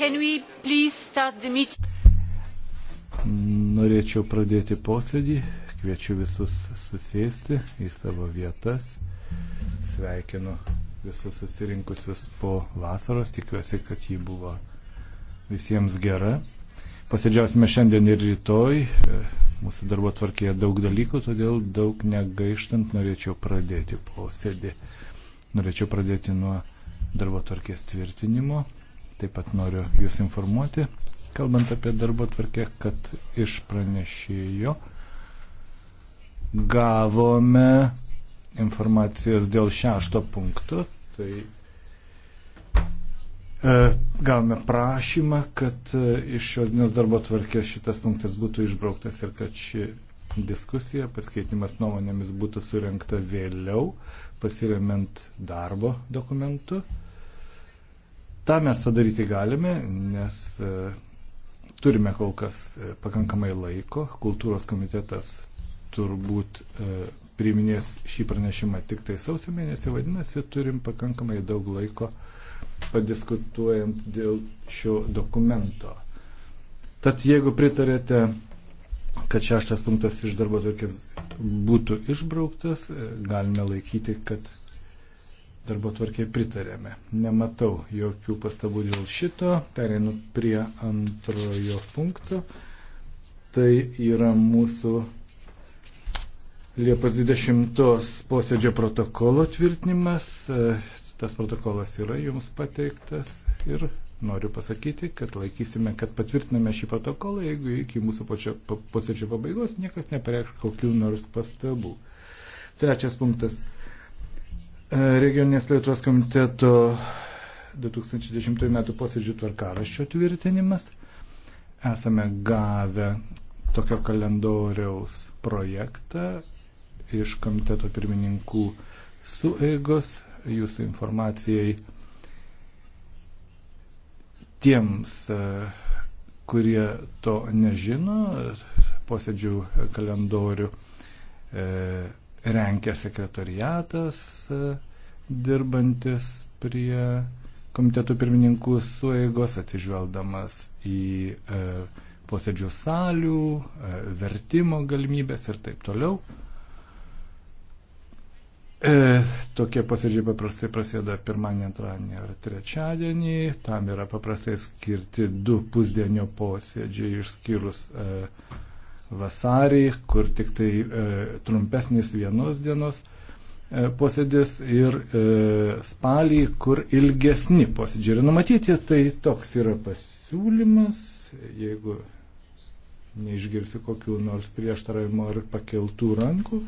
Norėčiau pradėti posėdį, kviečiu visus susėsti į savo vietas, sveikinu visus susirinkusius po vasaros, tikiuosi, kad ji buvo visiems gera. Pasėdžiausime šiandien ir rytoj, mūsų darbo tvarkėje daug dalykų, todėl daug negaištant norėčiau pradėti posėdį. Norėčiau pradėti nuo darbo tvarkės tvirtinimo. Taip pat noriu Jūs informuoti, kalbant apie darbo tvarkę, kad iš pranešėjo gavome informacijos dėl šešto punkto. Tai e, gavome prašymą, kad e, iš šios dienos darbo tvarkės šitas punktas būtų išbrauktas ir kad ši diskusija, pasikeitimas nuomonėmis būtų surinkta vėliau, pasiremiant darbo dokumentu. Ta mes padaryti galime, nes e, turime kol kas e, pakankamai laiko. Kultūros komitetas turbūt e, priiminės šį pranešimą tik tai sausio mėnesį, vadinasi, turim pakankamai daug laiko padiskutuojant dėl šio dokumento. Tad jeigu pritarėte, kad šeštas punktas iš darbo tokias būtų išbrauktas, galime laikyti, kad darbo tvarkiai pritarėme. Nematau jokių pastabų dėl šito. Pereinu prie antrojo punkto. Tai yra mūsų Liepos 20 posėdžio protokolo tvirtinimas. Tas protokolas yra jums pateiktas ir noriu pasakyti, kad laikysime, kad patvirtiname šį protokolą, jeigu iki mūsų pačio, posėdžio pabaigos niekas nepareikš kokių nors pastabų. Trečias punktas regioninės plėtros komiteto 2010 m. posėdžių tvarkaraščio tvirtinimas. Esame gavę tokio kalendoriaus projektą iš komiteto pirmininkų sueigos jūsų informacijai tiems, e, kurie to nežino, posėdžių kalendorių. E, renkia sekretariatas e, dirbantis prie komitetų pirmininkų sueigos, atsižvelgdamas į e, posėdžių salių, e, vertimo galimybės ir taip toliau. E, tokie posėdžiai paprastai prasideda pirmadienį, antradienį ar trečiadienį. Tam yra paprastai skirti du pusdienio posėdžiai išskyrus e, vasarį, kur tik tai e, trumpesnis vienos dienos e, posėdis ir e, spalį, kur ilgesni posėdžiai yra numatyti. Tai toks yra pasiūlymas, jeigu neišgirsi kokių nors prieštaravimo ar pakeltų rankų,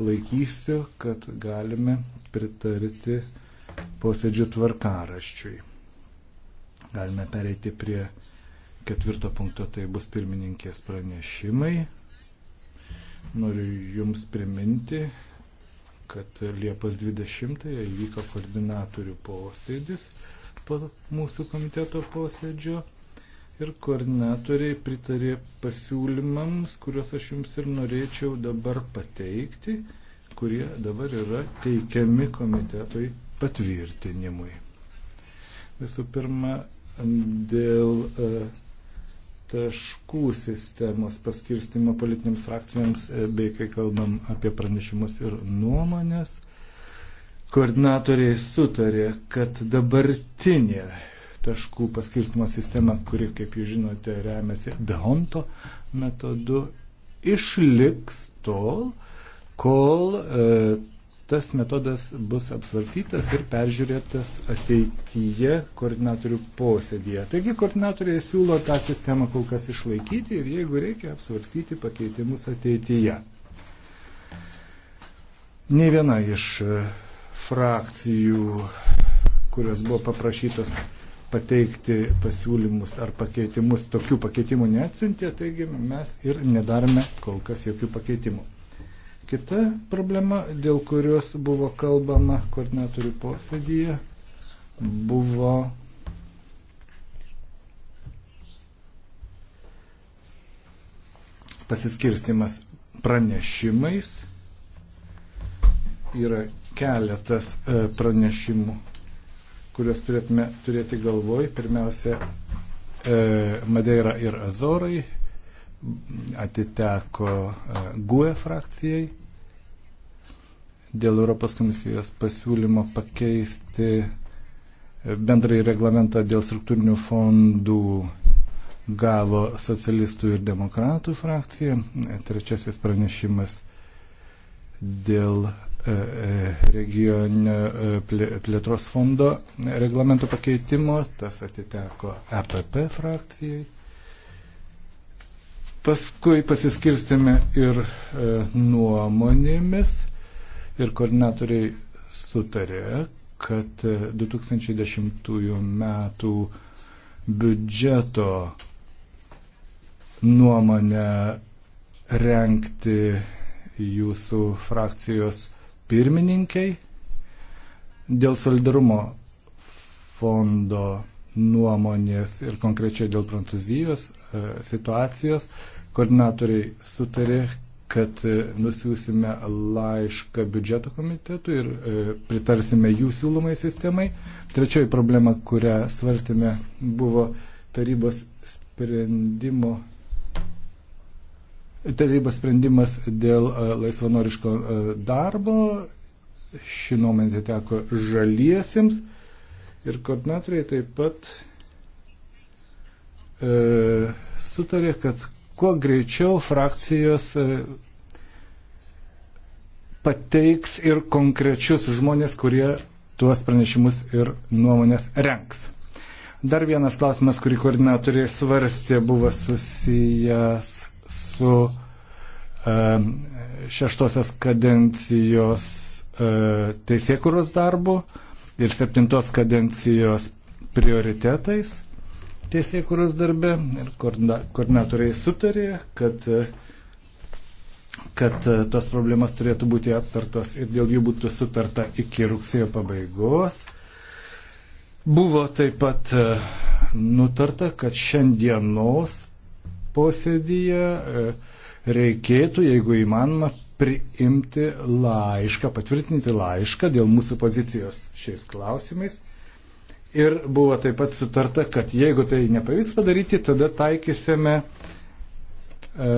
laikysiu, kad galime pritarti posėdžių tvarkaraščiui. Galime pereiti prie ketvirto punkto tai bus pirmininkės pranešimai. Noriu Jums priminti, kad Liepos 20-ąją įvyko koordinatorių posėdis po mūsų komiteto posėdžio ir koordinatoriai pritarė pasiūlymams, kuriuos aš Jums ir norėčiau dabar pateikti, kurie dabar yra teikiami komitetui patvirtinimui. Visų pirma, dėl uh, taškų sistemos paskirstimo politinėms frakcijoms, e, bei kai kalbam apie pranešimus ir nuomonės, koordinatoriai sutarė, kad dabartinė taškų paskirstimo sistema, kuri, kaip jūs žinote, remiasi Daunto metodu, išliks tol, kol e, Tas metodas bus apsvarstytas ir peržiūrėtas ateityje koordinatorių posėdėje. Taigi koordinatoriai siūlo tą sistemą kol kas išlaikyti ir jeigu reikia apsvarstyti pakeitimus ateityje. Ne viena iš e, frakcijų, kurios buvo paprašytos pateikti pasiūlymus ar pakeitimus, tokių pakeitimų neatsintė, taigi mes ir nedarome kol kas jokių pakeitimų. Kita problema, dėl kurios buvo kalbama koordinatorių posėdyje, buvo pasiskirstimas pranešimais. Yra keletas e, pranešimų, kuriuos turėtume turėti galvoj. Pirmiausia, e, Madeira ir Azorai atiteko e, GUE frakcijai dėl Europos komisijos pasiūlymo pakeisti e, bendrai reglamentą dėl struktūrinių fondų gavo socialistų ir demokratų frakcija. E, trečiasis pranešimas dėl e, regioninio plėtros fondo reglamento pakeitimo, tas atiteko EPP frakcijai. Paskui pasiskirstėme ir nuomonėmis ir koordinatoriai sutarė, kad 2010 metų biudžeto nuomonę renkti jūsų frakcijos pirmininkiai dėl solidarumo fondo nuomonės ir konkrečiai dėl Prancūzijos e, situacijos koordinatoriai sutarė, kad e, nusiųsime laišką biudžeto komitetui ir e, pritarsime jų siūlomai sistemai. Trečioji problema, kurią svarstėme, buvo tarybos sprendimo. Tarybos sprendimas dėl e, laisvanoriško darbo, ši nuomonė teko žaliesiems ir koordinatoriai taip pat e, sutarė, kad kuo greičiau frakcijos e, pateiks ir konkrečius žmonės, kurie tuos pranešimus ir nuomonės renks. Dar vienas klausimas, kurį koordinatoriai svarstė, buvo susijęs su um, šeštosios kadencijos uh, teisėkuros darbu ir septintos kadencijos prioritetais teisėkuros darbe ir koordinatoriai sutarė, kad, kad e, tos problemas turėtų būti aptartos ir dėl jų būtų sutarta iki rugsėjo pabaigos. Buvo taip pat e, nutarta, kad šiandienos posėdyje e, reikėtų, jeigu įmanoma, priimti laišką, patvirtinti laišką dėl mūsų pozicijos šiais klausimais. Ir buvo taip pat sutarta, kad jeigu tai nepavyks padaryti, tada taikysime e,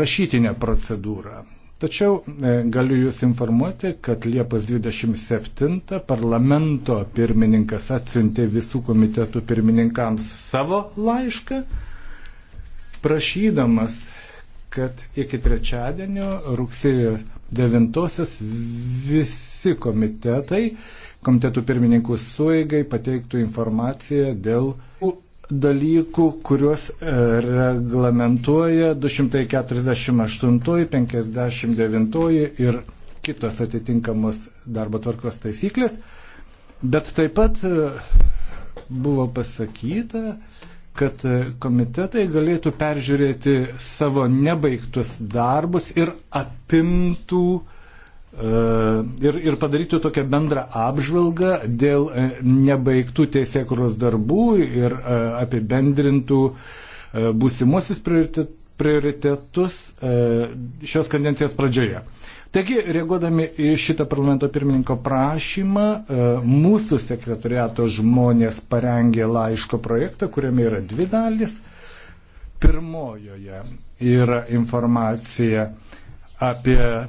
rašytinę procedūrą. Tačiau e, galiu Jūs informuoti, kad Liepos 27 parlamento pirmininkas atsiuntė visų komitetų pirmininkams savo laišką, prašydamas, kad iki trečiadienio rugsėjo 9 visi komitetai komitetų pirmininkų suėgai pateiktų informaciją dėl dalykų, kuriuos e, reglamentuoja 248, 59 ir kitos atitinkamos darbo tvarkos taisyklės. Bet taip pat e, buvo pasakyta, kad e, komitetai galėtų peržiūrėti savo nebaigtus darbus ir apimtų uh, E, ir, ir padaryti tokią bendrą apžvalgą dėl e, nebaigtų teisėkuros darbų ir e, apibendrintų būsimosius prioritetus šios kadencijos pradžioje. Taigi, reaguodami į šitą parlamento pirmininko prašymą, mūsų sekretariato žmonės parengė laiško projektą, kuriame yra dvi dalis. Pirmojoje yra informacija apie e,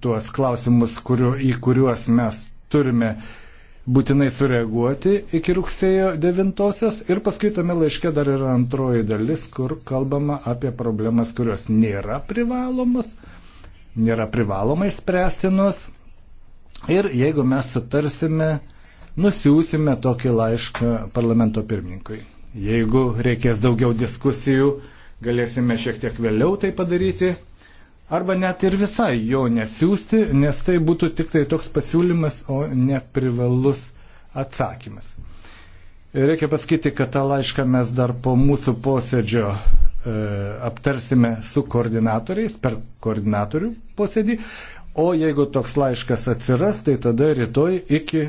tuos klausimus, kuriu, į kuriuos mes turime būtinai sureaguoti iki rugsėjo 9-osios ir paskui tame laiške dar yra antroji dalis, kur kalbama apie problemas, kurios nėra privalomos, nėra privalomai spręstinos. Ir jeigu mes sutarsime, nusiūsime tokį laišką parlamento pirmininkui. Jeigu reikės daugiau diskusijų, galėsime šiek tiek vėliau tai padaryti arba net ir visai jo nesiųsti, nes tai būtų tik tai toks pasiūlymas, o ne privalus atsakymas. Reikia pasakyti, kad tą laišką mes dar po mūsų posėdžio e, aptarsime su koordinatoriais per koordinatorių posėdį, o jeigu toks laiškas atsiras, tai tada rytoj iki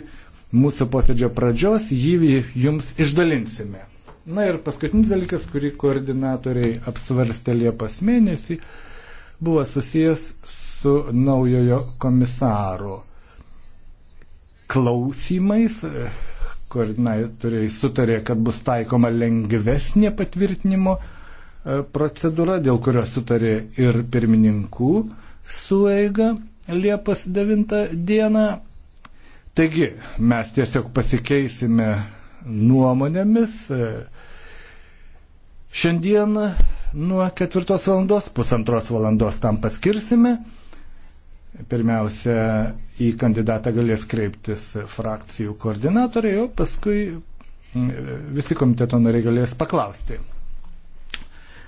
mūsų posėdžio pradžios jį jums išdalinsime. Na ir paskutinis dalykas, kurį koordinatoriai apsvarstė Liepos mėnesį, e, buvo susijęs su naujojo komisaro klausimais. Koordinatoriai sutarė, kad bus taikoma lengvesnė patvirtinimo e, procedūra, dėl kurios sutarė ir pirmininkų sueiga Liepos 9 dieną. Taigi, mes tiesiog pasikeisime nuomonėmis. E, šiandien nuo ketvirtos valandos, pusantros valandos tam paskirsime. Pirmiausia, į kandidatą galės kreiptis frakcijų koordinatoriai, o paskui mm, visi komiteto nariai galės paklausti.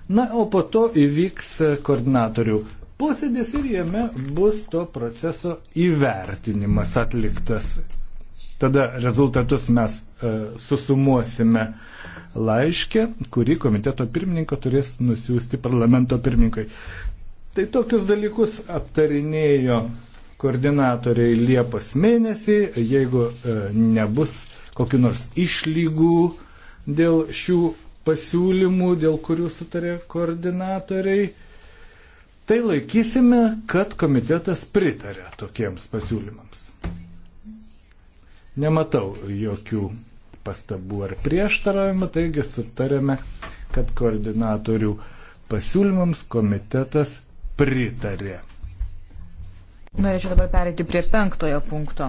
Na, o po to įvyks koordinatorių posėdis ir jame bus to proceso įvertinimas atliktas. Tada rezultatus mes e, susumuosime laiškę, kurį komiteto pirmininko turės nusiųsti parlamento pirmininkui. Tai tokius dalykus aptarinėjo koordinatoriai Liepos mėnesį, jeigu e, nebus kokiu nors išlygų dėl šių pasiūlymų, dėl kurių sutarė koordinatoriai. Tai laikysime, kad komitetas pritarė tokiems pasiūlymams. Nematau jokių pastabų ar prieštaravimų, taigi sutarėme, kad koordinatorių pasiūlymams komitetas pritarė. Norėčiau dabar pereiti prie penktojo punkto.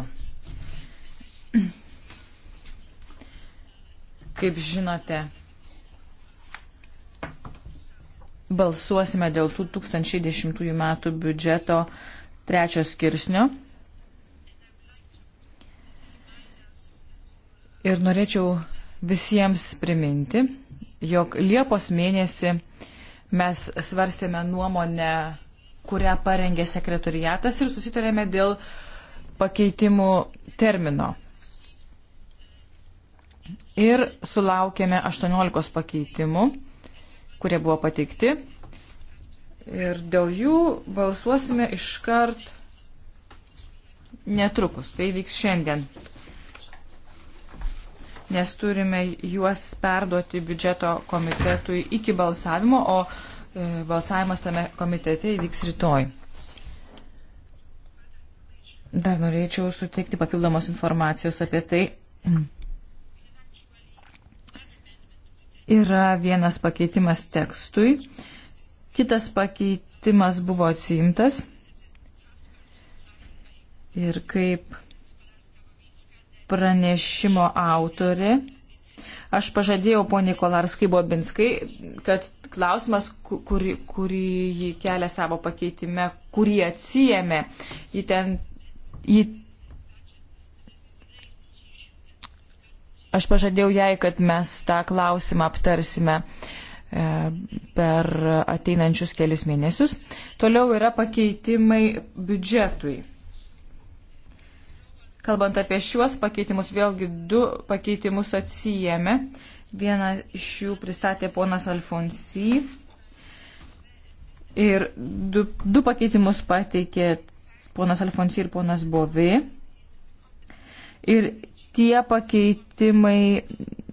Kaip žinote, balsuosime dėl 2010 m. biudžeto trečio skirsnio Ir norėčiau visiems priminti, jog Liepos mėnesį mes svarstėme nuomonę, kurią parengė sekretoriatas ir susitarėme dėl pakeitimų termino. Ir sulaukėme 18 pakeitimų, kurie buvo pateikti. Ir dėl jų balsuosime iškart netrukus. Tai vyks šiandien nes turime juos perduoti biudžeto komitetui iki balsavimo, o e, balsavimas tame komitete įvyks rytoj. Dar norėčiau suteikti papildomos informacijos apie tai. Yra vienas pakeitimas tekstui, kitas pakeitimas buvo atsiimtas. Ir kaip pranešimo autorė. Aš pažadėjau poniai Kolarskai Bobinskai, kad klausimas, kurį, kurį jį kelia savo pakeitime, kurį atsijėmė, jį ten, jį... Aš pažadėjau jai, kad mes tą klausimą aptarsime e, per ateinančius kelis mėnesius. Toliau yra pakeitimai biudžetui. Kalbant apie šiuos pakeitimus, vėlgi du pakeitimus atsijėmė. Vieną iš jų pristatė ponas Alfonsy. Ir du, du pakeitimus pateikė ponas Alfonsy ir ponas Bovi. Ir tie pakeitimai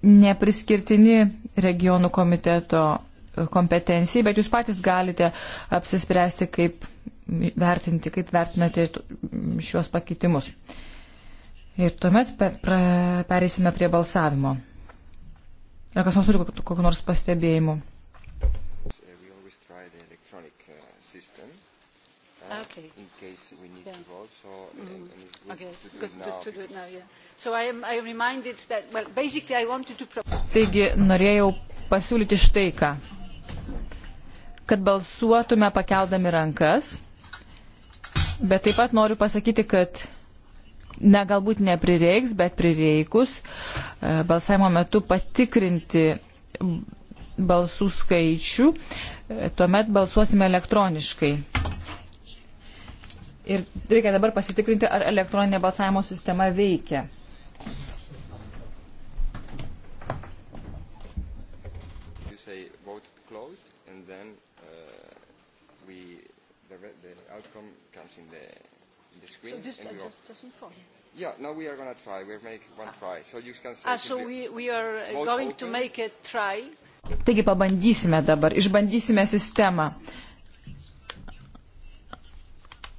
nepriskirtini regionų komiteto kompetencijai, bet jūs patys galite apsispręsti, kaip vertinti, kaip vertinate šiuos pakeitimus. Ir tuomet pe, pra, pereisime prie balsavimo. Ar kas nors turi kokiu nors pastebėjimu? Okay. In case we need yeah. to vote, so uh, mm. Mm-hmm. and, and it's good okay. to do good, it now. To, to do it now yeah. So I am, I am reminded that, well, basically I wanted to propose... Taigi norėjau pasiūlyti štai ką. Kad balsuotume pakeldami rankas, bet taip pat noriu pasakyti, kad na galbūt neprireiks, bet prireikus e, balsavimo metu patikrinti balsų skaičių, e, tuomet balsuosime elektroniškai. Ir reikia dabar pasitikrinti, ar elektroninė balsavimo sistema veikia. Closed, and then uh, we, the, the outcome comes in the the screen. So this and we just go. doesn't follow. Yeah, no, we are going to try. We'll make one ah. try. So you can say... Ah, so we, we are uh, going open. to make a try. Taigi pabandysime dabar, išbandysime sistemą.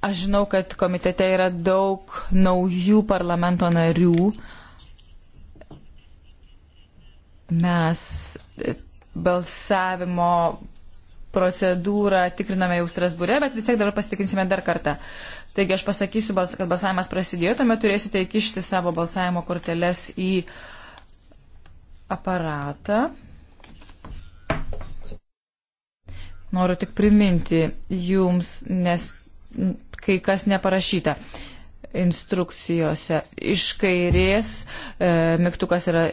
Aš žinau, kad komitete yra daug naujų parlamento narių. Mes e, balsavimo procedūrą tikriname jau Strasbūre, bet vis tiek dabar pasitikrinsime dar kartą. Taigi aš pasakysiu, kad balsavimas prasidėjo, tuomet turėsite įkišti savo balsavimo korteles į aparatą. Noriu tik priminti jums, nes kai kas neparašyta instrukcijose. Iš kairės e, mygtukas yra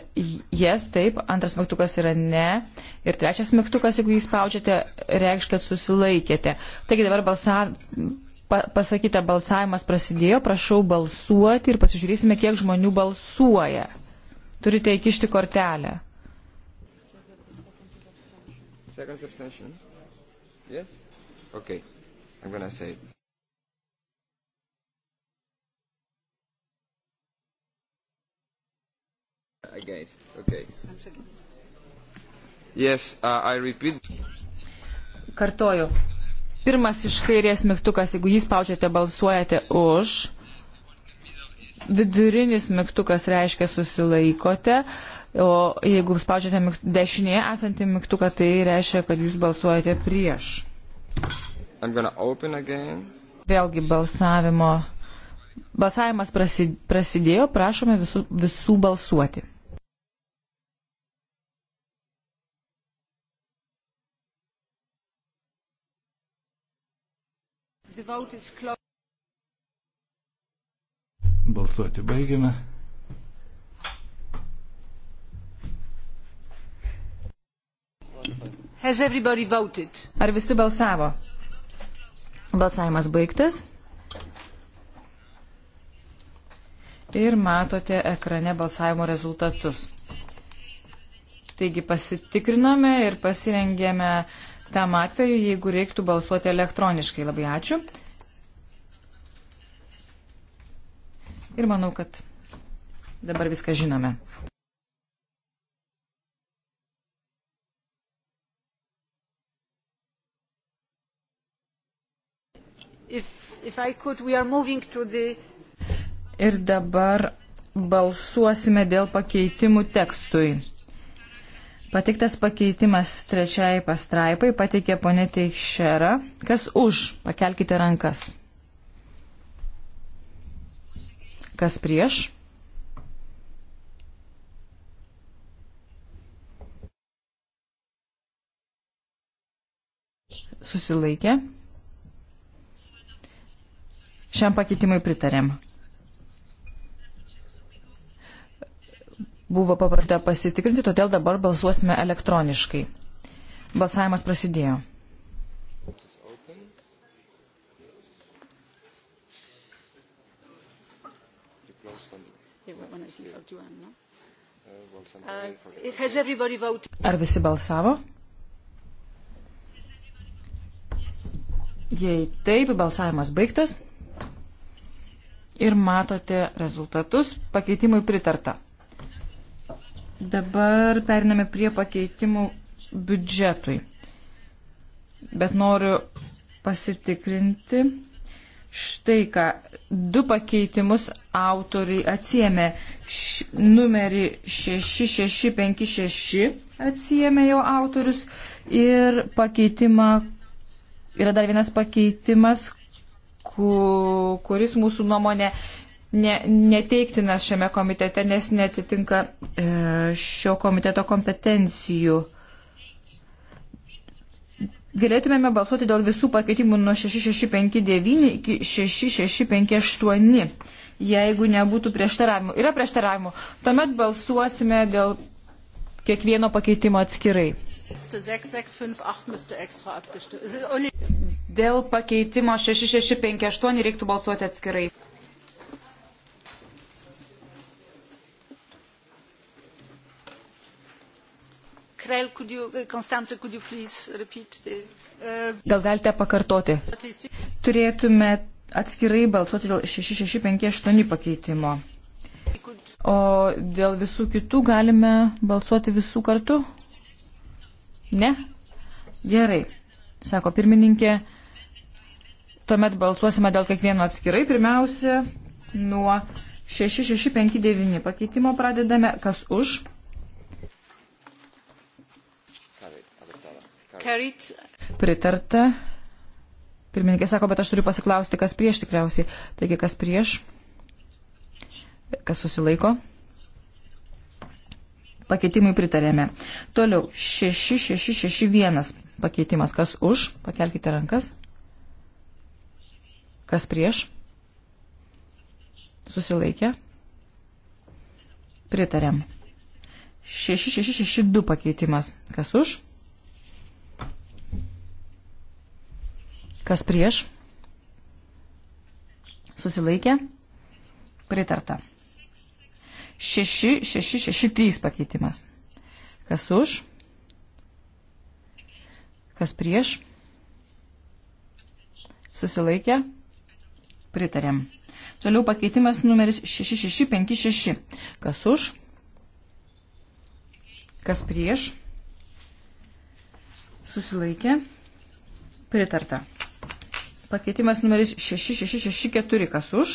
yes, taip, antras mygtukas yra ne ir trečias mygtukas, jeigu jį spaudžiate, reikš, kad susilaikėte. Taigi dabar balsa, pa, pasakyta balsavimas prasidėjo, prašau balsuoti ir pasižiūrėsime, kiek žmonių balsuoja. Turite įkišti kortelę. Second abstention. Yes? Okay. I'm gonna say. Against. Okay. Yes, uh, I repeat. Kartoju. Pirmas iš kairės mygtukas, jeigu jį spaudžiate, balsuojate už. Vidurinis mygtukas reiškia susilaikote. O jeigu spaudžiate dešinėje esantį mygtuką, tai reiškia, kad jūs balsuojate prieš. Vėlgi balsavimo. Balsavimas prasidėjo, prašome visų, visų balsuoti. Balsuoti baigiame. Ar visi balsavo? Balsavimas baigtas. Ir matote ekrane balsavimo rezultatus. Taigi pasitikrinome ir pasirengėme uh, tam atveju, jeigu reiktų balsuoti elektroniškai. Labai ačiū. Ir manau, kad dabar viską žinome. If, if could, the... Ir dabar balsuosime dėl pakeitimų tekstui. Pateiktas pakeitimas trečiai pastraipai pateikė ponė Teišera. Kas už? Pakelkite rankas. Kas prieš? Susilaikė. Šiam pakeitimui pritarėm. buvo paprasta pasitikrinti, todėl dabar balsuosime elektroniškai. Balsavimas prasidėjo. Ar visi balsavo? Jei taip, balsavimas baigtas ir matote rezultatus, pakeitimui pritarta. Dabar periname prie pakeitimų biudžetui. Bet noriu pasitikrinti. Štai ką, du pakeitimus autoriai atsiemė. Š, numerį 6656 atsiemė jo autorius ir pakeitimą, yra dar vienas pakeitimas, ku, kuris mūsų nuomonė ne, neteiktinas šiame komitete, nes netitinka e, šio komiteto kompetencijų. Galėtumėme balsuoti dėl visų pakeitimų nuo 6659 iki 6658, jeigu nebūtų prieštaravimų. Yra prieštaravimų. Tuomet balsuosime dėl kiekvieno pakeitimo atskirai. Äh, dėl pakeitimo 6658 reiktų balsuoti atskirai. Krell, could you, uh, Constanze, could you please repeat the... Uh, gal galite pakartoti? Turėtume atskirai balsuoti dėl 6658 pakeitimo. O dėl visų kitų galime balsuoti visų kartų? Ne? Gerai, sako pirmininkė. Tuomet balsuosime dėl kiekvieno atskirai. Pirmiausia, nuo 6659 pakeitimo pradedame. Kas už? Carried. Pritarta. Pirmininkė sako, bet aš turiu pasiklausti, kas prieš tikriausiai. Taigi, kas prieš? Kas susilaiko? Pakeitimui pritarėme. Toliau, 6661 pakeitimas. Kas už? Pakelkite rankas. Kas prieš? Susilaikė. Pritarėm. 6662 pakeitimas. Kas už? Kas prieš? Susilaikė? Pritarta. 6, 6, 6, 3 pakeitimas. Kas už? Kas prieš? Susilaikė? Pritarėm. Toliau pakeitimas numeris 6656. Kas už? Kas prieš? Susilaikė? Pritarta. Pakeitimas numeris 6664, kas už,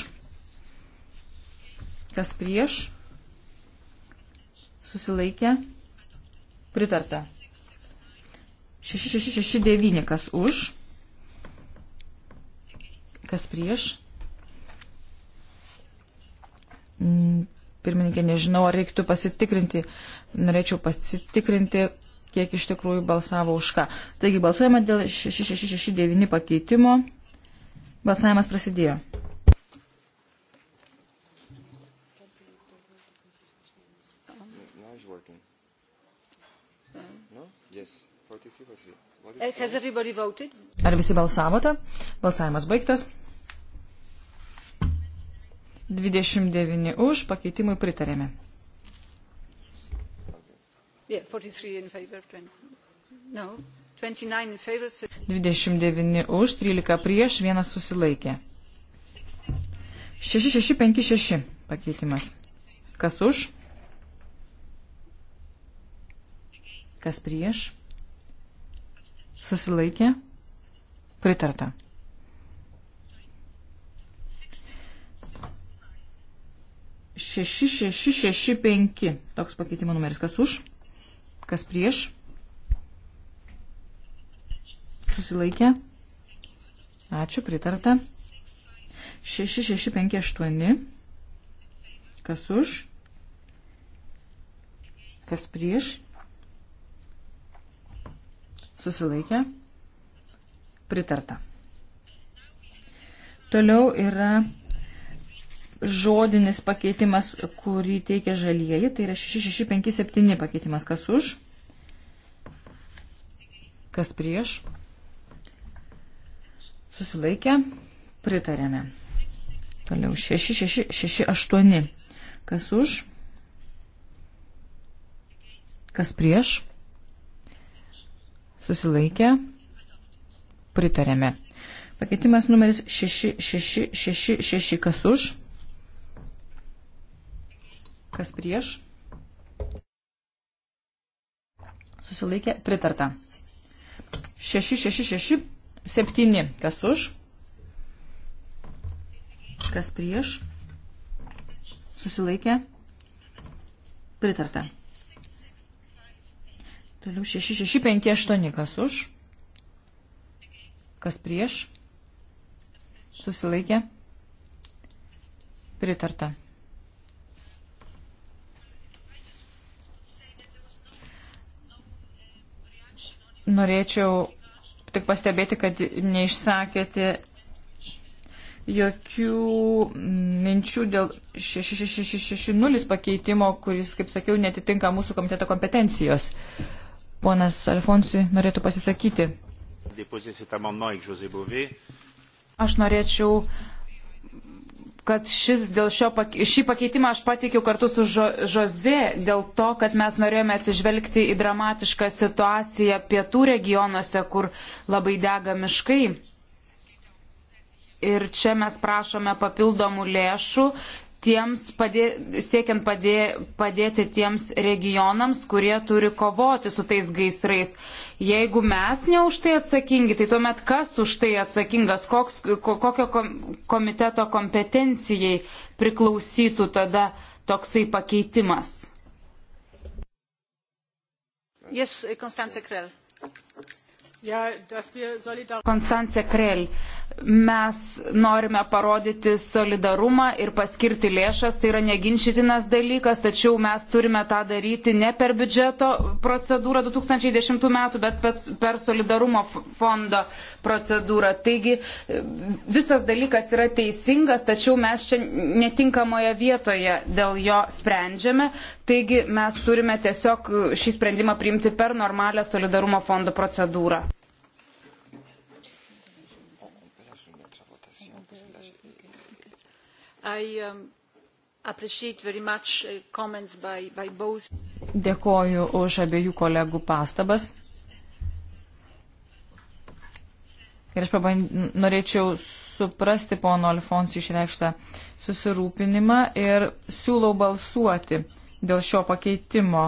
kas prieš, susilaikė, pritarta. 6669, kas už, kas prieš. Mm, pirmininkė, nežinau, ar reiktų pasitikrinti. Norėčiau pasitikrinti, kiek iš tikrųjų balsavo už ką. Taigi balsuojame dėl 6669 pakeitimo. Balsavimas prasidėjo. Ar visi balsavote? Balsavimas baigtas. 29 už, pakeitimui pritarėme. Yeah, 43 in favor, 20. No. 29 už, 13 prieš, vienas susilaikė. 6656 pakeitimas. Kas už? Kas prieš? Susilaikė? Pritarta. Šeši, šeši, šeši, penki. Toks pakeitimo numeris. Kas už? Kas prieš? susilaikė. Ačiū, pritarta. 6658. Kas už? Kas prieš? Susilaikė. Pritarta. Toliau yra žodinis pakeitimas, kurį teikia žalieji. Tai yra 6657 pakeitimas. Kas už? Kas prieš? Susilaikę. Pritarėme. Toliau 6, 6, 6, 8. Kas už? Kas prieš? Susilaikę. Pritarėme. Pakeitimas numeris 6666. Kas už? Kas prieš? Susilaikė. Pritarta. 666 Septyni. Kas už? Kas prieš? Susilaikė? Pritarta. Toliau 6, 6, 5, 8. Kas už? Kas prieš? Susilaikė? Pritarta. Norėčiau tik pastebėti, kad neišsakėte jokių minčių dėl 6660 pakeitimo, kuris, kaip sakiau, netitinka mūsų komiteto kompetencijos. Ponas Alfonsi norėtų pasisakyti. Aš norėčiau kad šis, dėl šio, šį pakeitimą aš pateikiau kartu su žo, Žoze, dėl to, kad mes norėjome atsižvelgti į dramatišką situaciją pietų regionuose, kur labai dega miškai. Ir čia mes prašome papildomų lėšų tiems padė, siekiant padė, padėti tiems regionams, kurie turi kovoti su tais gaisrais. Jeigu mes ne už tai atsakingi, tai tuomet kas už tai atsakingas, koks, kokio komiteto kompetencijai priklausytų tada toksai pakeitimas? Yes, Konstantin Krell. Konstance Krell, mes norime parodyti solidarumą ir paskirti lėšas, tai yra neginčytinas dalykas, tačiau mes turime tą daryti ne per biudžeto procedūrą 2010 metų, bet per solidarumo fondo procedūrą. Taigi visas dalykas yra teisingas, tačiau mes čia netinkamoje vietoje dėl jo sprendžiame, taigi mes turime tiesiog šį sprendimą priimti per normalią solidarumo fondo procedūrą. I um, appreciate very much uh, comments by, by both. Dėkoju už abiejų kolegų pastabas. Ir aš paband... norėčiau suprasti pono Alfons išreikštą susirūpinimą ir siūlau balsuoti dėl šio pakeitimo.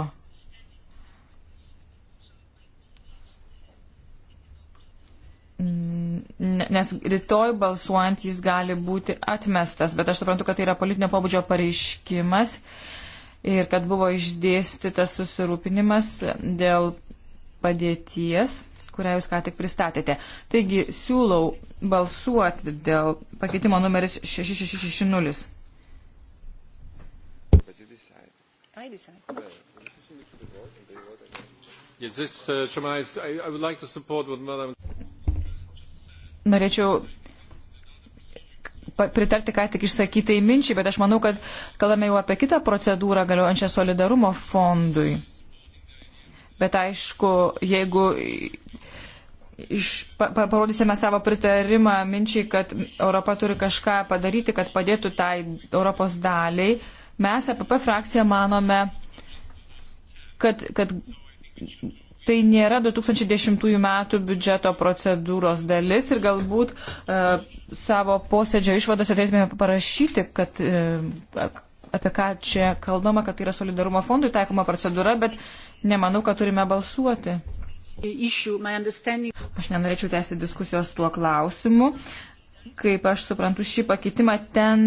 Mm nes rytoj balsuojant jis gali būti atmestas, bet aš suprantu, kad tai yra politinio pobūdžio pareiškimas ir kad buvo išdėstytas susirūpinimas dėl padėties kurią jūs ką tik pristatėte. Taigi siūlau balsuoti dėl pakeitimo numeris 6660. Yes, this, uh, Chairman, I, I would like to support what Madam norėčiau pritarti ką tik išsakytai minčiai, bet aš manau, kad kalbame jau apie kitą procedūrą galiojančią solidarumo fondui. Bet aišku, jeigu iš, pa, pa, parodysime savo pritarimą minčiai, kad Europa turi kažką padaryti, kad padėtų tai Europos daliai, mes APP frakcija manome, kad, kad tai nėra 2010 metų biudžeto procedūros dalis ir galbūt e, savo posėdžio išvadose turėtume parašyti, kad e, apie ką čia kalbama, kad tai yra solidarumo fondui taikoma procedūra, bet nemanau, kad turime balsuoti. Aš nenorėčiau tęsti diskusijos tuo klausimu. Kaip aš suprantu, šį pakeitimą ten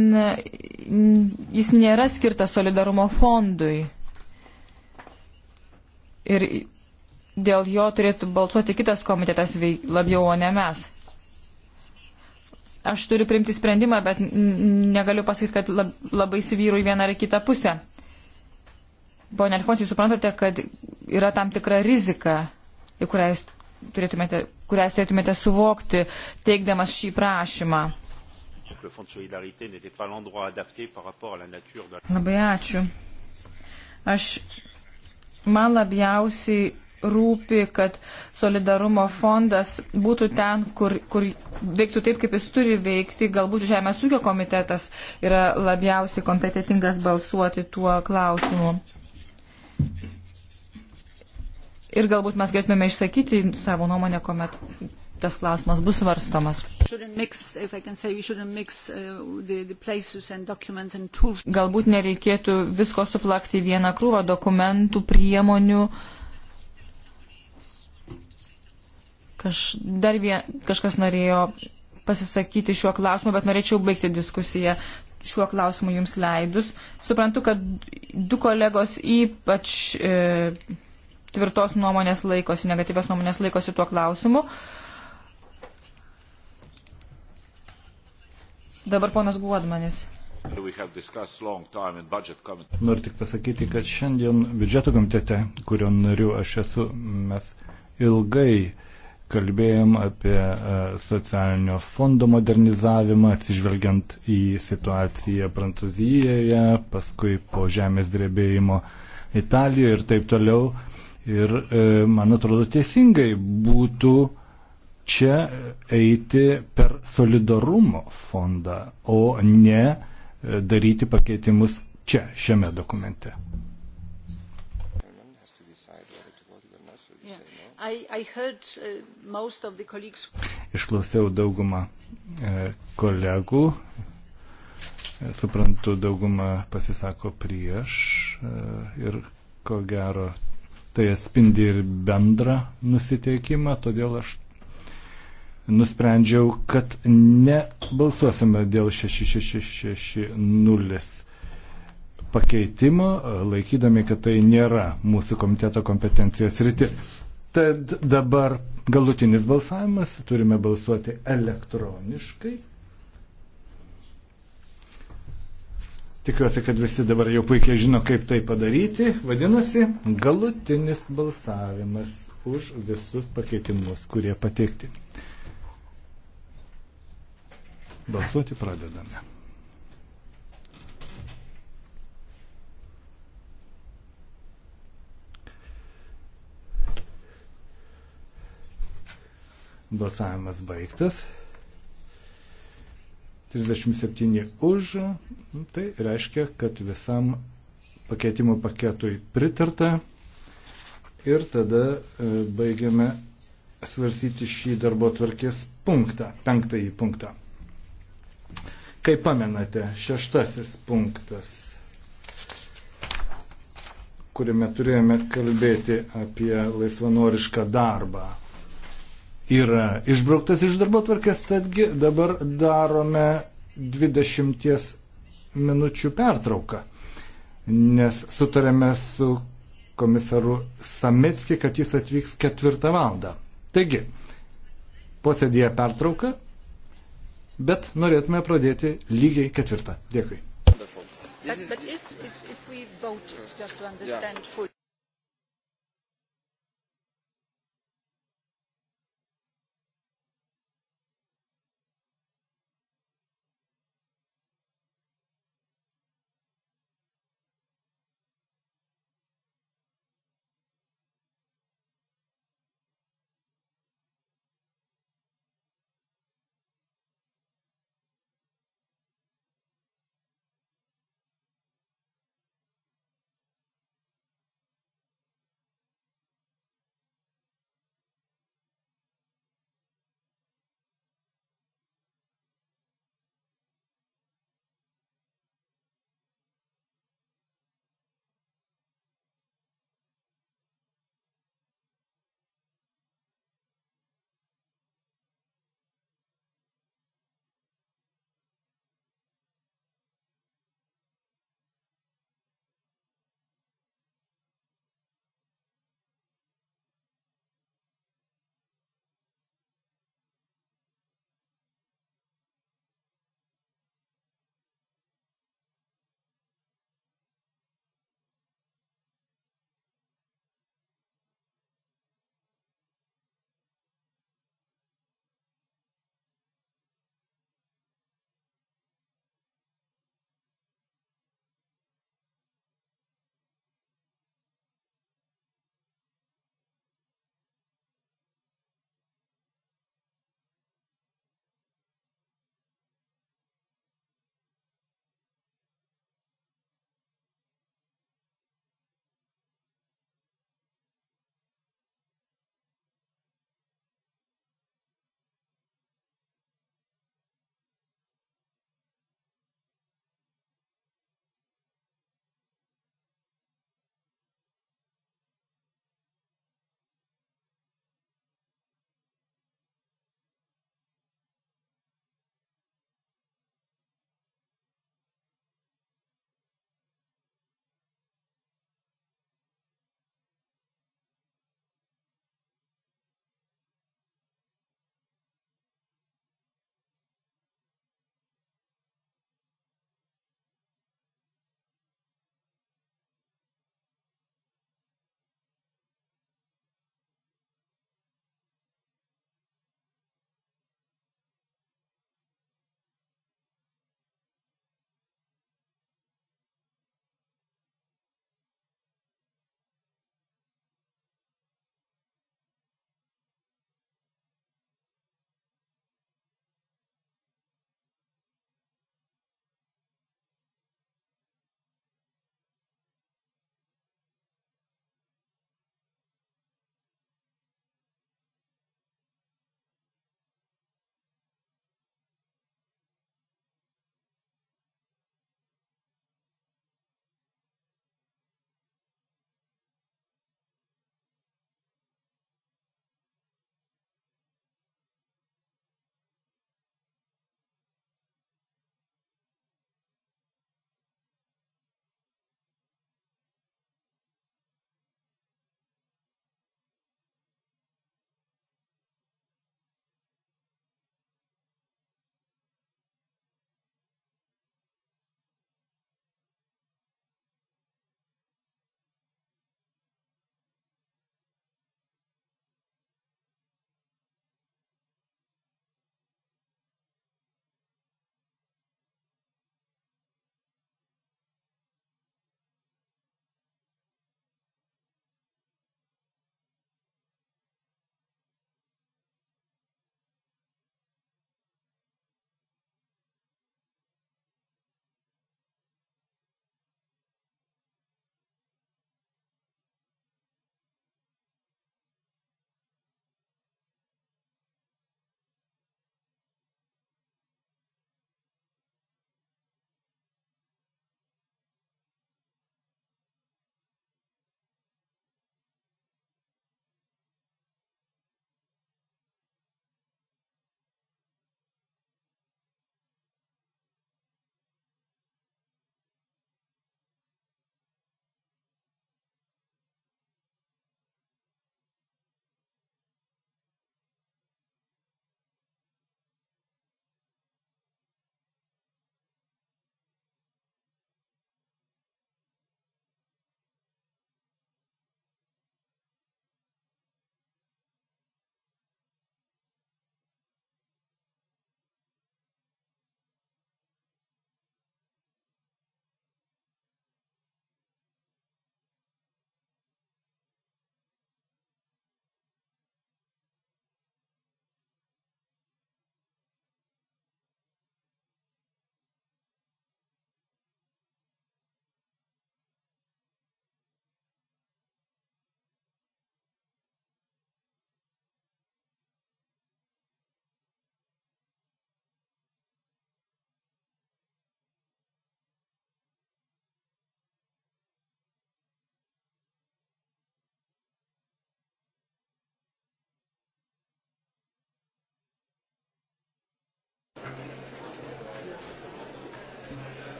jis nėra skirtas solidarumo fondui. Ir dėl jo turėtų balsuoti kitas komitetas labiau, o ne mes. Aš turiu priimti sprendimą, bet negaliu pasakyti, kad lab, labai įsivyru į vieną ar kitą pusę. Pone Alfons, jūs suprantate, kad yra tam tikra rizika, į kurią jūs turėtumėte, kurią jūs turėtumėte suvokti, teikdamas šį prašymą. Labai ačiū. Aš man labiausiai rūpi, kad solidarumo fondas būtų ten, kur, kur veiktų taip, kaip jis turi veikti. Galbūt Žemės ūkio komitetas yra labiausiai kompetitingas balsuoti tuo klausimu. Ir galbūt mes galėtume išsakyti savo nuomonę, kuomet tas klausimas bus svarstomas. Uh, galbūt nereikėtų visko suplakti į vieną krūvą dokumentų, priemonių, uh, Kaž, dar vien, kažkas norėjo pasisakyti šiuo klausimu, bet norėčiau baigti diskusiją šiuo klausimu jums leidus. Suprantu, kad du kolegos ypač e, tvirtos nuomonės laikosi, negatyvios nuomonės laikosi tuo klausimu. Dabar ponas Guodmanis. Noriu tik pasakyti, kad šiandien biudžeto komitete, kurio nariu aš esu, mes ilgai kalbėjom apie e, socialinio fondo modernizavimą, atsižvelgiant į situaciją Prancūzijoje, paskui po žemės drebėjimo Italijoje ir taip toliau. Ir e, man atrodo teisingai būtų čia eiti per solidarumo fondą, o ne e, daryti pakeitimus čia, šiame dokumente. I, I heard, uh, colleagues... Išklausiau daugumą e, kolegų. E, suprantu, dauguma pasisako prieš e, ir ko gero tai atspindi ir bendrą nusiteikimą, todėl aš nusprendžiau, kad nebalsuosime dėl 6660 pakeitimo, laikydami, kad tai nėra mūsų komiteto kompetencijos rytis. Tad dabar galutinis balsavimas, turime balsuoti elektroniškai. Tikiuosi, kad visi dabar jau puikiai žino, kaip tai padaryti. Vadinasi, galutinis balsavimas už visus pakeitimus, kurie pateikti. Balsuoti pradedame. Balsavimas baigtas. 37 už. Tai reiškia, kad visam pakeitimų paketui pritarta. Ir tada e, baigiame svarsyti šį darbo tvarkės punktą, penktąjį punktą. Kaip pamenate, šeštasis punktas, kuriame turėjome kalbėti apie laisvanorišką darbą yra išbrauktas iš darbo tvarkės, tadgi dabar darome 20 minučių pertrauką, nes sutarėme su komisaru Sametski, kad jis atvyks ketvirtą valandą. Taigi, posėdėje pertrauka, bet norėtume pradėti lygiai ketvirtą. Dėkui. But, but if, if, if we voted, just to understand yeah. fully.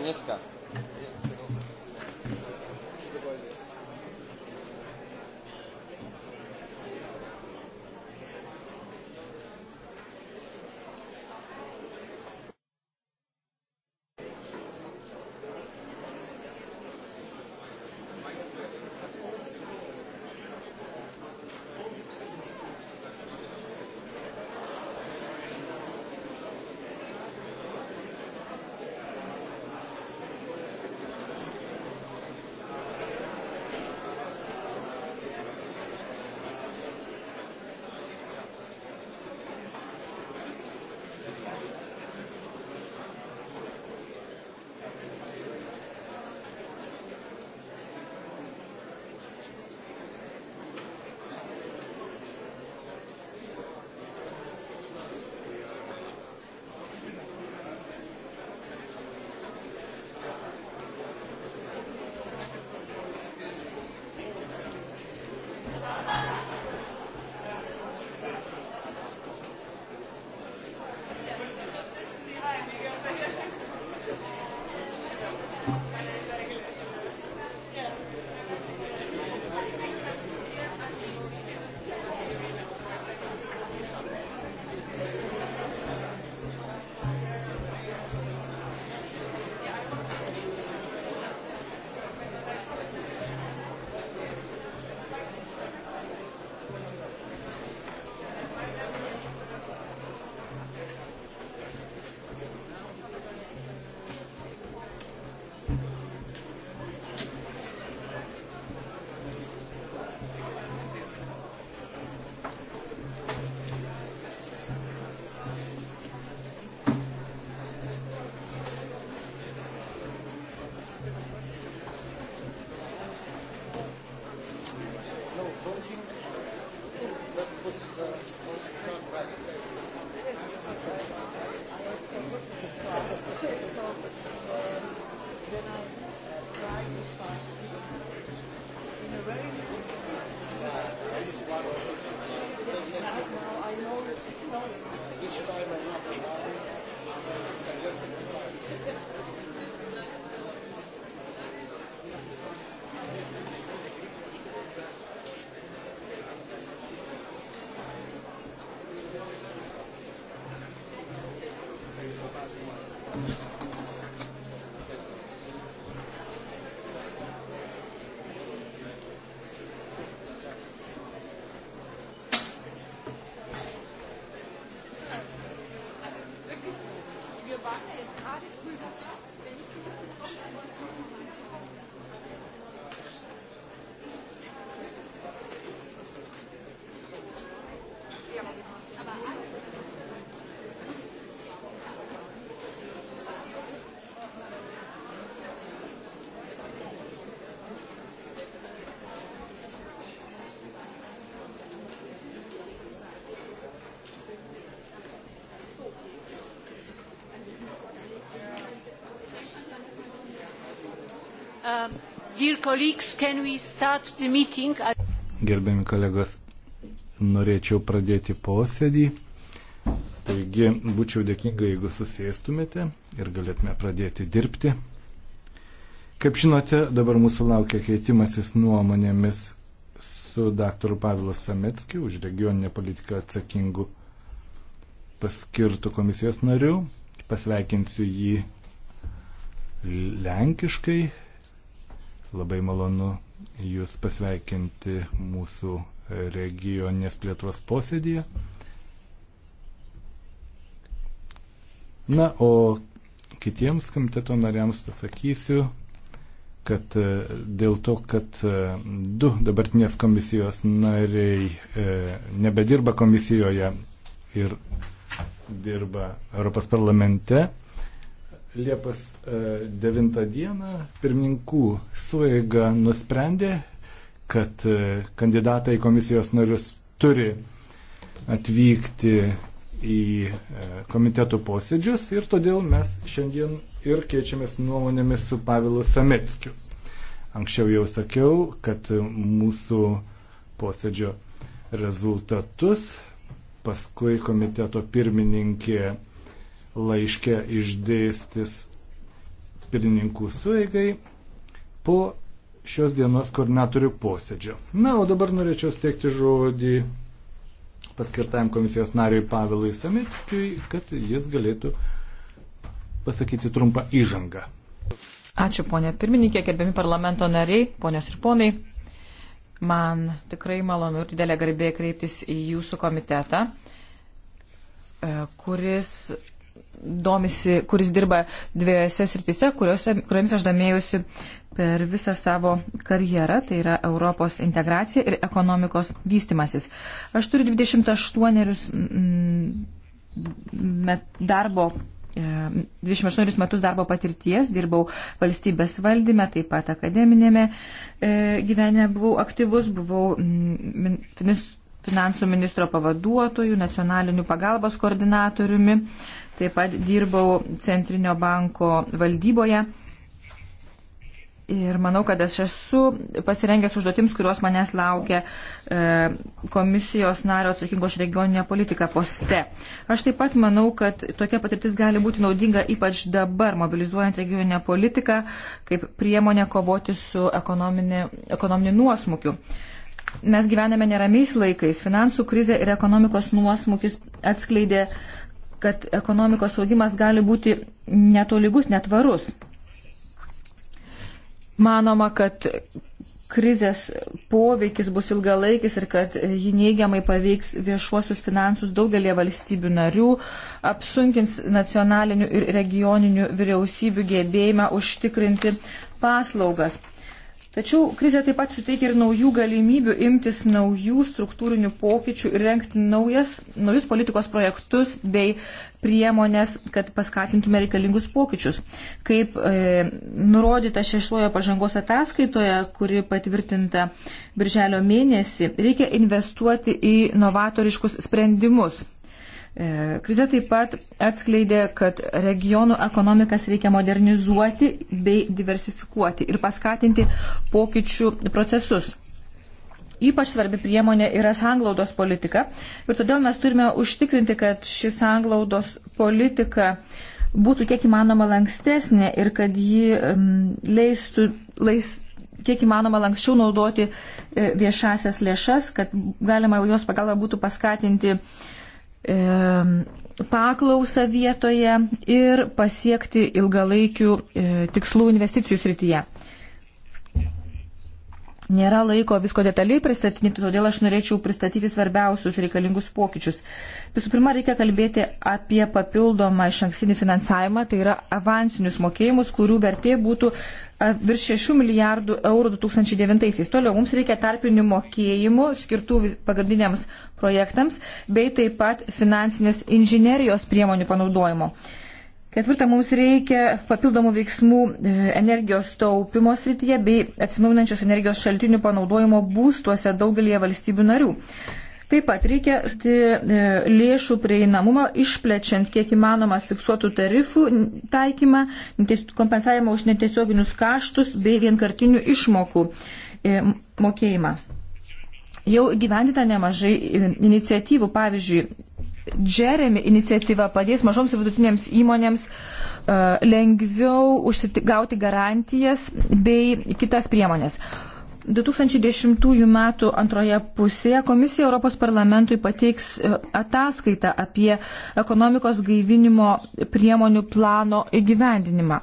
Agnieszka. Um, Gerbiami kolegos, norėčiau pradėti posėdį. Taigi, būčiau dėkinga, jeigu susėstumėte ir galėtume pradėti dirbti. Kaip žinote, dabar mūsų laukia keitimasis nuomonėmis su dr. Pavilu Sametskiu, už regioninę politiką atsakingu paskirtų komisijos nariu. Pasveikinsiu jį lenkiškai Labai malonu Jūs pasveikinti mūsų regioninės plėtros posėdėje. Na, o kitiems komiteto nariams pasakysiu, kad e, dėl to, kad e, du dabartinės komisijos nariai e, nebedirba komisijoje ir dirba Europos parlamente, Liepos 9 e, dieną pirmininkų suėga nusprendė, kad e, kandidatai komisijos narius turi atvykti į e, komitetų posėdžius ir todėl mes šiandien ir keičiamės nuomonėmis su Pavilu Sametskiu. Anksčiau jau sakiau, kad mūsų posėdžio rezultatus paskui komiteto pirmininkė laiške išdėstis pirmininkų sueigai po šios dienos koordinatorių posėdžio. Na, o dabar norėčiau steigti žodį paskirtajam komisijos nariui Pavilui Samitskiui, kad jis galėtų pasakyti trumpą įžangą. Ačiū, ponė pirmininkė, gerbiami parlamento nariai, ponios ir ponai. Man tikrai malonu ir didelė garbė kreiptis į jūsų komitetą, e, kuris domisi, kuris dirba dviejose srityse, kuriomis aš domėjusi per visą savo karjerą, tai yra Europos integracija ir ekonomikos vystimasis. Aš turiu 28 mm, darbo 28 e, metus darbo patirties, dirbau valstybės valdyme, taip pat akademinėme e, gyvenime buvau aktyvus, buvau mm, finansų ministro pavaduotojų, nacionalinių pagalbos koordinatoriumi, Taip pat dirbau Centrinio banko valdyboje. Ir manau, kad aš esu pasirengęs užduotims, kurios manęs laukia e, komisijos nario atsakingo už regioninę politiką poste. Aš taip pat manau, kad tokia patirtis gali būti naudinga ypač dabar, mobilizuojant regioninę politiką kaip priemonę kovoti su ekonominiu nuosmukiu. Mes gyvename neramiais laikais. Finansų krizė ir ekonomikos nuosmukis atskleidė kad ekonomikos augimas gali būti netolygus, netvarus. Manoma, kad krizės poveikis bus ilgalaikis ir kad ji neigiamai paveiks viešuosius finansus daugelie valstybių narių, apsunkins nacionalinių ir regioninių vyriausybių gebėjimą užtikrinti paslaugas. Tačiau krizė taip pat suteikia ir naujų galimybių imtis naujų struktūrinių pokyčių ir renkti naujas, naujus politikos projektus bei priemonės, kad paskatintume reikalingus pokyčius. Kaip e, nurodyta šeštojo pažangos ataskaitoje, kuri patvirtinta birželio mėnesį, reikia investuoti į novatoriškus sprendimus E, krize taip pat atskleidė, kad regionų ekonomikas reikia modernizuoti bei diversifikuoti ir paskatinti pokyčių procesus. Ypač svarbi priemonė yra sanglaudos politika ir todėl mes turime užtikrinti, kad ši sanglaudos politika būtų kiek įmanoma lankstesnė ir kad ji leistų, leis, kiek įmanoma lankščiau naudoti e, viešasias lėšas, kad galima jos pagalba būtų paskatinti uh, E, paklausą vietoje ir pasiekti ilgalaikių e, tikslų investicijų srityje. Nėra laiko visko detaliai pristatyti, todėl aš norėčiau pristatyti svarbiausius reikalingus pokyčius. Visų pirma, reikia kalbėti apie papildomą iš anksinį finansavimą, tai yra avansinius mokėjimus, kurių vertė būtų virš 6 milijardų eurų 2009-aisiais. Toliau mums reikia tarpinių mokėjimų skirtų pagrindiniams projektams, bei taip pat finansinės inžinerijos priemonių panaudojimo. Ketvirta, mums reikia papildomų veiksmų e, energijos taupimo srityje bei atsinaujinančios energijos šaltinių panaudojimo būstuose daugelie valstybių narių. Taip pat reikia e, lėšų prieinamumo, išplečiant kiek įmanoma fiksuotų tarifų taikymą, kompensavimą už netiesioginius kaštus bei vienkartinių išmokų e, mokėjimą. Jau gyvendita nemažai iniciatyvų, pavyzdžiui, Jeremy iniciatyva padės mažoms ir vidutinėms įmonėms uh, lengviau gauti garantijas bei kitas priemonės. 2010 m. antroje pusėje komisija Europos parlamentui pateiks e, ataskaitą apie ekonomikos gaivinimo priemonių plano įgyvendinimą.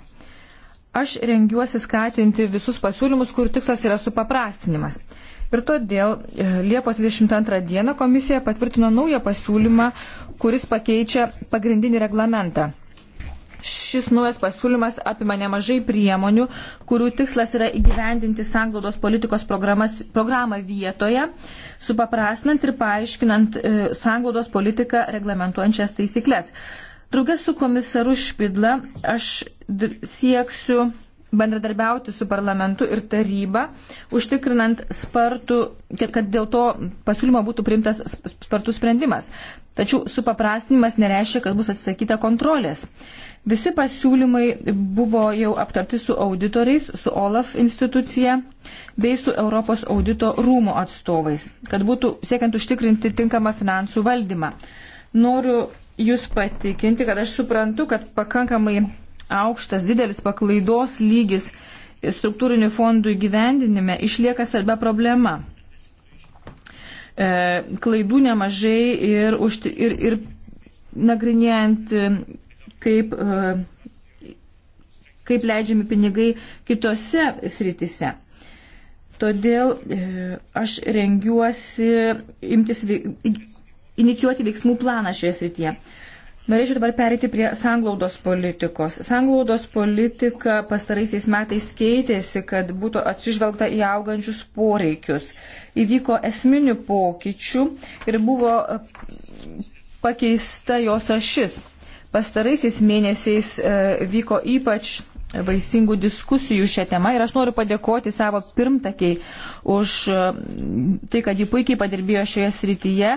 Aš rengiuosi skatinti visus pasiūlymus, kurių tikslas yra supaprastinimas. Ir todėl e, Liepos 22 dieną komisija patvirtino naują pasiūlymą, kuris pakeičia pagrindinį reglamentą. Šis naujas pasiūlymas apima nemažai priemonių, kurių tikslas yra įgyvendinti sanglaudos politikos programą vietoje, supaprasnant ir paaiškinant e, sanglaudos politiką reglamentuojančias taisyklės. Draugės su komisaru Špidla aš sieksiu bendradarbiauti su parlamentu ir taryba, užtikrinant spartų, kad, kad dėl to pasiūlymo būtų priimtas spartus sprendimas. Tačiau supaprastinimas nereiškia, kad bus atsisakyta kontrolės. Visi pasiūlymai buvo jau aptarti su auditoriais, su OLAF institucija bei su Europos audito rūmo atstovais, kad būtų siekiant užtikrinti tinkamą finansų valdymą. Noriu Jūs patikinti, kad aš suprantu, kad pakankamai aukštas, didelis paklaidos lygis struktūrinių fondų įgyvendinime išlieka svarbia problema. E, klaidų nemažai ir, užti, ir, ir nagrinėjant, e, kaip, e, kaip leidžiami pinigai kitose sritise. Todėl aš rengiuosi imtis, inicijuoti veiksmų planą šioje srityje. Norėčiau dabar perėti prie sanglaudos politikos. Sanglaudos politika pastaraisiais metais keitėsi, kad būtų atsižvelgta į augančius poreikius. Įvyko esminių pokyčių ir buvo mm, pakeista jos ašis. Pastaraisiais mėnesiais e, vyko ypač vaisingų diskusijų šią temą ir aš noriu padėkoti savo pirmtakiai už e, tai, kad ji puikiai padirbėjo šioje srityje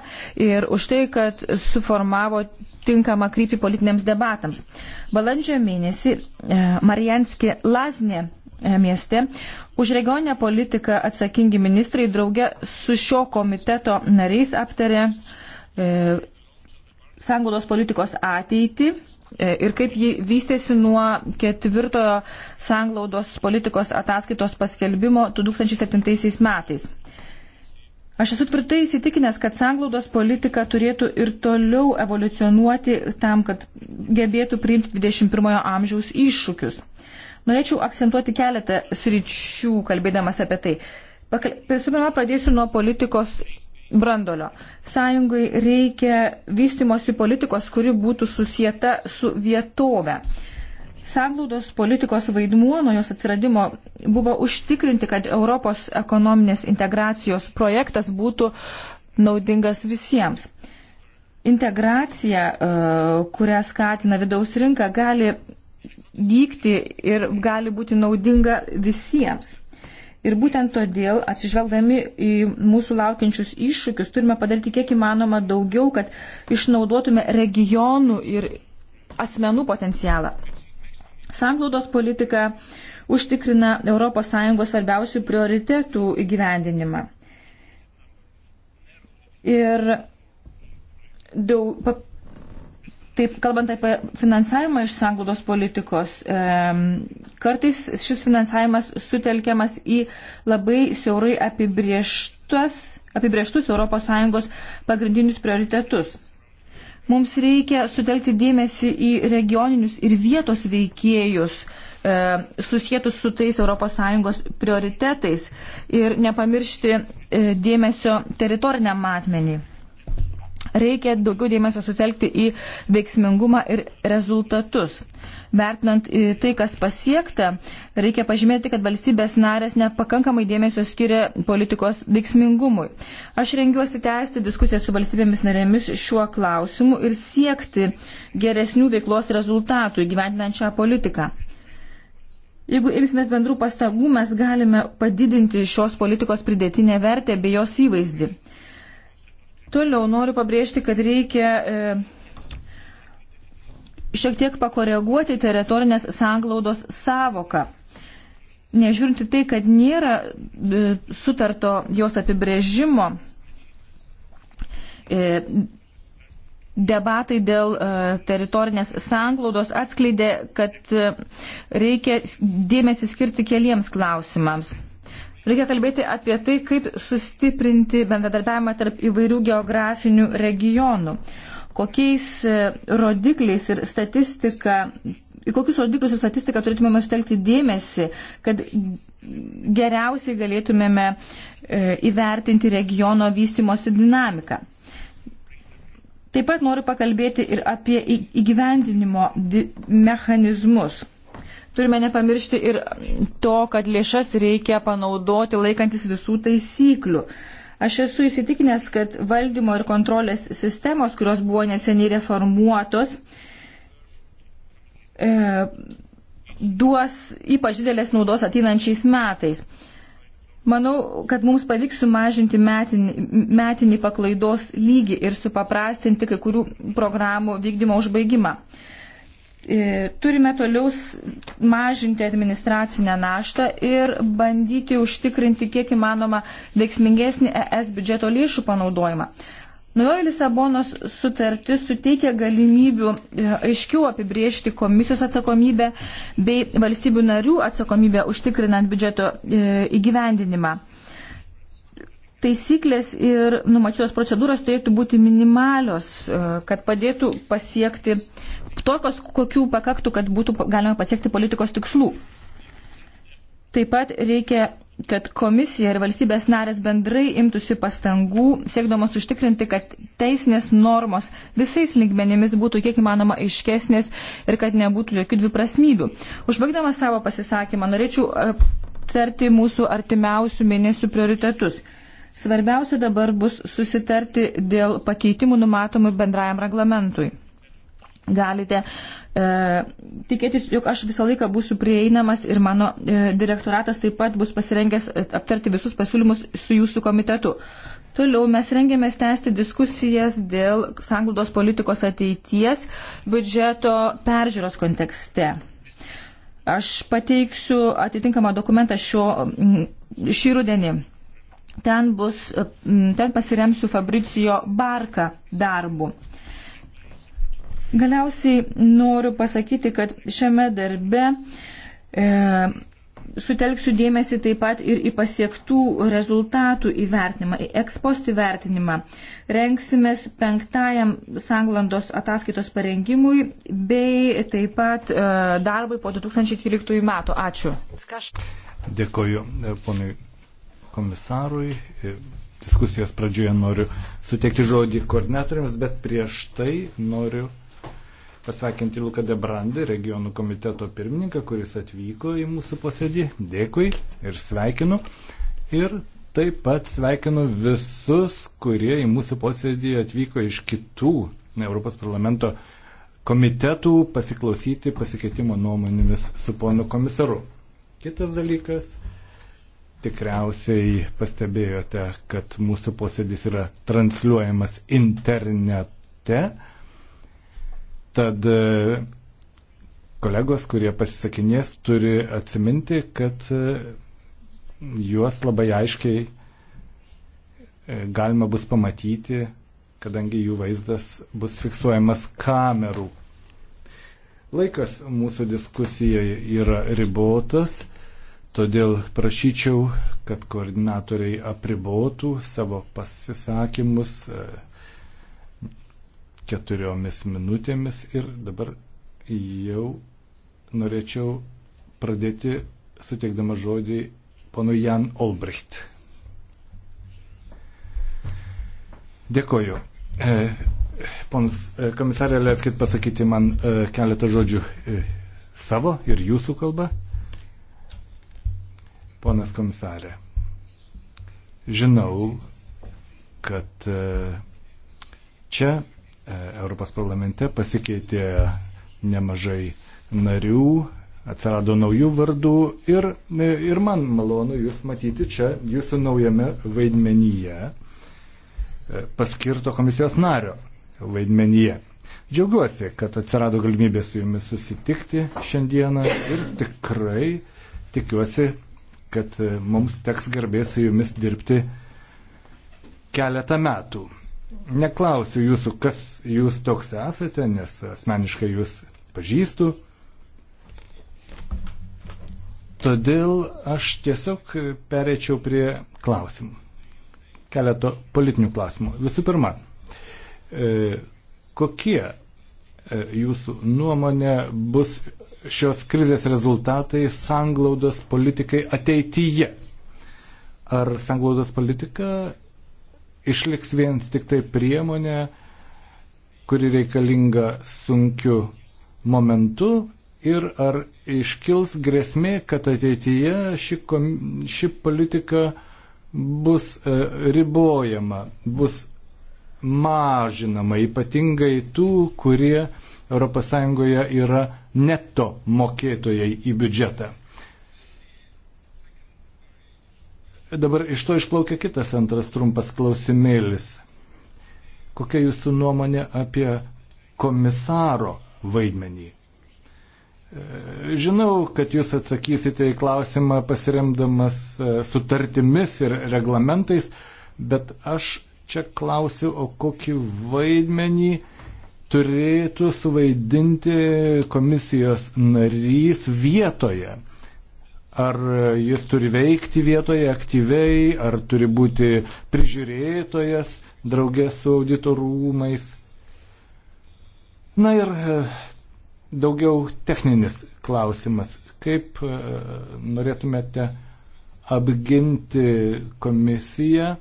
ir už tai, kad suformavo tinkamą kryptį politiniams debatams. Balandžio mėnesį e, Marijanski Laznė e, mieste už regioninę politiką atsakingi ministrai drauge su šio komiteto nariais aptarė e, sanglaudos politikos ateitį E, ir kaip ji vystėsi nuo ketvirtojo sanglaudos politikos ataskaitos paskelbimo 2007 metais. Aš esu tvirtai įsitikinęs, kad sanglaudos politika turėtų ir toliau evoliucionuoti tam, kad gebėtų priimti 21 amžiaus iššūkius. Norėčiau akcentuoti keletą sričių, kalbėdamas apie tai. Visų pirma, pradėsiu nuo politikos brandolio. Sąjungai reikia vystimosi politikos, kuri būtų susieta su vietove. Sanglaudos politikos vaidmuo nuo jos atsiradimo buvo užtikrinti, kad Europos ekonominės integracijos projektas būtų naudingas visiems. Integracija, e, kurią skatina vidaus rinka, gali vykti ir gali būti naudinga visiems. Ir būtent todėl, atsižvelgdami į mūsų laukiančius iššūkius, turime padaryti kiek įmanoma daugiau, kad išnaudotume regionų ir asmenų potencialą. Sanglaudos politika užtikrina ES svarbiausių prioritetų įgyvendinimą. Ir daug, Taip, kalbant apie finansavimą iš sanglaudos politikos, e, kartais šis finansavimas sutelkiamas į labai siaurai apibrieštus, apibrieštus ES pagrindinius prioritetus. Mums reikia sutelkti dėmesį į regioninius ir vietos veikėjus, e, susijętus su tais ES prioritetais ir nepamiršti e, dėmesio teritoriniam matmenį. Reikia daugiau dėmesio sutelkti į veiksmingumą ir rezultatus. Vertinant tai, kas pasiekta, reikia pažymėti, kad valstybės narės nepakankamai dėmesio skiria politikos veiksmingumui. Aš rengiuosi tęsti diskusiją su valstybėmis narėmis šiuo klausimu ir siekti geresnių veiklos rezultatų įgyvendinant šią politiką. Jeigu imsimės bendrų pastangų, mes galime padidinti šios politikos pridėtinę vertę bei jos įvaizdį. Toliau noriu pabrėžti, kad reikia e, šiek tiek pakoreguoti teritorinės sanglaudos savoką. Nežiūrinti tai, kad nėra e, sutarto jos apibrėžimo, e, debatai dėl teritorinės sanglaudos atskleidė, kad reikia dėmesį skirti keliems klausimams. Reikia kalbėti apie tai, kaip sustiprinti bendradarbiavimą tarp įvairių geografinių regionų. Kokiais e, rodikliais ir statistika, į kokius rodiklius ir statistiką turėtumėme sutelkti dėmesį, kad geriausiai galėtumėme e, įvertinti regiono vystimosi dinamiką. Taip pat noriu pakalbėti ir apie įgyvendinimo mechanizmus. Turime nepamiršti ir to, kad lėšas reikia panaudoti laikantis visų taisyklių. Aš esu įsitikinęs, kad valdymo ir kontrolės sistemos, kurios buvo neseniai reformuotos, e, duos ypač didelės naudos ateinančiais metais. Manau, kad mums pavyks sumažinti metinį, metinį paklaidos lygį ir supaprastinti kai kurių programų vykdymo užbaigimą. E, turime toliau mažinti administracinę naštą ir bandyti užtikrinti kiek įmanoma veiksmingesnį ES biudžeto lėšų panaudojimą. Naujoji Lisabonos sutartis suteikia galimybių e, aiškiau apibriežti komisijos atsakomybę bei valstybių narių atsakomybę užtikrinant biudžeto e, įgyvendinimą. E, Taisyklės ir numatytos procedūros turėtų būti minimalios, e, kad padėtų pasiekti tokios, kokių pakaktų, kad būtų galima pasiekti politikos tikslų. Taip pat reikia, kad komisija ir valstybės narės bendrai imtųsi pastangų, siekdamos užtikrinti, kad teisinės normos visais lygmenimis būtų kiek įmanoma aiškesnės ir kad nebūtų jokių dviprasmybių. Užbaigdama savo pasisakymą, norėčiau e, aptarti mūsų artimiausių mėnesių prioritetus. Svarbiausia dabar bus susitarti dėl pakeitimų numatomų bendrajam reglamentui. Galite e, tikėtis, jog aš visą laiką būsiu prieinamas ir mano e, direktoratas taip pat bus pasirengęs e, aptarti visus pasiūlymus su jūsų komitetu. Toliau mes rengiamės tęsti diskusijas dėl sanglaudos politikos ateities biudžeto peržiūros kontekste. Aš pateiksiu atitinkamą dokumentą šio, šį rudenį ten, bus, ten pasiremsiu Fabricijo Barka darbu. Galiausiai noriu pasakyti, kad šiame darbe e, sutelksiu dėmesį taip pat ir į pasiektų rezultatų įvertinimą, į ekspost įvertinimą. Renksimės penktajam Sanglandos ataskaitos parengimui bei taip pat e, darbui po 2013 metų. Ačiū. Dėkoju, e, ponui komisarui. Diskusijos pradžioje noriu suteikti žodį koordinatoriams, bet prieš tai noriu pasakinti Luką Debrandį, regionų komiteto pirmininką, kuris atvyko į mūsų posėdį. Dėkui ir sveikinu. Ir taip pat sveikinu visus, kurie į mūsų posėdį atvyko iš kitų Europos parlamento komitetų pasiklausyti pasikeitimo nuomonėmis su ponu komisaru. Kitas dalykas Tikriausiai pastebėjote, kad mūsų posėdis yra transliuojamas internete. Tad e, kolegos, kurie pasisakinės, turi atsiminti, kad e, juos labai aiškiai e, galima bus pamatyti, kadangi jų vaizdas bus fiksuojamas kamerų. Laikas mūsų diskusijoje yra ribotas. Todėl prašyčiau, kad koordinatoriai apribotų savo pasisakymus e, keturiomis minutėmis ir dabar jau norėčiau pradėti suteikdama žodį ponu Jan Olbricht. Dėkoju. E, pons e, komisarė, leiskit pasakyti man keletą žodžių savo ir jūsų kalbą. Ponas komisarė, žinau, kad e, čia e, Europos parlamente pasikeitė nemažai narių, atsirado naujų vardų ir, e, ir man malonu Jūs matyti čia Jūsų naujame vaidmenyje paskirto komisijos nario vaidmenyje. Džiaugiuosi, kad atsirado galimybė su Jumis susitikti šiandieną ir tikrai tikiuosi kad e, mums teks garbė su jumis dirbti keletą metų. Neklausiu jūsų, kas jūs toks esate, nes asmeniškai jūs pažįstu. Todėl aš tiesiog pereičiau prie klausimų. Keleto politinių klausimų. Visų pirma, e, kokie e, jūsų nuomonė bus šios krizės rezultatai sanglaudos politikai ateityje? Ar sanglaudos politika išliks vien tik tai priemonė, kuri reikalinga sunkiu momentu ir ar iškils grėsmė, kad ateityje ši, kom, ši politika bus e, ribojama, bus mažinama, ypatingai tų, kurie ES yra neto mokėtojai į biudžetą. Dabar iš to išplaukia kitas antras trumpas klausimėlis. Kokia jūsų nuomonė apie komisaro vaidmenį? E, žinau, kad jūs atsakysite į klausimą pasiremdamas e, sutartimis ir reglamentais, bet aš čia klausiu, o kokį vaidmenį turėtų suvaidinti komisijos narys vietoje. Ar jis turi veikti vietoje aktyviai, ar turi būti prižiūrėtojas draugės su auditorumais. Na ir e, daugiau techninis klausimas. Kaip e, norėtumėte apginti komisiją?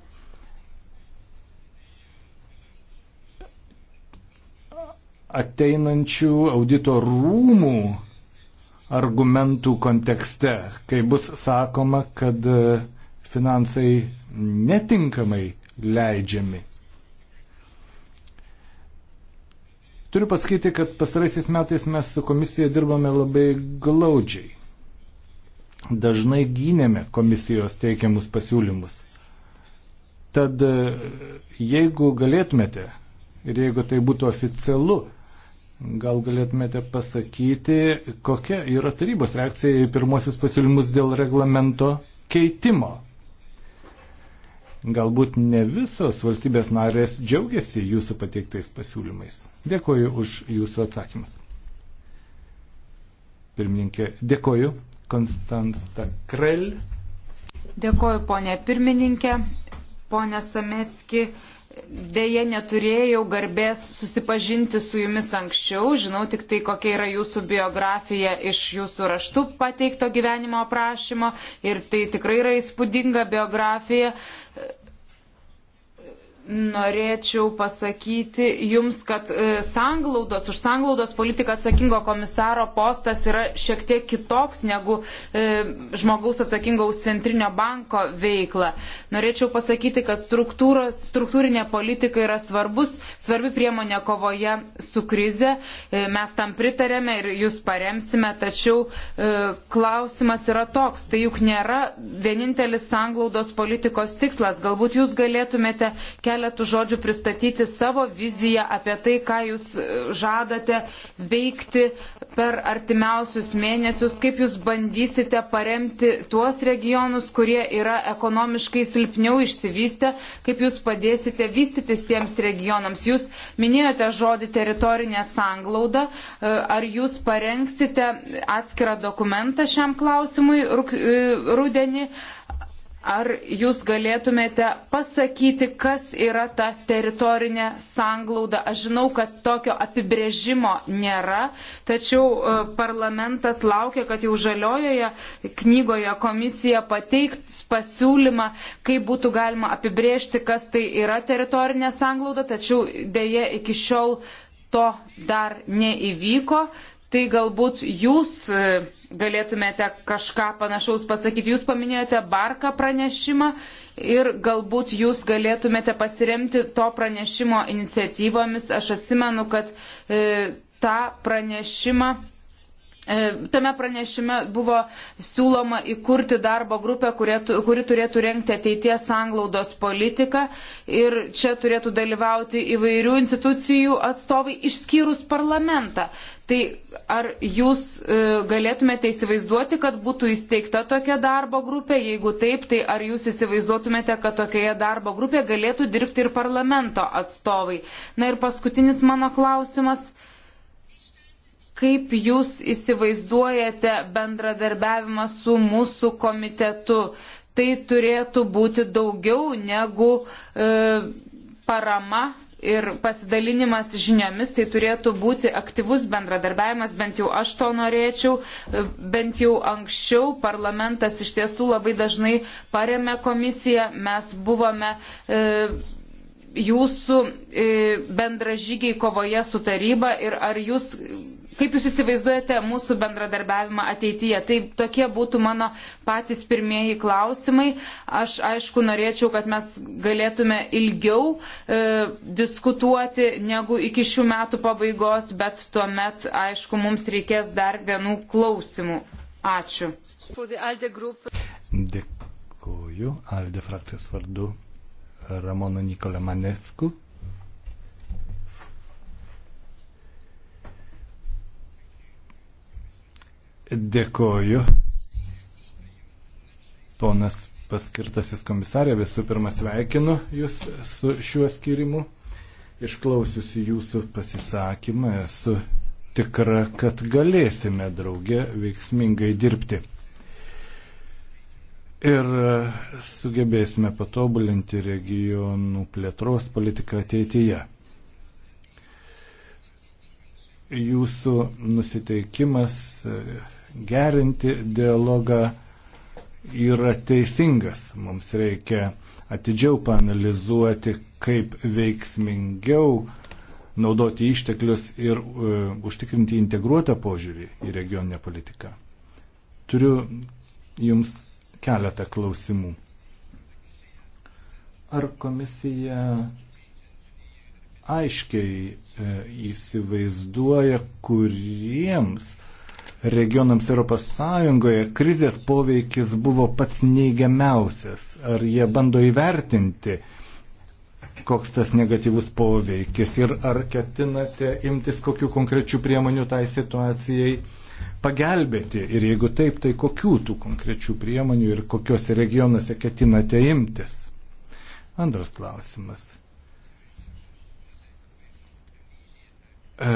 ateinančių audito rūmų argumentų kontekste, kai bus sakoma, kad e, finansai netinkamai leidžiami. Turiu pasakyti, kad pastaraisiais metais mes su komisija dirbame labai glaudžiai. Dažnai gynėme komisijos teikiamus pasiūlymus. Tad e, jeigu galėtumėte ir jeigu tai būtų oficialu, Gal galėtumėte pasakyti, kokia yra tarybos reakcija į pirmosius pasiūlymus dėl reglamento keitimo? Galbūt ne visos valstybės narės džiaugiasi jūsų pateiktais pasiūlymais. Dėkoju už jūsų atsakymus. Pirmininkė, dėkoju. Konstanta Krell. Dėkoju, ponė pirmininkė. Ponė Sametski, dėje neturėjau garbės susipažinti su jumis anksčiau, žinau tik tai, kokia yra jūsų biografija iš jūsų raštų pateikto gyvenimo aprašymo ir tai tikrai yra įspūdinga biografija norėčiau pasakyti jums, kad e, sanglaudos, už sanglaudos politiką atsakingo komisaro postas yra šiek tiek kitoks negu e, žmogaus atsakingo už centrinio banko veiklą. Norėčiau pasakyti, kad struktūrinė politika yra svarbus, svarbi priemonė kovoje su krize. E, mes tam pritarėme ir jūs paremsime, tačiau klausimas yra toks. Tai juk nėra vienintelis sanglaudos politikos tikslas. Galbūt jūs galėtumėte kelti keletų žodžių pristatyti savo viziją apie tai, ką jūs e, žadate veikti per artimiausius mėnesius, kaip jūs bandysite paremti tuos regionus, kurie yra ekonomiškai silpniau išsivystę, kaip jūs padėsite vystytis tiems regionams. Jūs minėjote žodį teritorinė sanglauda. E, ar jūs parengsite atskirą dokumentą šiam klausimui e, rudenį? Ar jūs galėtumėte pasakyti, kas yra ta teritorinė sanglauda? Aš žinau, kad tokio apibrėžimo nėra, tačiau e, parlamentas laukia, kad jau žaliojoje knygoje komisija pateiks pasiūlymą, kaip būtų galima apibrėžti, kas tai yra teritorinė sanglauda, tačiau dėje iki šiol to dar neįvyko. Tai galbūt jūs e, galėtumėte kažką panašaus pasakyti. Jūs paminėjote Barką pranešimą ir galbūt jūs galėtumėte pasiremti to pranešimo iniciatyvomis. Aš atsimenu, kad e, tą pranešimą E, tame pranešime buvo siūloma įkurti darbo grupę, kuri turėtų renkti ateities sanglaudos politiką ir čia turėtų dalyvauti įvairių institucijų atstovai išskyrus parlamentą. Tai ar jūs e, galėtumėte įsivaizduoti, kad būtų įsteigta tokia darbo grupė? Jeigu taip, tai ar jūs įsivaizduotumėte, kad tokioje darbo grupėje galėtų dirbti ir parlamento atstovai? Na ir paskutinis mano klausimas. Kaip jūs įsivaizduojate bendradarbiavimą su mūsų komitetu? Tai turėtų būti daugiau negu e, parama ir pasidalinimas žiniomis, tai turėtų būti aktyvus bendradarbiavimas, bent jau aš to norėčiau, e, bent jau anksčiau parlamentas iš tiesų labai dažnai paremė komisiją, mes buvome. E, jūsų e, bendražygiai kovoje su taryba ir ar jūs, kaip jūs įsivaizduojate mūsų bendradarbiavimą ateityje. Tai tokie būtų mano patys pirmieji klausimai. Aš aišku norėčiau, kad mes galėtume ilgiau e, diskutuoti negu iki šių metų pabaigos, bet tuomet, aišku, mums reikės dar vienų klausimų. Ačiū. Dėkuoju. Alde frakcijos vardu Ramonu Nikolė Manesku. Dėkoju. Ponas paskirtasis komisarė, visų pirma sveikinu Jūs su šiuo skirimu. Išklausiusi Jūsų pasisakymą, esu tikra, kad galėsime drauge veiksmingai dirbti ir e, sugebėsime patobulinti regionų plėtros politiką ateityje. Jūsų nusiteikimas e, gerinti dialogą yra teisingas. Mums reikia atidžiau panalizuoti, kaip veiksmingiau naudoti išteklius ir e, užtikrinti integruotą požiūrį į regioninę politiką. Turiu Jums keletą klausimų. Ar komisija aiškiai e, įsivaizduoja, kuriems regionams ES krizės poveikis buvo pats neigiamiausias? Ar jie bando įvertinti, koks tas negatyvus poveikis ir ar ketinate imtis kokių konkrečių priemonių tai situacijai pagelbėti ir jeigu taip, tai kokių tų konkrečių priemonių ir kokiuose regionuose ketinate imtis? Antras klausimas. E,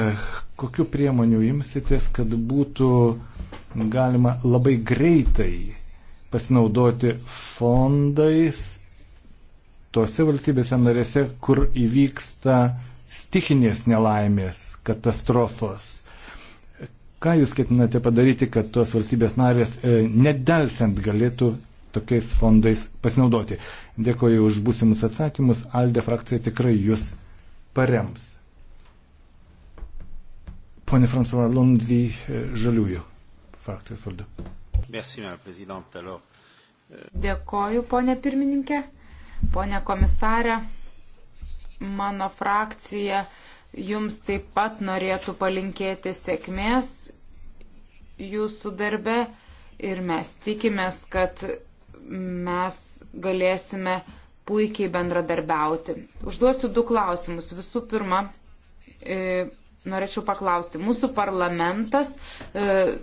Kokiu priemonių imsitės, kad būtų galima labai greitai pasinaudoti fondais tose valstybėse narėse, kur įvyksta stichinės nelaimės, katastrofos? Ką jūs ketinate padaryti, kad tuos valstybės narės e, nedelsiant galėtų tokiais fondais pasinaudoti? Dėkoju už būsimus atsakymus. Alde frakcija tikrai jūs parems. Pone François Lonzi, e, Žaliųjų frakcijos vardu. Euh, Dėkoju, ponė pirmininkė, ponė komisarė. Mano frakcija jums taip pat norėtų palinkėti sėkmės jūsų darbe ir mes tikimės, kad mes galėsime puikiai bendradarbiauti. Užduosiu du klausimus. Visų pirma, e, norėčiau paklausti, mūsų parlamentas e,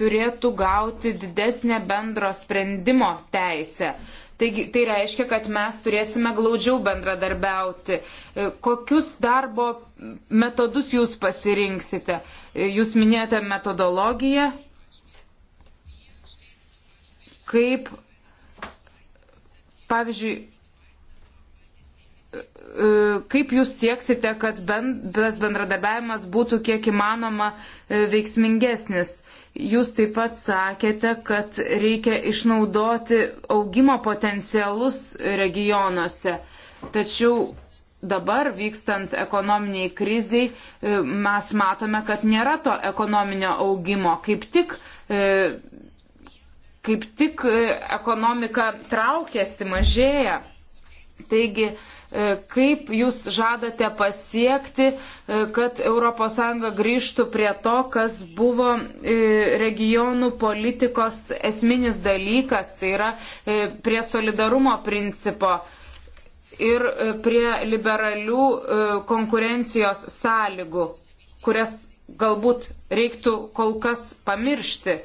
turėtų gauti didesnę bendro sprendimo teisę. E, Taigi, tai reiškia, kad mes turėsime glaudžiau bendradarbiauti. E, kokius darbo metodus jūs pasirinksite? E, jūs minėjote metodologiją. Kaip, pavyzdžiui, e, kaip jūs sieksite, kad bend, tas bendradarbiavimas būtų kiek įmanoma veiksmingesnis? Jūs taip pat sakėte, kad reikia išnaudoti augimo potencialus regionuose. Tačiau dabar vykstant ekonominiai kriziai e, mes matome, kad nėra to ekonominio augimo. Kaip tik, e, kaip tik e, ekonomika traukiasi, mažėja. Taigi, E, kaip jūs žadate pasiekti, e, kad ES grįžtų prie to, kas buvo e, regionų politikos esminis dalykas, tai yra prie solidarumo principo ir prie liberalių konkurencijos sąlygų, kurias galbūt reiktų kol kas pamiršti.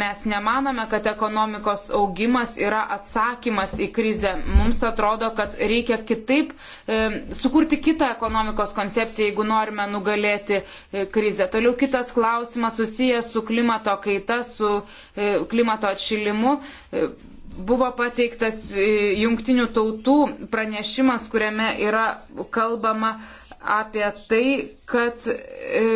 Mes nemanome, kad ekonomikos augimas yra atsakymas į krizę. Mums atrodo, kad reikia kitaip e, sukurti kitą ekonomikos koncepciją, jeigu norime nugalėti e, krizę. Toliau kitas klausimas susijęs su klimato kaita, su e, klimato atšilimu. E, buvo pateiktas e, jungtinių tautų pranešimas, kuriame yra kalbama apie tai, kad e,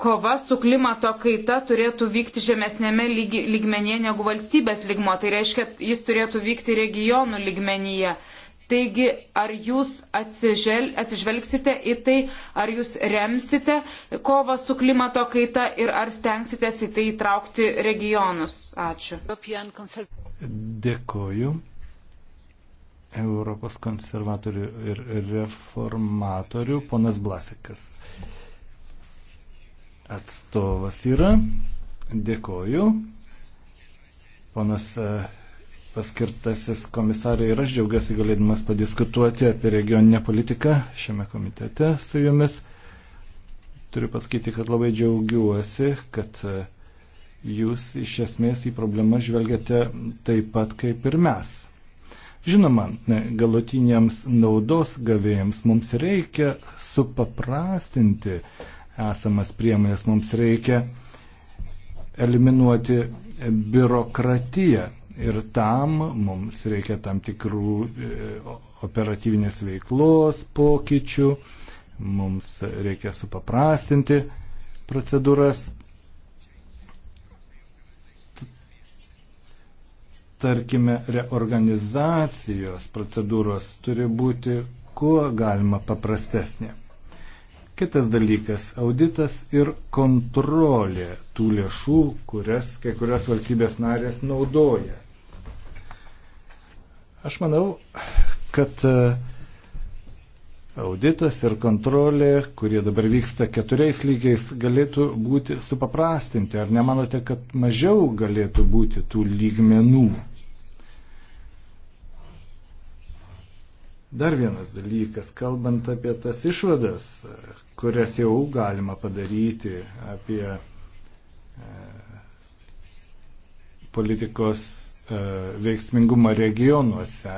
kova su klimato kaita turėtų vykti žemesnėme lyg, lygmenyje negu valstybės lygmo. Tai reiškia, jis turėtų vykti regionų lygmenyje. Taigi, ar jūs atsižel, atsižvelgsite į tai, ar jūs remsite kovą su klimato kaita ir ar stengsite į tai įtraukti regionus? Ačiū. Dėkoju. Europos konservatorių ir reformatorių, ponas Blasikas atstovas yra. Dėkoju. Ponas e, paskirtasis komisarai ir aš džiaugiuosi galėdamas padiskutuoti apie regioninę politiką šiame komitete su jumis. Turiu pasakyti, kad labai džiaugiuosi, kad e, jūs iš esmės į problemą žvelgiate taip pat kaip ir mes. Žinoma, galutiniams naudos gavėjams mums reikia supaprastinti uh, esamas priemonės. Mums reikia eliminuoti biurokratiją ir tam mums reikia tam tikrų e, operatyvinės veiklos pokyčių, mums reikia supaprastinti procedūras. Tarkime, reorganizacijos procedūros turi būti kuo galima paprastesnė. Kitas dalykas - auditas ir kontrolė tų lėšų, kurias kai kurias valstybės narės naudoja. Aš manau, kad e, auditas ir kontrolė, kurie dabar vyksta keturiais lygiais, galėtų būti supaprastinti. Ar nemanote, kad mažiau galėtų būti tų lygmenų? Dar vienas dalykas, kalbant apie tas išvadas, kurias jau galima padaryti apie e, politikos e, veiksmingumą regionuose.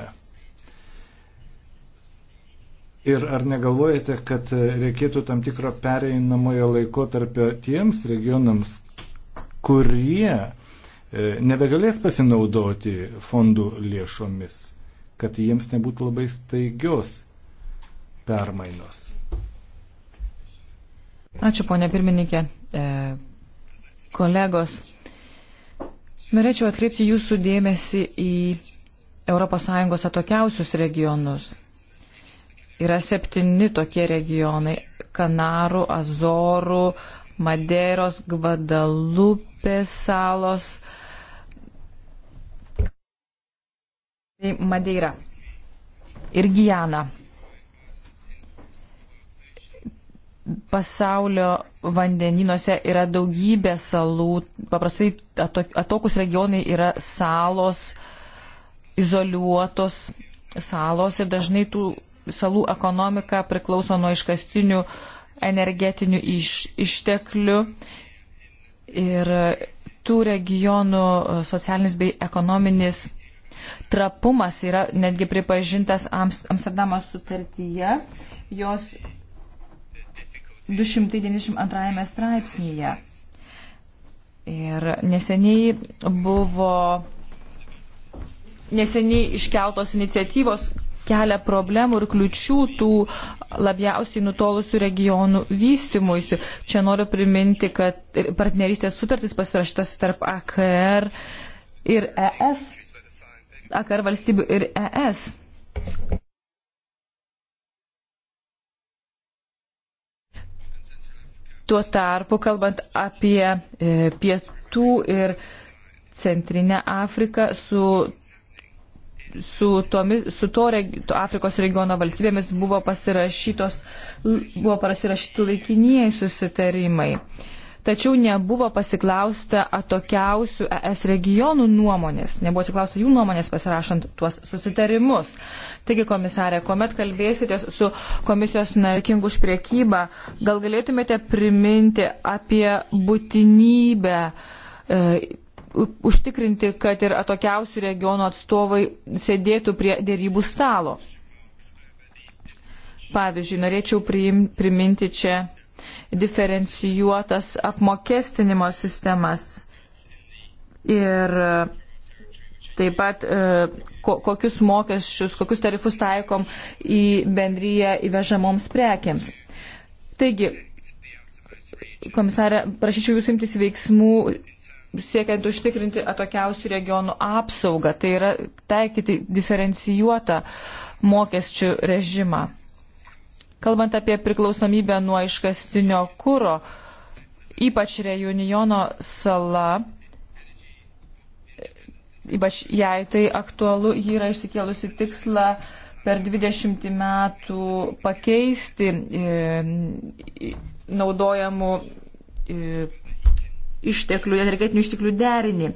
Ir ar negalvojate, kad reikėtų tam tikro pereinamojo laiko tarp tiems regionams, kurie e, nebegalės pasinaudoti fondų lėšomis, kad jiems nebūtų labai staigios permainos? Ačiū, ponė pirmininkė. E, kolegos, norėčiau atkreipti jūsų dėmesį į ES atokiausius regionus. Yra septyni tokie regionai - Kanarų, Azorų, Madeiros, Gvadalupės salos, Madeira ir Gijana. pasaulio vandeninuose yra daugybė salų, paprastai atokus regionai yra salos, izoliuotos salos ir dažnai tų salų ekonomika priklauso nuo iškastinių energetinių iš, išteklių ir tų regionų socialinis bei ekonominis trapumas yra netgi pripažintas Amsterdamo sutartyje. Jos 292 straipsnėje. Ir neseniai buvo, neseniai iškeltos iniciatyvos kelia problemų ir kliučių tų labiausiai nutolusių regionų vystimuisi. Čia noriu priminti, kad partnerystės sutartis pasirašytas tarp AKR ir ES. AKR valstybių ir ES. Tuo tarpu, kalbant apie e, pietų ir centrinę Afriką, su, su, tomis, su to, regi, to Afrikos regiono valstybėmis buvo pasirašytos, buvo pasirašyti laikinieji susitarimai. E, tačiau nebuvo pasiklausta atokiausių ES regionų nuomonės, nebuvo atsiklausta jų nuomonės pasirašant tuos susitarimus. Taigi, komisarė, kuomet kalbėsite su komisijos narkingu už priekybą, gal galėtumėte priminti apie būtinybę e, užtikrinti, kad ir atokiausių regionų atstovai sėdėtų prie dėrybų stalo. Pavyzdžiui, norėčiau priim, priminti čia diferencijuotas apmokestinimo sistemas ir e, taip pat e, ko, kokius mokesčius, kokius tarifus taikom į bendryje įvežamoms prekiams. Taigi, komisarė, prašyčiau jūs imtis veiksmų siekiant užtikrinti atokiausių regionų apsaugą, tai yra taikyti diferencijuotą mokesčių režimą. Kalbant apie priklausomybę nuo iškastinio kūro, ypač Reunijono sala, ypač jai tai aktualu, ji yra išsikėlusi tikslą per 20 metų pakeisti e, naudojamų e, išteklių, energetinių išteklių derinį.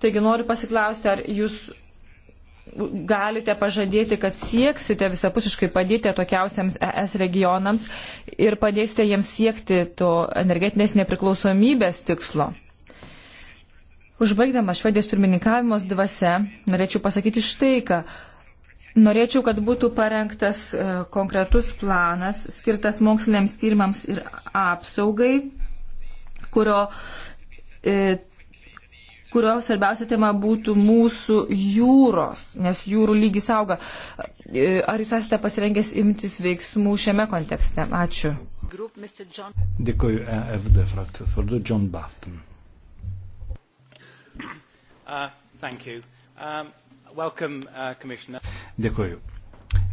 Taigi noriu pasiklausti, ar jūs galite pažadėti, kad sieksite visapusiškai padėti atokiausiams ES regionams ir padėsite jiems siekti to energetinės nepriklausomybės tikslo. Užbaigdamas švedės pirmininkavimos dvasia, norėčiau pasakyti štai ką. Norėčiau, kad būtų parengtas e, konkretus planas skirtas moksliniams tyrimams ir apsaugai, kurio e, kurio svarbiausia tema būtų mūsų jūros, nes jūrų lygis auga. E, ar jūs esate pasirengęs imtis veiksmų šiame kontekste? Ačiū. Dėkoju EFD frakcijos vardu John Bafton. Uh, um, welcome, uh, Dėkoju.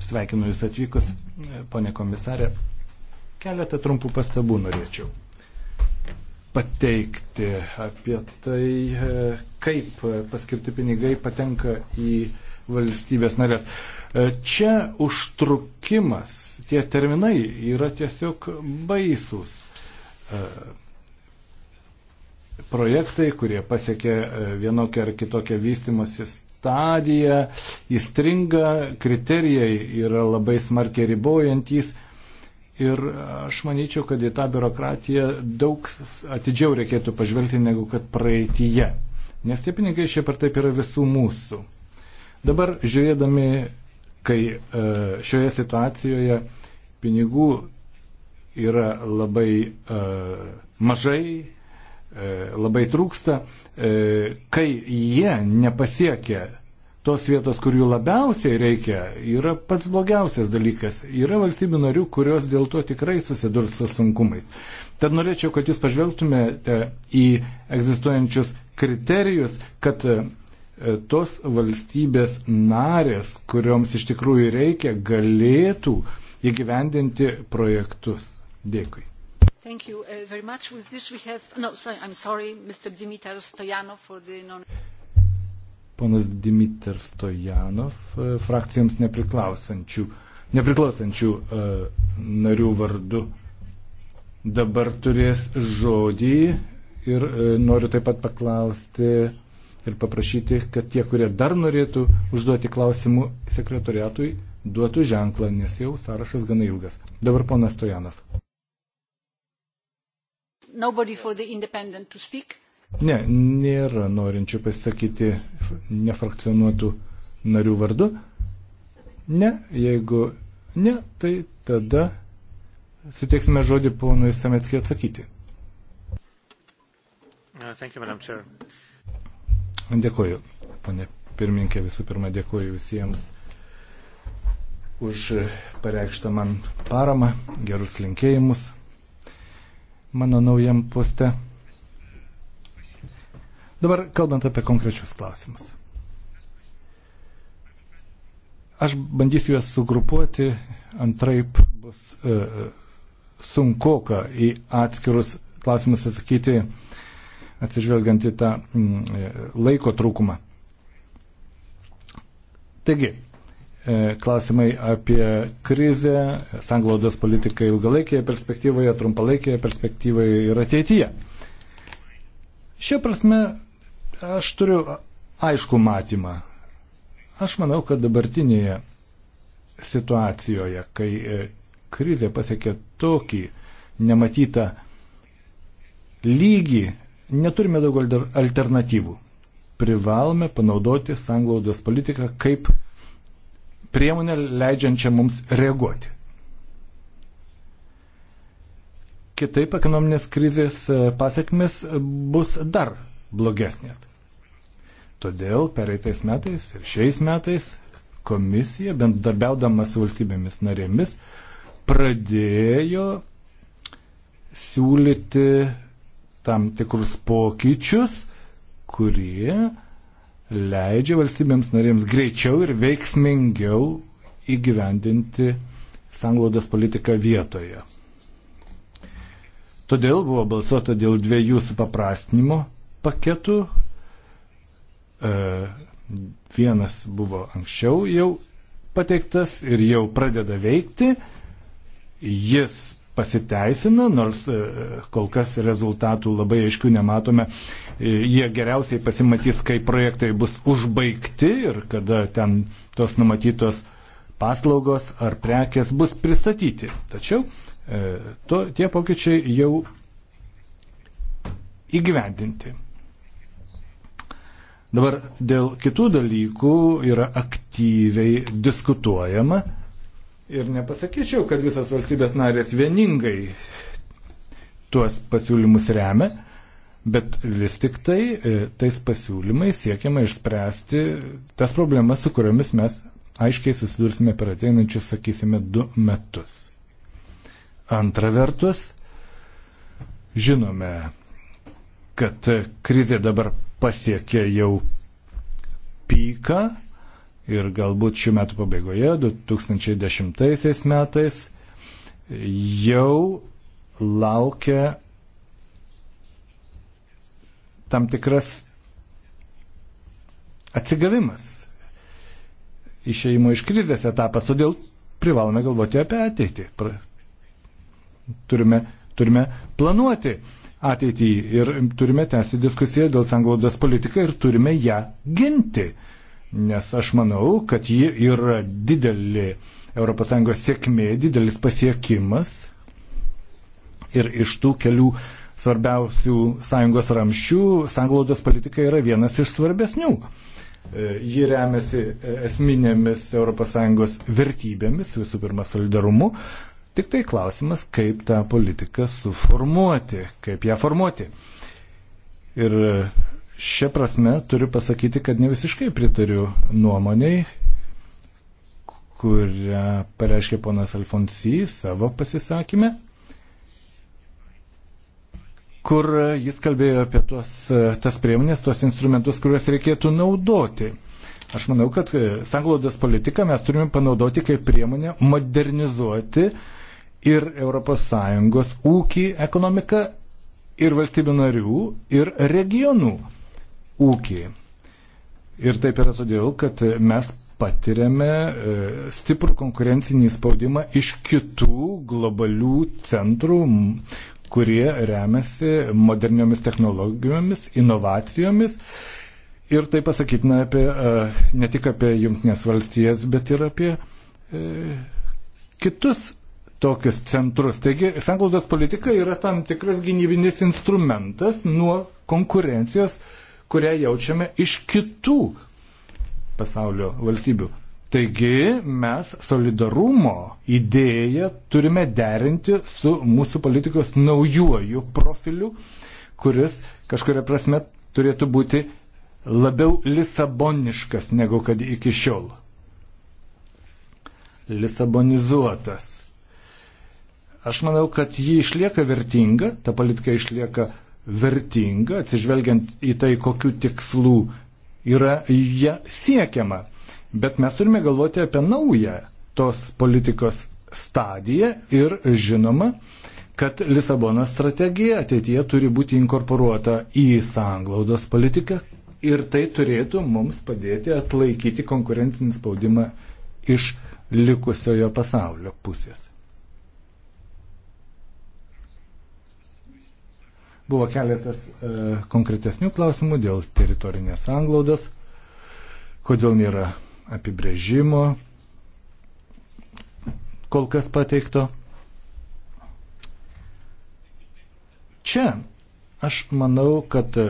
Sveikinu Jūs atvykus, e, ponė komisarė. Keletą trumpų pastabų norėčiau pateikti apie tai, e, kaip paskirti pinigai patenka į valstybės narės. E, čia užtrukimas, tie terminai yra tiesiog baisūs. E, projektai, kurie pasiekia vienokią ar kitokią vystimosi stadiją, įstringa, kriterijai yra labai smarkiai ribojantys, Ir aš manyčiau, kad į tą biurokratiją daug atidžiau reikėtų pažvelgti negu kad praeitįje. Nes tie pinigai šiaip ar taip yra visų mūsų. Dabar žiūrėdami, kai e, šioje situacijoje pinigų yra labai e, mažai, e, labai trūksta, kai jie nepasiekia tos vietos, kur jų labiausiai reikia, yra pats blogiausias dalykas. Yra valstybių narių, kurios dėl to tikrai susidurs su sunkumais. Tad norėčiau, kad jūs pažvelgtumėte į egzistuojančius kriterijus, kad e, tos valstybės narės, kurioms iš tikrųjų reikia, galėtų įgyvendinti projektus. Dėkui. Thank you uh, very much. With this we have, no, sorry, I'm sorry, Mr. Dimitar Stoyanov for the non ponas Dimitar Stojanov, e, frakcijoms nepriklausančių, nepriklausančių e, narių vardu. Dabar turės žodį ir e, noriu taip pat paklausti ir paprašyti, kad tie, kurie dar norėtų užduoti klausimų sekretoriatui, duotų ženklą, nes jau sąrašas gana ilgas. Dabar ponas Stojanov. Nobody for the independent to speak. Ne, nėra norinčių pasisakyti nefrakcionuotų narių vardu. Ne, jeigu ne, tai tada suteiksime žodį ponui Sametskiai atsakyti. Uh, you, dėkuoju, ponė pirmininkė, visų pirma dėkuoju visiems už pareikštą man paramą, gerus linkėjimus mano naujam poste. Dabar kalbant apie konkrečius klausimus. Aš bandysiu juos sugrupuoti, antraip bus e, sunku į atskirus klausimus atsakyti, atsižvelgiant į tą mm, e, laiko trūkumą. Taigi, e, klausimai apie krizę, sanglaudos politiką ilgalaikėje perspektyvoje, trumpalaikėje perspektyvoje ir ateityje. Šia prasme, Aš turiu aišku matymą. Aš manau, kad dabartinėje situacijoje, kai e, krizė pasiekė tokį nematytą lygį, neturime daug alternatyvų. Privalome panaudoti sanglaudos politiką kaip priemonę leidžiančią mums reaguoti. Kitaip ekonominės krizės e, pasiekmes bus dar blogesnės. Todėl pereitais metais ir šiais metais komisija, bendarbiaudama su valstybėmis narėmis, pradėjo siūlyti tam tikrus pokyčius, kurie leidžia valstybėms narėms greičiau ir veiksmingiau įgyvendinti sanglaudos politiką vietoje. Todėl buvo balsuota dėl dviejų supaprastinimo paketu. E, vienas buvo anksčiau jau pateiktas ir jau pradeda veikti. Jis pasiteisina, nors e, kol kas rezultatų labai aiškių nematome. E, jie geriausiai pasimatys, kai projektai bus užbaigti ir kada ten tos numatytos paslaugos ar prekės bus pristatyti. Tačiau to, tie pokyčiai jau įgyvendinti. Dabar dėl kitų dalykų yra aktyviai diskutuojama ir nepasakyčiau, kad visas valstybės narės vieningai tuos pasiūlymus remia, bet vis tik tai e, tais pasiūlymais siekiama išspręsti tas problemas, su kuriomis mes aiškiai susidursime per ateinančius, sakysime, du metus. Antra vertus, žinome, kad krizė dabar pasiekė jau pyką ir galbūt šių metų pabaigoje, 2010 metais, jau laukia tam tikras atsigavimas, išeimo iš krizės etapas, todėl privalome galvoti apie ateitį. Turime, turime planuoti ateitį ir turime tęsti diskusiją dėl sanglaudos politiką ir turime ją ginti. Nes aš manau, kad ji yra didelė ES sėkmė, didelis pasiekimas ir iš tų kelių svarbiausių sąjungos ramščių sanglaudos politika yra vienas iš svarbesnių. E, ji remiasi esminėmis ES vertybėmis, visų pirma solidarumu, Tik tai klausimas, kaip tą politiką suformuoti, kaip ją formuoti. Ir šia prasme turiu pasakyti, kad ne visiškai pritariu nuomoniai, kurią pareiškė ponas Alfonsy savo pasisakymę, kur jis kalbėjo apie tuos, tas priemonės, tuos instrumentus, kuriuos reikėtų naudoti. Aš manau, kad sanglaudos politiką mes turime panaudoti kaip priemonę modernizuoti uh, ir ES ūkį, ekonomiką, ir valstybių narių, ir regionų ūkį. Ir taip yra todėl, kad mes patiriame e, stiprų konkurencinį spaudimą iš kitų globalių centrų, kurie remiasi moderniomis technologijomis, inovacijomis. Ir tai pasakytina apie, e, ne tik apie Junktinės valstijas, bet ir apie e, kitus tokius centrus. Taigi, sanglaudos politika yra tam tikras gynybinis instrumentas nuo konkurencijos, kurią jaučiame iš kitų pasaulio valstybių. Taigi mes solidarumo idėją turime derinti su mūsų politikos naujuoju profiliu, kuris kažkuria prasme turėtų būti labiau lisaboniškas negu kad iki šiol. Lisabonizuotas. Aš manau, kad ji išlieka vertinga, ta politika išlieka vertinga, atsižvelgiant į tai, kokiu tikslu yra ją siekiama. Bet mes turime galvoti apie naują tos politikos stadiją ir žinoma, kad Lisabono strategija ateityje turi būti inkorporuota į sąnglaudos politiką ir tai turėtų mums padėti atlaikyti konkurencinį spaudimą iš likusiojo pasaulio pusės. Buvo keletas e, konkretesnių klausimų dėl teritorinės anglaudos, kodėl nėra apibrėžimo kol kas pateikto. Čia aš manau, kad e,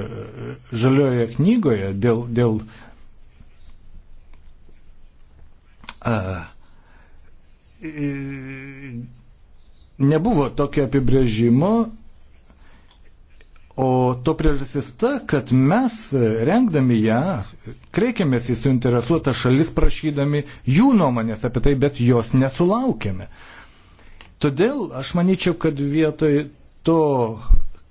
žalioje knygoje dėl, dėl a, nebuvo tokio apibrėžimo O to priežastis ta, kad mes e, rengdami ją kreikiamės į suinteresuotą šalis prašydami jų nuomonės apie tai, bet jos nesulaukėme. Todėl aš manyčiau, kad vietoj to,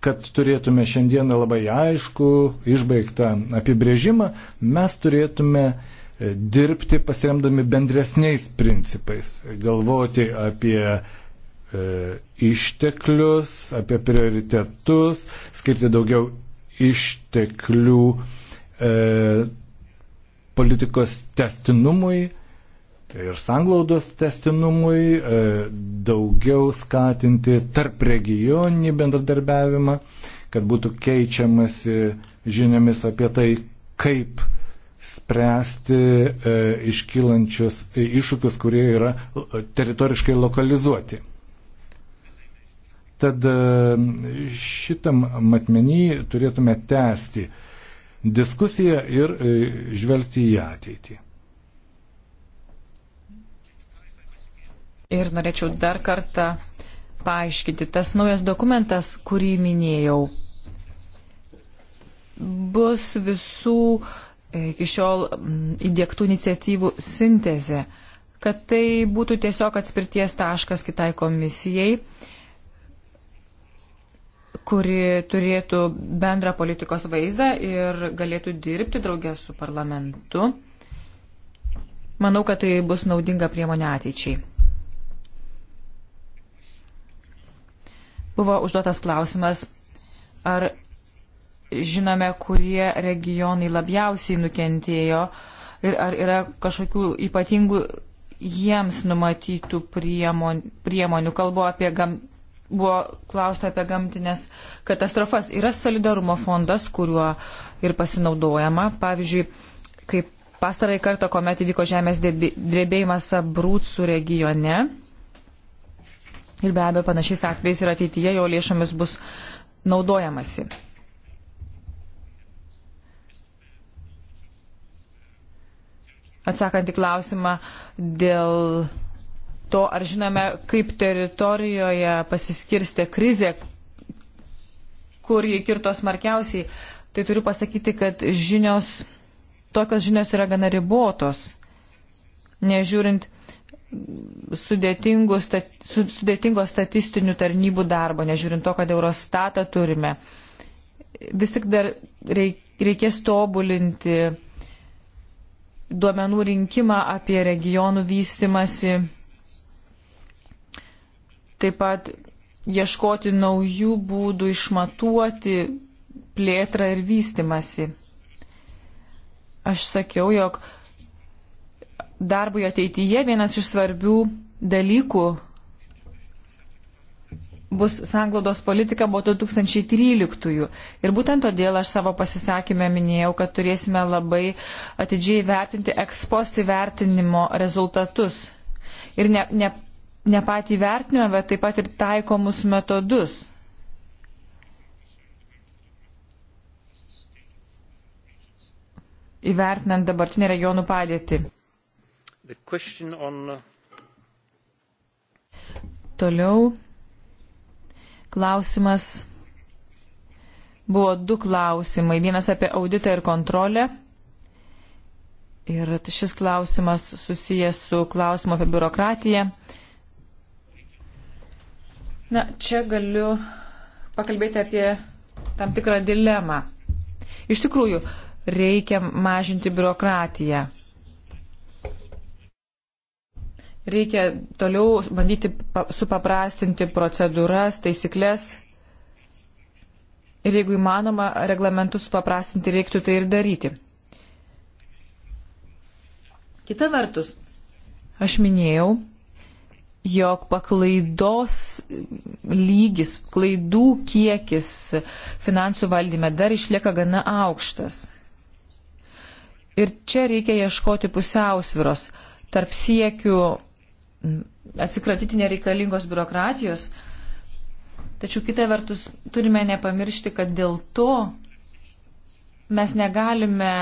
kad turėtume šiandieną labai aišku, išbaigtą apibrėžimą, mes turėtume e, dirbti pasiremdami bendresniais principais, galvoti apie E, išteklius, apie prioritetus, skirti daugiau išteklių e, politikos testinumui ir sanglaudos testinumui, e, daugiau skatinti tarp regioninį bendradarbiavimą, kad būtų keičiamasi žiniomis apie tai, kaip spręsti e, iškylančius e, iššūkius, kurie yra e, teritoriškai lokalizuoti. Tad e, šitam matmenį turėtume tęsti diskusiją ir e, žvelgti į ateitį. Ir norėčiau dar kartą paaiškinti, tas naujas dokumentas, kurį minėjau, bus visų e, iki šiol įdėktų iniciatyvų sintezė, kad tai būtų tiesiog atspirties taškas kitai komisijai kuri turėtų bendrą politikos vaizdą ir galėtų dirbti draugės su parlamentu. Manau, kad tai bus naudinga priemonė ateičiai. Buvo užduotas klausimas, ar žinome, kurie regionai labiausiai nukentėjo ir ar yra kažkokių ypatingų jiems numatytų priemonių. priemonių. Kalbu apie gam, buvo klausta apie gamtinės katastrofas. Yra solidarumo fondas, kuriuo ir pasinaudojama. Pavyzdžiui, kaip pastarai kartą, kuomet įvyko žemės drebėjimas Abrūtsų regione. Ir be abejo, panašiais atvejais ir ateityje jo lėšomis bus naudojamasi. Atsakant į klausimą dėl to, ar žinome, kaip teritorijoje pasiskirstė krizė, kur jie kirto smarkiausiai, tai turiu pasakyti, kad žinios, tokios žinios yra gana ribotos, nežiūrint sudėtingos statistinių tarnybų darbo, nežiūrint to, kad Eurostatą turime. Vis tik dar reikės tobulinti duomenų rinkimą apie regionų vystimasi taip pat ieškoti naujų būdų išmatuoti plėtrą ir vystimasi. Aš sakiau, jog darbui ateityje vienas iš svarbių dalykų bus sanglodos politika buvo 2013. Ir būtent todėl aš savo pasisakymę minėjau, kad turėsime labai atidžiai vertinti eksposti vertinimo rezultatus. Ir ne, ne, ne patį vertinimą, bet taip pat ir taikomus metodus. Įvertinant dabartinę regionų padėtį. On... Uh, Toliau klausimas. Buvo du klausimai. Vienas apie auditą ir kontrolę. Ir šis klausimas susijęs su klausimu apie biurokratiją. Na, čia galiu pakalbėti apie tam tikrą dilemą. Iš tikrųjų, reikia mažinti biurokratiją. Reikia toliau bandyti supaprastinti procedūras, taisyklės. Ir jeigu įmanoma, reglamentus supaprastinti reiktų tai ir daryti. Kita vertus, aš minėjau, jog paklaidos lygis, klaidų kiekis finansų valdyme dar išlieka gana aukštas. Ir čia reikia ieškoti pusiausviros tarp siekių atsikratyti nereikalingos biurokratijos, tačiau kita vertus turime nepamiršti, kad dėl to mes negalime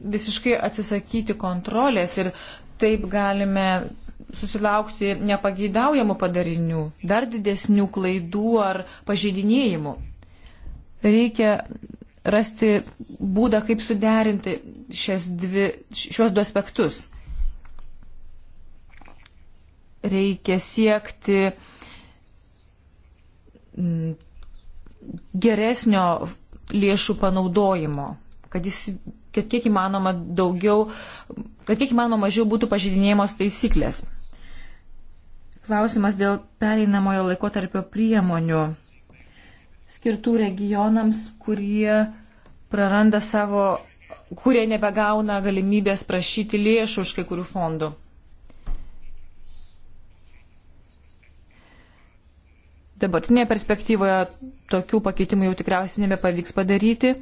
visiškai atsisakyti kontrolės ir taip galime susilaukti nepageidaujamų padarinių, dar didesnių klaidų ar pažeidinėjimų. Reikia rasti būdą, kaip suderinti dvi, šios du aspektus. Reikia siekti mm, geresnio lėšų panaudojimo, kad jis kad kiek įmanoma daugiau, kad kiek įmanoma mažiau būtų pažydinėjimos taisyklės. Klausimas dėl pereinamojo laikotarpio priemonių skirtų regionams, kurie praranda savo, kurie nebegauna galimybės prašyti lėšų iš kai kurių fondų. Dabartinėje perspektyvoje tokių pakeitimų jau tikriausiai nebepavyks padaryti.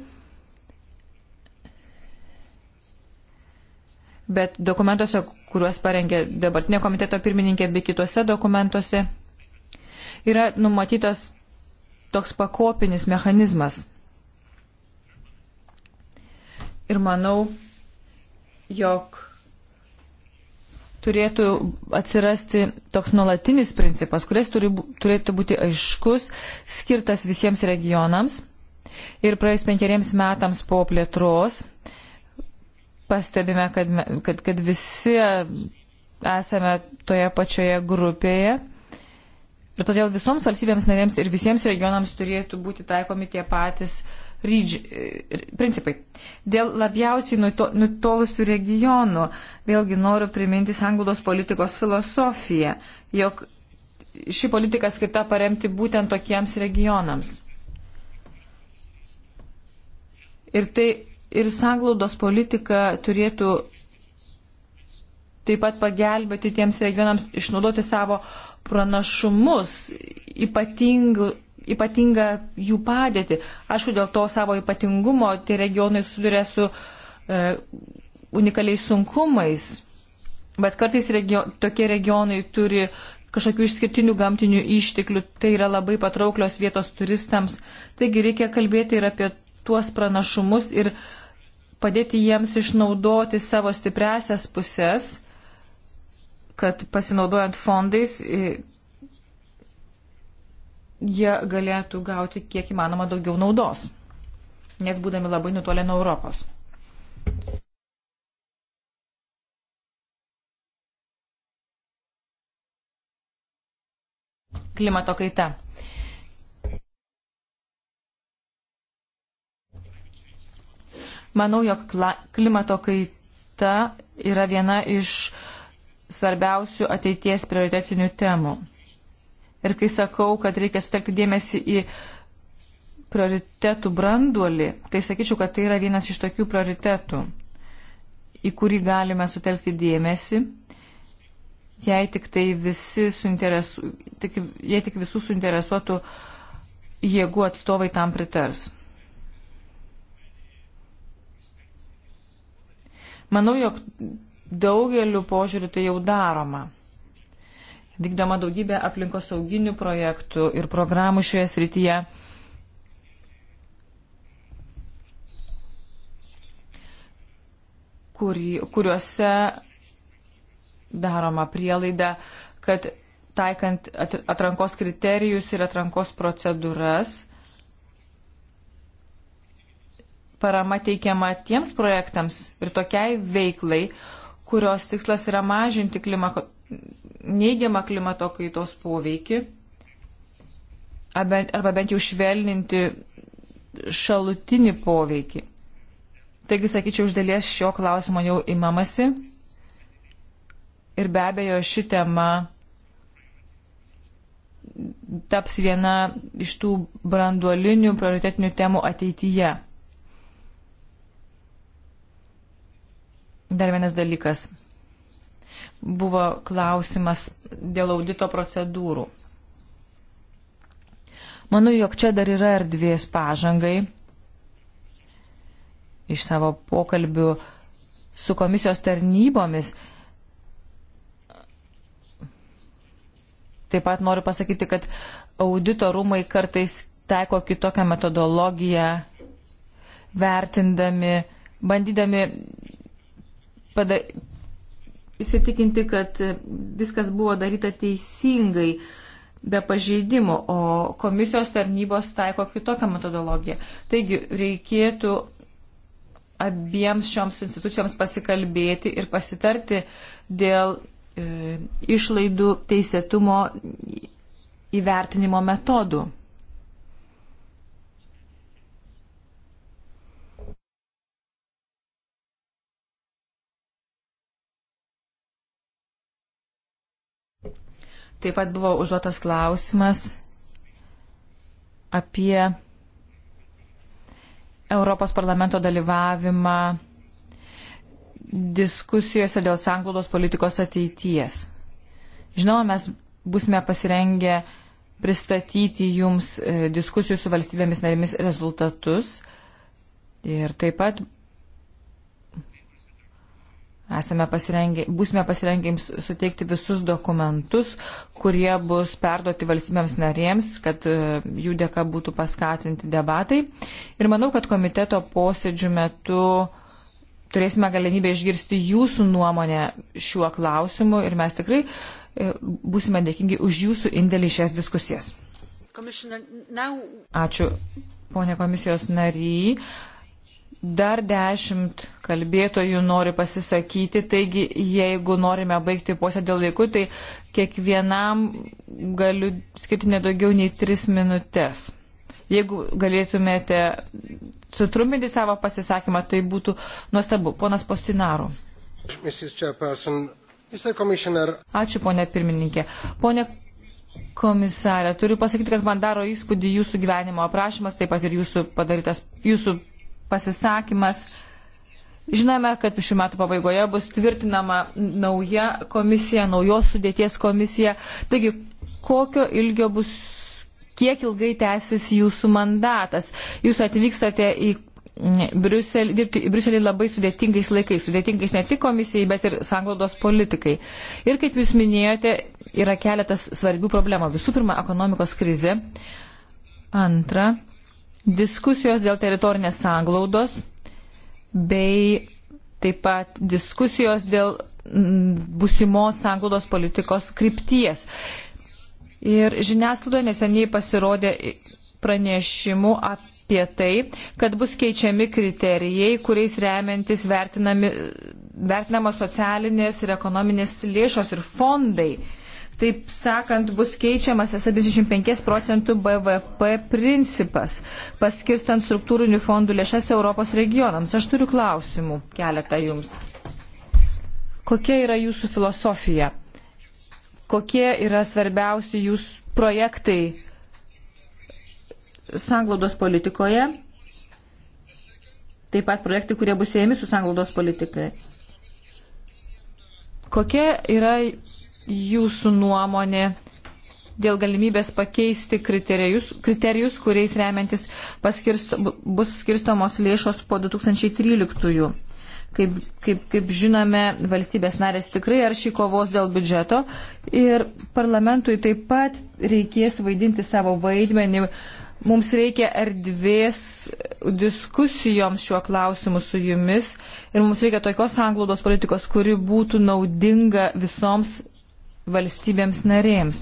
bet dokumentuose, kuriuos parengė dabartinė komiteto pirmininkė, bei kitose dokumentuose yra numatytas toks pakopinis mechanizmas. Ir manau, jog turėtų atsirasti toks nuolatinis principas, kuris turi, turėtų būti aiškus, skirtas visiems regionams. Ir praėjus penkeriems metams po plėtros pastebime, kad, kad, kad visi esame toje pačioje grupėje. Ir todėl visoms valstybėms narėms ir visiems regionams turėtų būti taikomi tie patys rydž, e, principai. Dėl labiausiai nutolusių regionų, vėlgi noriu priminti sanglaudos politikos filosofiją, jog ši politika skirta paremti būtent tokiems regionams. Ir tai ir sanglaudos politika turėtų taip pat pagelbėti tiems regionams išnaudoti savo pranašumus, ypatingų, ypatingą jų padėtį. Aišku, dėl to savo ypatingumo tie regionai suduria su e, unikaliais sunkumais, bet kartais regio, tokie regionai turi kažkokių išskirtinių gamtinių išteklių, tai yra labai patrauklios vietos turistams. Taigi reikia kalbėti ir apie tuos pranašumus ir e, padėti jiems išnaudoti savo stipresias pusės, kad pasinaudojant fondais jie galėtų gauti kiek įmanoma daugiau naudos, net būdami labai nutolę nuo Europos. Klimato kaita. Manau, jog klimato kaita yra viena iš svarbiausių ateities prioritetinių temų. Ir kai sakau, kad reikia sutelkti dėmesį į prioritetų branduolį, tai sakyčiau, kad tai yra vienas iš tokių prioritetų, į kurį galime sutelkti dėmesį, jei tik, tai visi tik, jei tik visų suinteresuotų jėgų atstovai tam pritars. Manau, jog daugeliu požiūriu tai jau daroma. Vykdoma daugybė aplinkosauginių projektų ir programų šioje srityje. Kuri, kuriuose daroma prielaida, kad taikant atrankos kriterijus ir atrankos procedūras, parama teikiama tiems projektams ir tokiai veiklai, kurios tikslas yra mažinti klimato, neigiamą klimato kaitos poveikį arba bent jau švelninti šalutinį poveikį. Taigi, sakyčiau, iš dalies šio klausimo jau imamasi ir be abejo ši tema taps viena iš tų branduolinių prioritetinių temų ateityje. Dar vienas dalykas. Buvo klausimas dėl audito procedūrų. Manau, jog čia dar yra erdvės pažangai. Iš savo pokalbių su komisijos tarnybomis. Taip pat noriu pasakyti, kad audito rūmai kartais taiko kitokią metodologiją, vertindami, bandydami pada, įsitikinti, kad viskas buvo daryta teisingai, be pažeidimų, o komisijos tarnybos taiko kitokią metodologiją. Taigi reikėtų abiems šioms institucijoms pasikalbėti ir pasitarti dėl e, išlaidų teisėtumo įvertinimo metodų. Taip pat buvo užduotas klausimas apie Europos parlamento dalyvavimą diskusijose dėl sanglaudos politikos ateities. Žinoma, mes busime pasirengę pristatyti jums e, diskusijų su valstybėmis narimis rezultatus ir taip pat Esame pasirengę, būsime pasirengę jums suteikti visus dokumentus, kurie bus perduoti valstybėms narėms, kad e, jų dėka būtų paskatinti debatai. Ir manau, kad komiteto posėdžių metu turėsime galimybę išgirsti jūsų nuomonę šiuo klausimu ir mes tikrai e, būsime dėkingi už jūsų indėlį šias diskusijas. Ačiū, ponė komisijos nary. Dar dešimt kalbėtojų nori pasisakyti, taigi jeigu norime baigti posėdį laiku, tai kiekvienam galiu skirti nedaugiau nei tris minutės. Jeigu galėtumėte sutrumpinti savo pasisakymą, tai būtų nuostabu. Ponas Postinaru. Ačiū, ponė pirmininkė. Pone komisarė, turiu pasakyti, kad man daro įspūdį jūsų gyvenimo aprašymas, taip pat ir jūsų padarytas, jūsų pasisakymas. Žinome, kad šių metų pabaigoje bus tvirtinama nauja komisija, naujos sudėties komisija. Taigi, kokio ilgio bus, kiek ilgai tęsis jūsų mandatas? Jūs atvykstate į Briuselį, dirbti į Briuselį labai sudėtingais laikais, sudėtingais ne tik komisijai, bet ir sanglaudos politikai. Ir kaip jūs minėjote, yra keletas svarbių problemų. Visų pirma, ekonomikos krizė. Antra, diskusijos dėl teritorinės sanglaudos bei taip pat diskusijos dėl busimos sanglaudos politikos krypties. Ir žiniasklaidoje neseniai pasirodė pranešimų apie tai, kad bus keičiami kriterijai, kuriais remiantis vertinama socialinės ir ekonominės lėšos ir fondai taip sakant, bus keičiamas 75 procentų BVP principas, paskirstant struktūrinių fondų lėšas Europos regionams. Aš turiu klausimų keletą jums. Kokia yra jūsų filosofija? Kokie yra svarbiausi jūsų projektai sanglaudos politikoje? Taip pat projektai, kurie bus siejami su sanglaudos politikai. Kokia yra jūsų nuomonė dėl galimybės pakeisti kriterijus, kriterijus kuriais remiantis paskirsto, bus skirstomos lėšos po 2013-ųjų. Kaip, kaip, kaip žinome, valstybės narės tikrai ar šį kovos dėl biudžeto ir parlamentui taip pat reikės vaidinti savo vaidmenį. Mums reikia erdvės diskusijoms šiuo klausimu su jumis ir mums reikia tokios anglaudos politikos, kuri būtų naudinga visoms valstybėms narėms.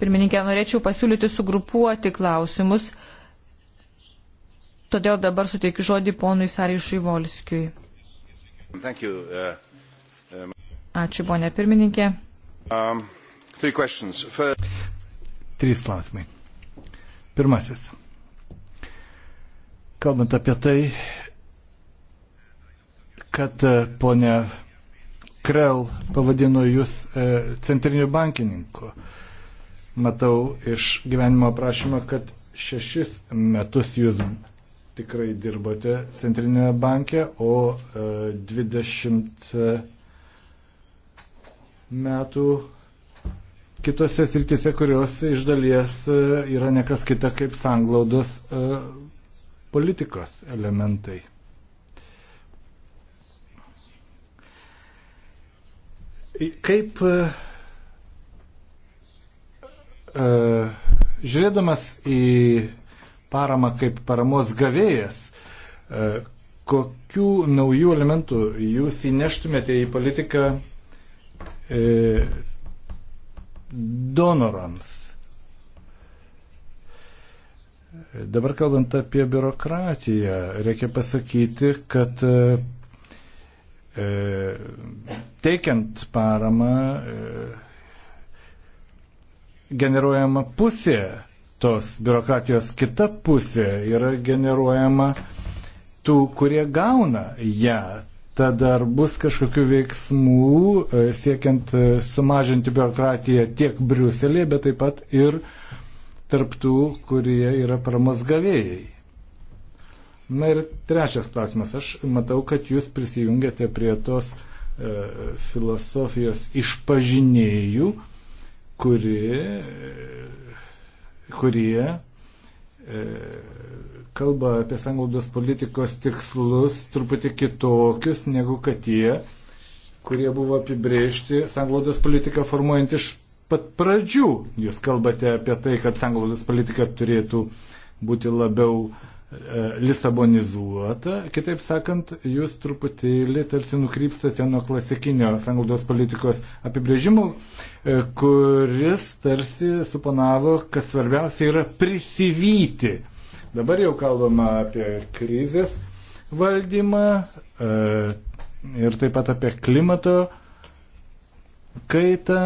Pirmininkė, norėčiau pasiūlyti sugrupuoti klausimus, todėl dabar suteikiu žodį ponui Sarišui Volskiui. Uh, um, Ačiū, ponė pirmininkė. Um, First... Trys klausimai. Pirmasis. Kalbant apie tai, kad uh, ponia Krell pavadino jūs e, centriniu bankininku. Matau iš gyvenimo aprašymą, kad šešis metus jūs tikrai dirbote centrinėje banke, o e, 20 e, metų kitose srityse, kurios iš dalies e, yra nekas kita kaip sanglaudos e, politikos elementai. Kaip e, e, žiūrėdamas į paramą kaip paramos gavėjas, e, kokių naujų elementų jūs įneštumėte į politiką donorams? Dabar kalbant apie biurokratiją, reikia pasakyti, kad E, teikiant paramą e, generuojama pusė tos biurokratijos, kita pusė yra generuojama tų, kurie gauna ją. Tad ar bus kažkokių veiksmų e, siekiant sumažinti biurokratiją tiek Briuselėje, bet taip pat ir tarptų, kurie yra paramos gavėjai. Na ir trečias klausimas. Aš matau, kad jūs prisijungiate prie tos e, filosofijos išpažinėjų, kuri, kurie e, kalba apie sanglaudos politikos tikslus truputį kitokius negu kad tie, kurie buvo apibriežti sanglaudos politiką formuojant iš pat pradžių. Jūs kalbate apie tai, kad sanglaudos politika turėtų būti labiau e, E, lisabonizuota. Kitaip sakant, jūs truputėlį tarsi nukrypstate nuo klasikinio sanglaudos politikos apibrėžimų, e, kuris tarsi suponavo, kad svarbiausia yra prisivyti. Dabar jau kalbama apie krizės valdymą e, ir taip pat apie klimato kaitą.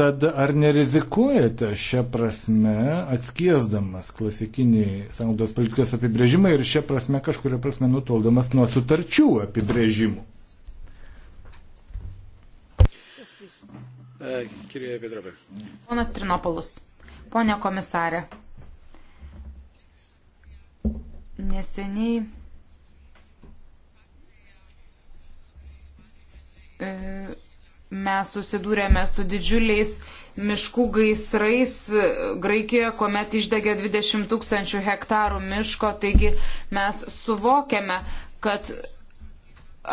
Tad ar nerizikuojate šią prasme atskiesdamas klasikinį sąnaudos politikos apibrėžimą ir šią prasme kažkuria prasme nutoldamas nuo sutarčių apibrėžimų? E, Kirėje Pedrovė. Ponas Trinopolus, ponė komisarė, neseniai e, mes susidūrėme su didžiuliais miškų gaisrais Graikijoje, kuomet išdegė 20 tūkstančių hektarų miško, taigi mes suvokiame, kad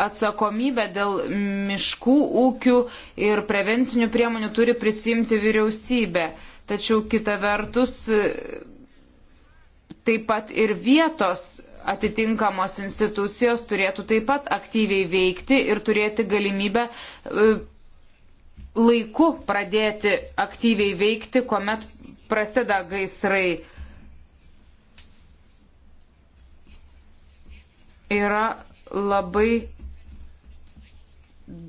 atsakomybę dėl miškų ūkių ir prevencinių priemonių turi prisimti vyriausybė. Tačiau kita vertus, taip pat ir vietos atitinkamos institucijos turėtų taip pat aktyviai veikti ir turėti galimybę e, laiku pradėti aktyviai veikti, kuomet prasideda gaisrai. Yra labai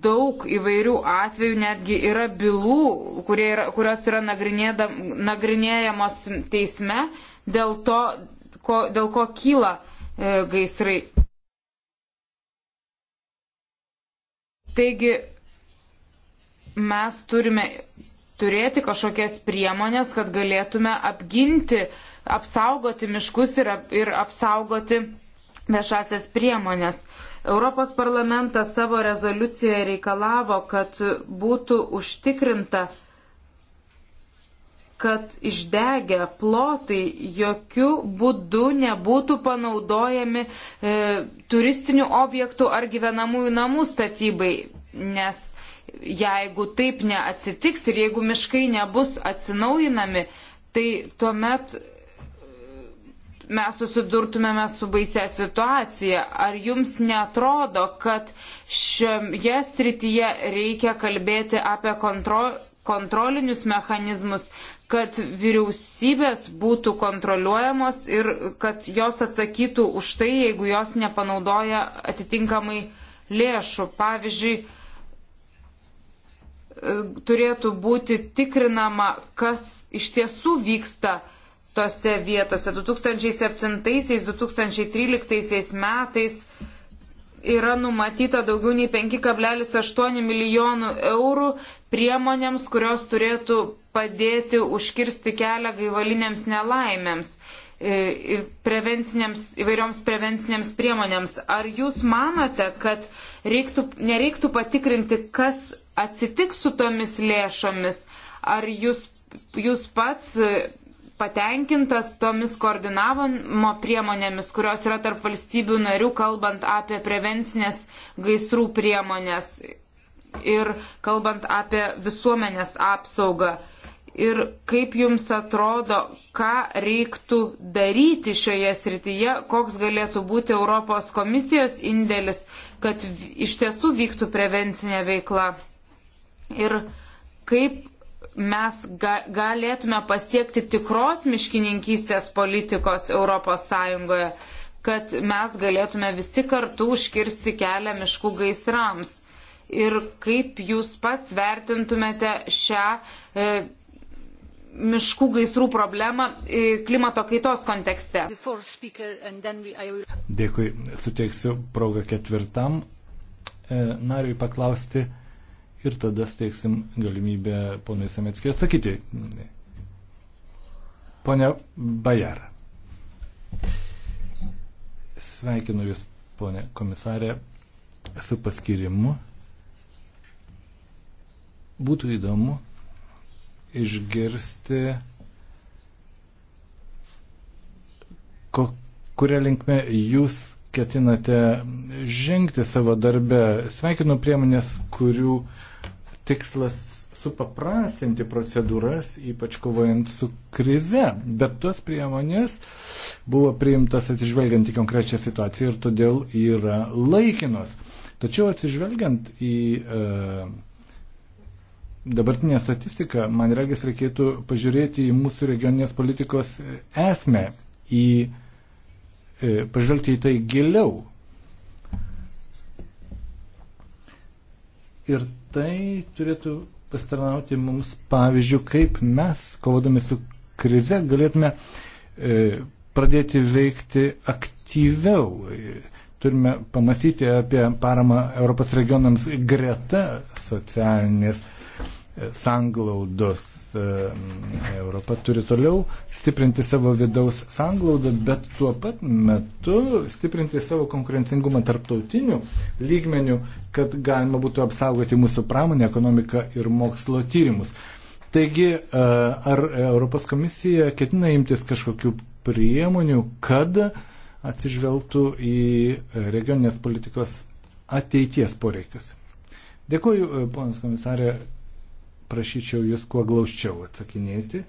daug įvairių atvejų, netgi yra bylų, yra, kurios yra nagrinėjamos teisme dėl to, ko, dėl ko kyla e, gaisrai. Taigi mes turime turėti kažkokias priemonės, kad galėtume apginti, apsaugoti miškus ir, ap, ir apsaugoti viešasias priemonės. Europos parlamentas savo rezoliucijoje reikalavo, kad būtų užtikrinta, kad išdegę plotai jokių būdų nebūtų panaudojami e, turistinių objektų ar gyvenamųjų namų statybai, nes jeigu taip neatsitiks ir jeigu miškai nebus atsinaujinami, tai tuomet e, mes susidurtumėme su baise situacija. Ar jums netrodo, kad šioje srityje reikia kalbėti apie kontro, kontrolinius mechanizmus, kad vyriausybės būtų kontroliuojamos ir kad jos atsakytų už tai, jeigu jos nepanaudoja atitinkamai lėšų? Pavyzdžiui, E, turėtų būti tikrinama, kas iš tiesų vyksta tose vietose. 2007-2013 metais yra numatyta daugiau nei 5,8 milijonų eurų priemonėms, kurios turėtų padėti užkirsti kelią gaivaliniams nelaimėms e, prevenciniams, įvairioms prevenciniams priemonėms. Ar jūs manote, kad reiktų, nereiktų patikrinti, kas atsitiks su tomis lėšomis? Ar jūs, jūs pats e, patenkintas tomis koordinavimo priemonėmis, kurios yra tarp valstybių narių, kalbant apie prevencinės gaisrų priemonės ir kalbant apie visuomenės apsaugą? ir kaip jums atrodo, ką reiktų daryti šioje srityje, koks galėtų būti Europos komisijos indėlis, kad iš tiesų vyktų prevencinė veikla ir kaip mes ga galėtume pasiekti tikros miškininkystės politikos ES, kad mes galėtume visi kartu užkirsti kelią miškų gaisrams. Ir kaip jūs pats vertintumėte šią e, miškų gaisrų problemą e, klimato kaitos kontekste? Dėkui, suteiksiu progą ketvirtam e, nariui paklausti ir tada steiksim galimybę ponui Sametskiui atsakyti. Pone Bajar. Sveikinu Jūs, ponė komisarė, su paskirimu. Būtų įdomu išgirsti, ko, kurią linkme Jūs ketinate žengti savo darbę. Sveikinu priemonės, kurių uh, tikslas supaprastinti procedūras, ypač kovojant su krize. Bet tos priemonės buvo priimtas atsižvelgiant į konkrečią situaciją ir todėl yra laikinos. Tačiau atsižvelgiant į e, dabartinę statistiką, man regis reikėtų pažiūrėti į mūsų regioninės politikos esmę, į, e, pažvelgti į tai giliau. Ir tai turėtų pastarnauti mums pavyzdžių, kaip mes, kovodami su krize, galėtume e, pradėti veikti aktyviau. Turime pamastyti apie paramą Europos regionams greta socialinės sanglaudos. E, Europa turi toliau stiprinti savo vidaus sanglaudą, bet tuo pat metu stiprinti savo konkurencingumą tarptautinių lygmenių, kad galima būtų apsaugoti mūsų pramonę, ekonomiką ir mokslo tyrimus. Taigi, e, ar Europos komisija ketina imtis kažkokių priemonių, kad atsižvelgtų į regioninės politikos ateities poreikius? Dėkuoju, e, ponas komisarė, prašyčiau jūs kuo glaučiau atsakinėti.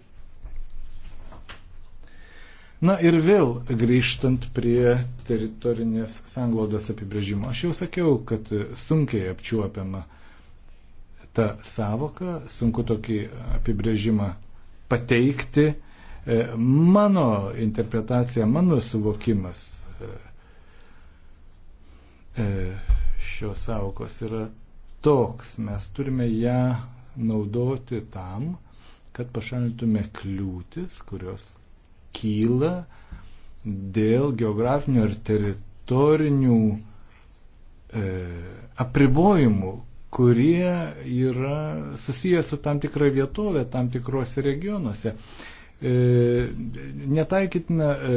Na ir vėl grįžtant prie teritorinės sanglaudos apibrėžimo. Aš jau sakiau, kad sunkiai apčiuopiama ta savoka, sunku tokį apibrėžimą pateikti. E, mano interpretacija, mano suvokimas e, e, šios savokos yra toks. Mes turime ją naudoti tam, kad pašalintume kliūtis, kurios kyla dėl geografinių ar teritorinių e, apribojimų, kurie yra susiję su tam tikra vietovė, tam tikrose regionuose. E, netaikytina e,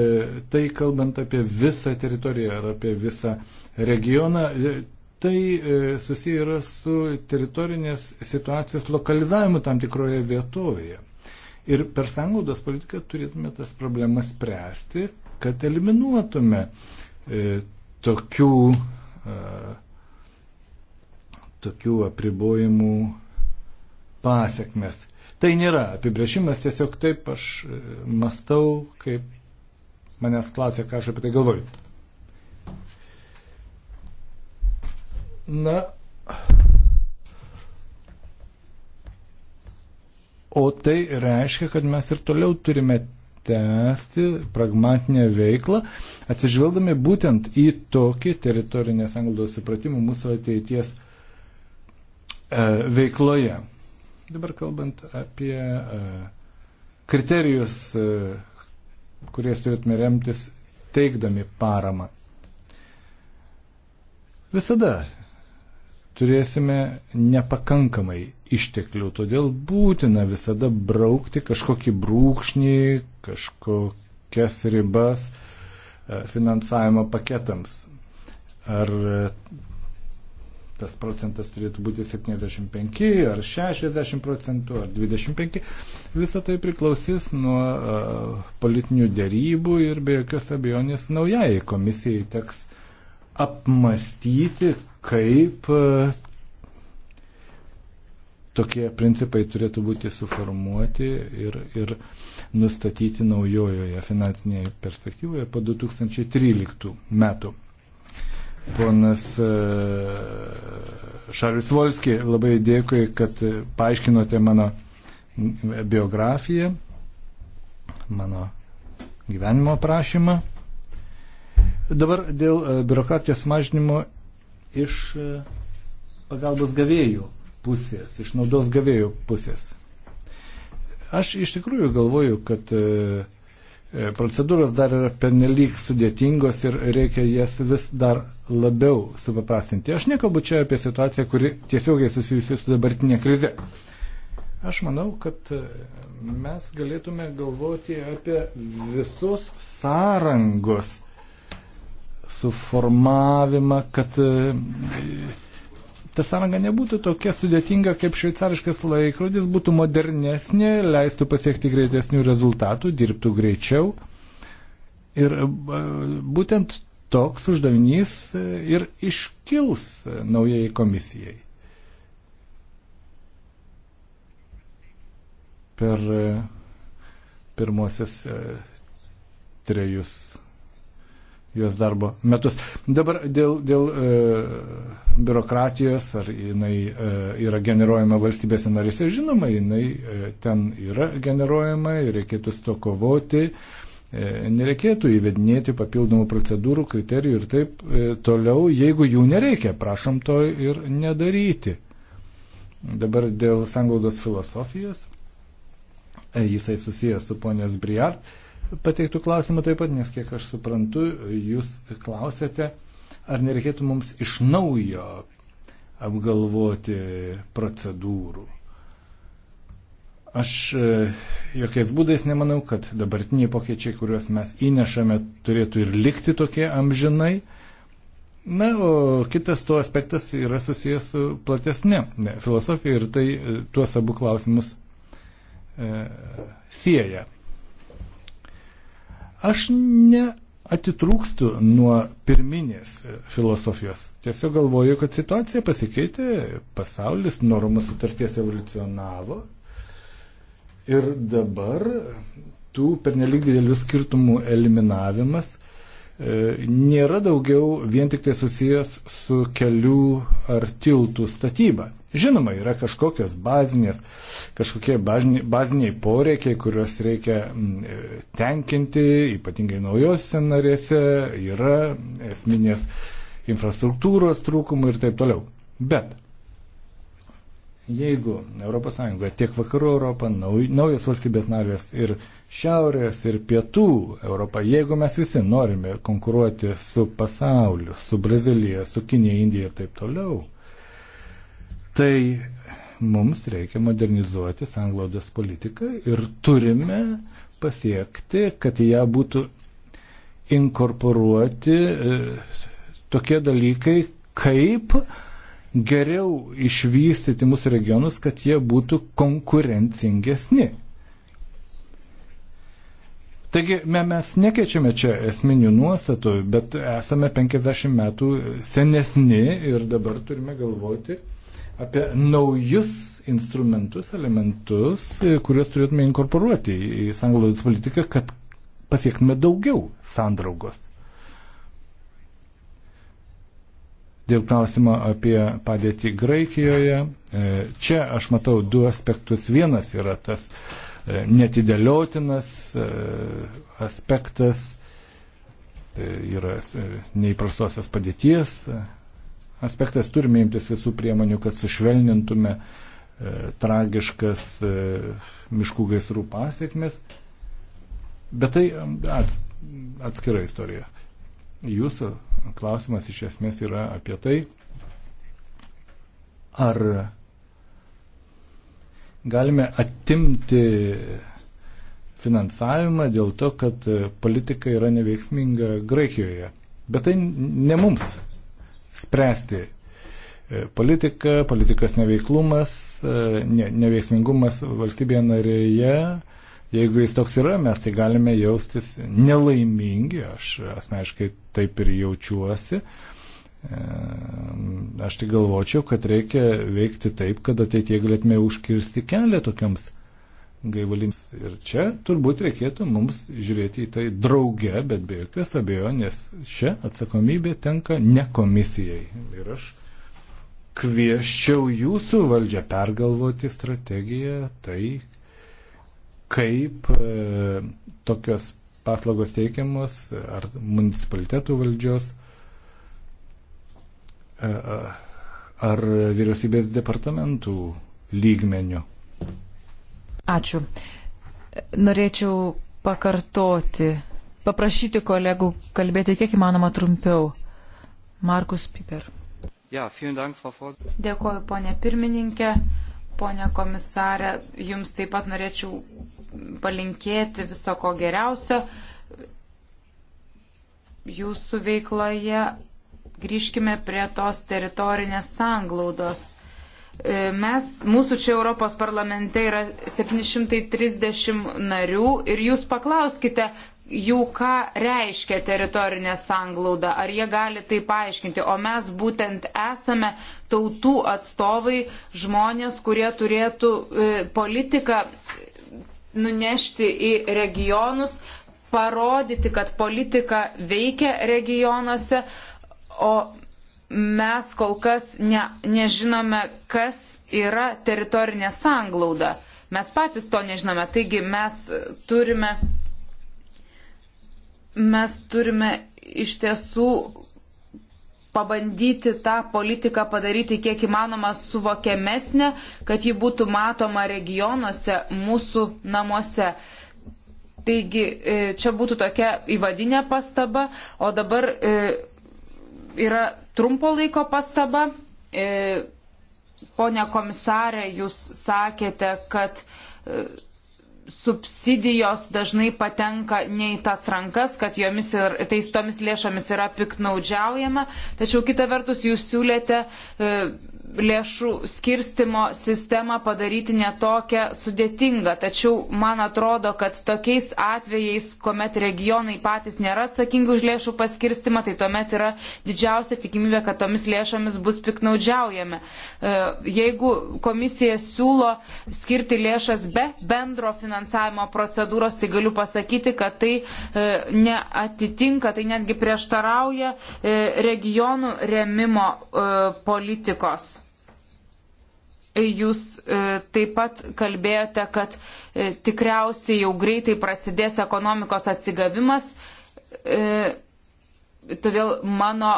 tai kalbant apie visą teritoriją ar apie visą regioną, e, Tai e, susiję yra su teritorinės situacijos lokalizavimu tam tikroje vietovėje. Ir per sanglaudos politiką turėtume tas problemas spręsti, kad eliminuotume e, tokių, e, tokių apribojimų pasiekmes. Tai nėra apibrėžimas, tiesiog taip aš e, mastau, kaip manęs klausė, ką aš apie tai galvoju. Na, o tai reiškia, kad mes ir toliau turime tęsti pragmatinę veiklą, atsižvelgdami būtent į tokį teritorinės anglos supratimą mūsų ateities e, veikloje. Dabar kalbant apie e, kriterijus, e, kuriais turėtume remtis teikdami paramą. Visada turėsime nepakankamai išteklių, todėl būtina visada braukti kažkokį brūkšnį, kažkokias ribas e, finansavimo paketams. Ar e, tas procentas turėtų būti 75 ar 60 procentų ar 25. Visa tai priklausys nuo uh, politinių dėrybų ir be jokios abejonės naujai komisijai teks uh, apmastyti, kaip e, tokie principai turėtų būti suformuoti ir, ir nustatyti naujojoje finansinėje perspektyvoje po 2013 metų. Ponas e, Šarvis Volski, labai dėkui, kad paaiškinote mano biografiją, mano gyvenimo aprašymą. Dabar dėl e, biurokratijos mažinimo iš e, pagalbos gavėjų pusės, iš naudos gavėjų pusės. Aš iš tikrųjų galvoju, kad e, procedūros dar yra pernelyg sudėtingos ir reikia jas vis dar labiau supaprastinti. Aš nekalbu čia apie situaciją, kuri tiesiogiai susijusi su dabartinė krize. Aš manau, kad mes galėtume galvoti apie visus sąrangos suformavimą, kad e, ta sąranga nebūtų tokia sudėtinga kaip šveicariškas laikrodis, būtų modernesnė, leistų pasiekti greitesnių rezultatų, dirbtų greičiau. Ir e, būtent toks uždavinys e, ir iškils naujai komisijai. Per pirmosius trejus jos darbo metus. Dabar dėl, dėl e, biurokratijos, ar jinai e, yra generuojama valstybėse narėse, žinoma, jinai e, ten yra generuojama ir reikėtų su to kovoti, e, nereikėtų įvedinėti papildomų procedūrų, kriterijų ir taip e, toliau, jeigu jų nereikia, prašom to ir nedaryti. Dabar dėl sanglaudos filosofijos, e, jisai susijęs su ponės Briart. E, pateiktų klausimų taip pat, nes kiek aš suprantu, jūs klausėte, ar nereikėtų mums iš naujo apgalvoti procedūrų. Aš e, jokiais būdais nemanau, kad dabartiniai pokyčiai, kuriuos mes įnešame, turėtų ir likti tokie amžinai. Na, o kitas to aspektas yra susijęs su platesnė filosofija ir tai e, tuos abu klausimus e, sieja. Aš neatitrūkstu nuo pirminės e, filosofijos. Tiesiog galvoju, kad situacija pasikeitė, pasaulis normos sutarties evoliucionavo ir dabar tų pernelyg didelių skirtumų eliminavimas e, nėra daugiau vien tik tai susijęs su kelių ar tiltų statyba. Žinoma, yra kažkokios bazinės, kažkokie baziniai poreikiai, kuriuos reikia mm, tenkinti, ypatingai naujose narėse, yra esminės infrastruktūros trūkumų ir taip toliau. Bet jeigu ES, tiek vakarų Europą, nauj, naujas valstybės narės ir šiaurės ir pietų Europą, jeigu mes visi norime konkuruoti su pasauliu, su Brazilija, su Kinija, Indija ir taip toliau, tai mums reikia modernizuoti sanglaudos politiką ir turime pasiekti, kad ją būtų inkorporuoti e, tokie dalykai, kaip geriau išvystyti mūsų regionus, kad jie būtų konkurencingesni. Taigi mes nekeičiame čia esminių nuostatų, bet esame 50 metų senesni ir dabar turime galvoti, apie naujus instrumentus, elementus, e, kuriuos turėtume inkorporuoti į sanglaudos politiką, kad pasiektume daugiau sandraugos. Dėl klausimo apie padėtį Graikijoje, e, čia aš matau du aspektus. Vienas yra tas e, netidėliotinas aspektas, tai yra neįprastosios padėties aspektas turime imtis visų priemonių, kad sušvelnintume e, tragiškas e, miškų gaisrų pasiekmes. Bet tai e, ats, atskira istorija. Jūsų klausimas iš esmės yra apie tai, ar galime atimti finansavimą dėl to, kad politika yra neveiksminga Graikijoje. Bet tai ne mums spręsti. E, politika, politikas neveiklumas, e, ne, neveiksmingumas valstybėje narėje, jeigu jis toks yra, mes tai galime jaustis nelaimingi, aš asmeniškai taip ir jaučiuosi. E, aš tai galvočiau, kad reikia veikti taip, kad ateitie galėtume užkirsti kelią tokiams gaivalins. Ir čia turbūt reikėtų mums žiūrėti į tai drauge, bet be jokios abejonės čia atsakomybė tenka ne komisijai. Ir aš kvieščiau jūsų valdžią pergalvoti strategiją, tai kaip e, tokios paslaugos teikiamos ar municipalitetų valdžios. E, e ar vyriausybės departamentų lygmenių. Ačiū. Norėčiau pakartoti, paprašyti kolegų kalbėti kiek įmanoma trumpiau. Markus Piper. Ja, Dank, Dėkoju, ponė pirmininkė, ponė komisarė. Jums taip pat norėčiau palinkėti viso ko geriausio jūsų veikloje. Grįžkime prie tos teritorinės sanglaudos E, mes, mūsų čia Europos parlamente yra 730 narių ir jūs paklauskite jų, ką reiškia teritorinė sanglauda, ar jie gali tai paaiškinti. O mes būtent esame tautų atstovai, žmonės, kurie turėtų e, politiką nunešti į regionus, parodyti, kad politika veikia regionuose. O mes kol kas ne, nežinome, kas yra teritorinė sanglauda. Mes patys to nežinome. Taigi mes turime, mes turime iš tiesų pabandyti tą politiką padaryti kiek įmanoma suvokiamesnė, kad ji būtų matoma regionuose, mūsų namuose. Taigi e, čia būtų tokia įvadinė pastaba, o dabar e, yra trumpo laiko pastaba. E, Pone komisarė, jūs sakėte, kad e, subsidijos dažnai patenka ne į tas rankas, kad jomis ir tais tomis lėšomis yra piknaudžiaujama, tačiau kita vertus jūs siūlėte e, lėšų skirstimo sistemą padaryti netokią sudėtingą. Tačiau man atrodo, kad tokiais atvejais, kuomet regionai patys nėra atsakingi už lėšų paskirstimą, tai tuomet yra didžiausia tikimybė, kad tomis lėšomis bus piknaudžiaujami. E, jeigu komisija siūlo skirti lėšas be bendro finansavimo procedūros, tai galiu pasakyti, kad tai e, neatitinka, tai netgi prieštarauja e, regionų remimo politikos Jūs e, taip pat kalbėjote, kad e, tikriausiai jau greitai prasidės ekonomikos atsigavimas. E, todėl mano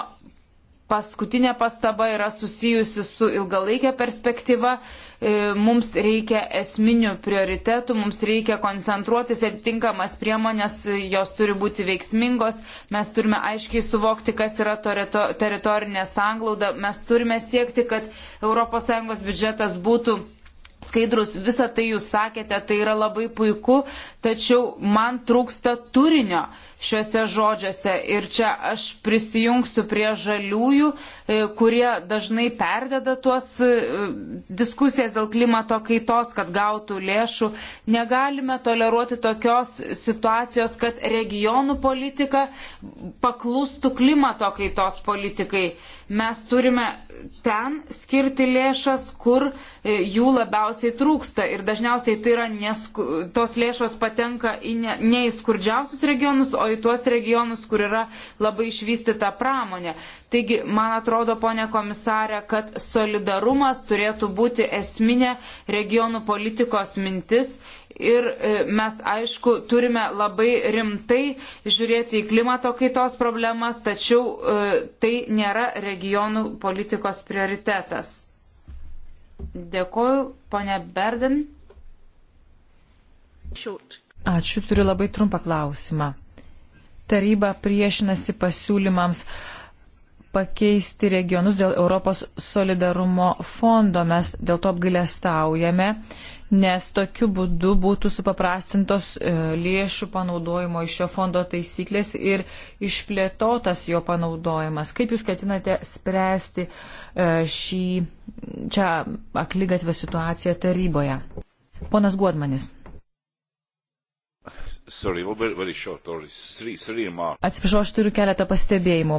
paskutinė pastaba yra susijusi su ilgalaikė perspektyva. E, mums reikia esminių prioritetų, mums reikia koncentruotis ir tinkamas priemonės, jos turi būti veiksmingos, mes turime aiškiai suvokti, kas yra teritorinė sanglauda, mes turime siekti, kad ES biudžetas būtų skaidrus, visą tai jūs sakėte, tai yra labai puiku, tačiau man trūksta turinio šiuose žodžiuose. Ir čia aš prisijungsiu prie žaliųjų, e, kurie dažnai perdeda tuos e, diskusijas dėl klimato kaitos, kad gautų lėšų. Negalime toleruoti tokios situacijos, kad regionų politika paklustų klimato kaitos politikai. Mes turime ten skirti lėšas, kur e, jų labiausiai trūksta. Ir dažniausiai tai yra, nesku, tos lėšos patenka į ne, ne į skurdžiausius regionus, o į tuos regionus, kur yra labai išvystyta pramonė. Taigi, man atrodo, ponė komisarė, kad solidarumas turėtų būti esminė regionų politikos mintis ir e, mes, aišku, turime labai rimtai žiūrėti į klimato kaitos problemas, tačiau e, tai nėra regionų politikos prioritetas. Dėkuoju, ponė Berden. Ačiū, turiu labai trumpą klausimą. Taryba priešinasi pasiūlymams pakeisti regionus dėl Europos solidarumo fondo. Mes dėl to apgailestaujame. staujame nes tokiu būdu būtų supaprastintos e, lėšų panaudojimo iš šio fondo taisyklės ir išplėtotas jo panaudojimas. Kaip Jūs ketinate spręsti e, šį čia aklygatvę situaciją taryboje? Ponas Guodmanis. Sorry, very, very short, three, three Atsiprašau, aš turiu keletą pastebėjimų.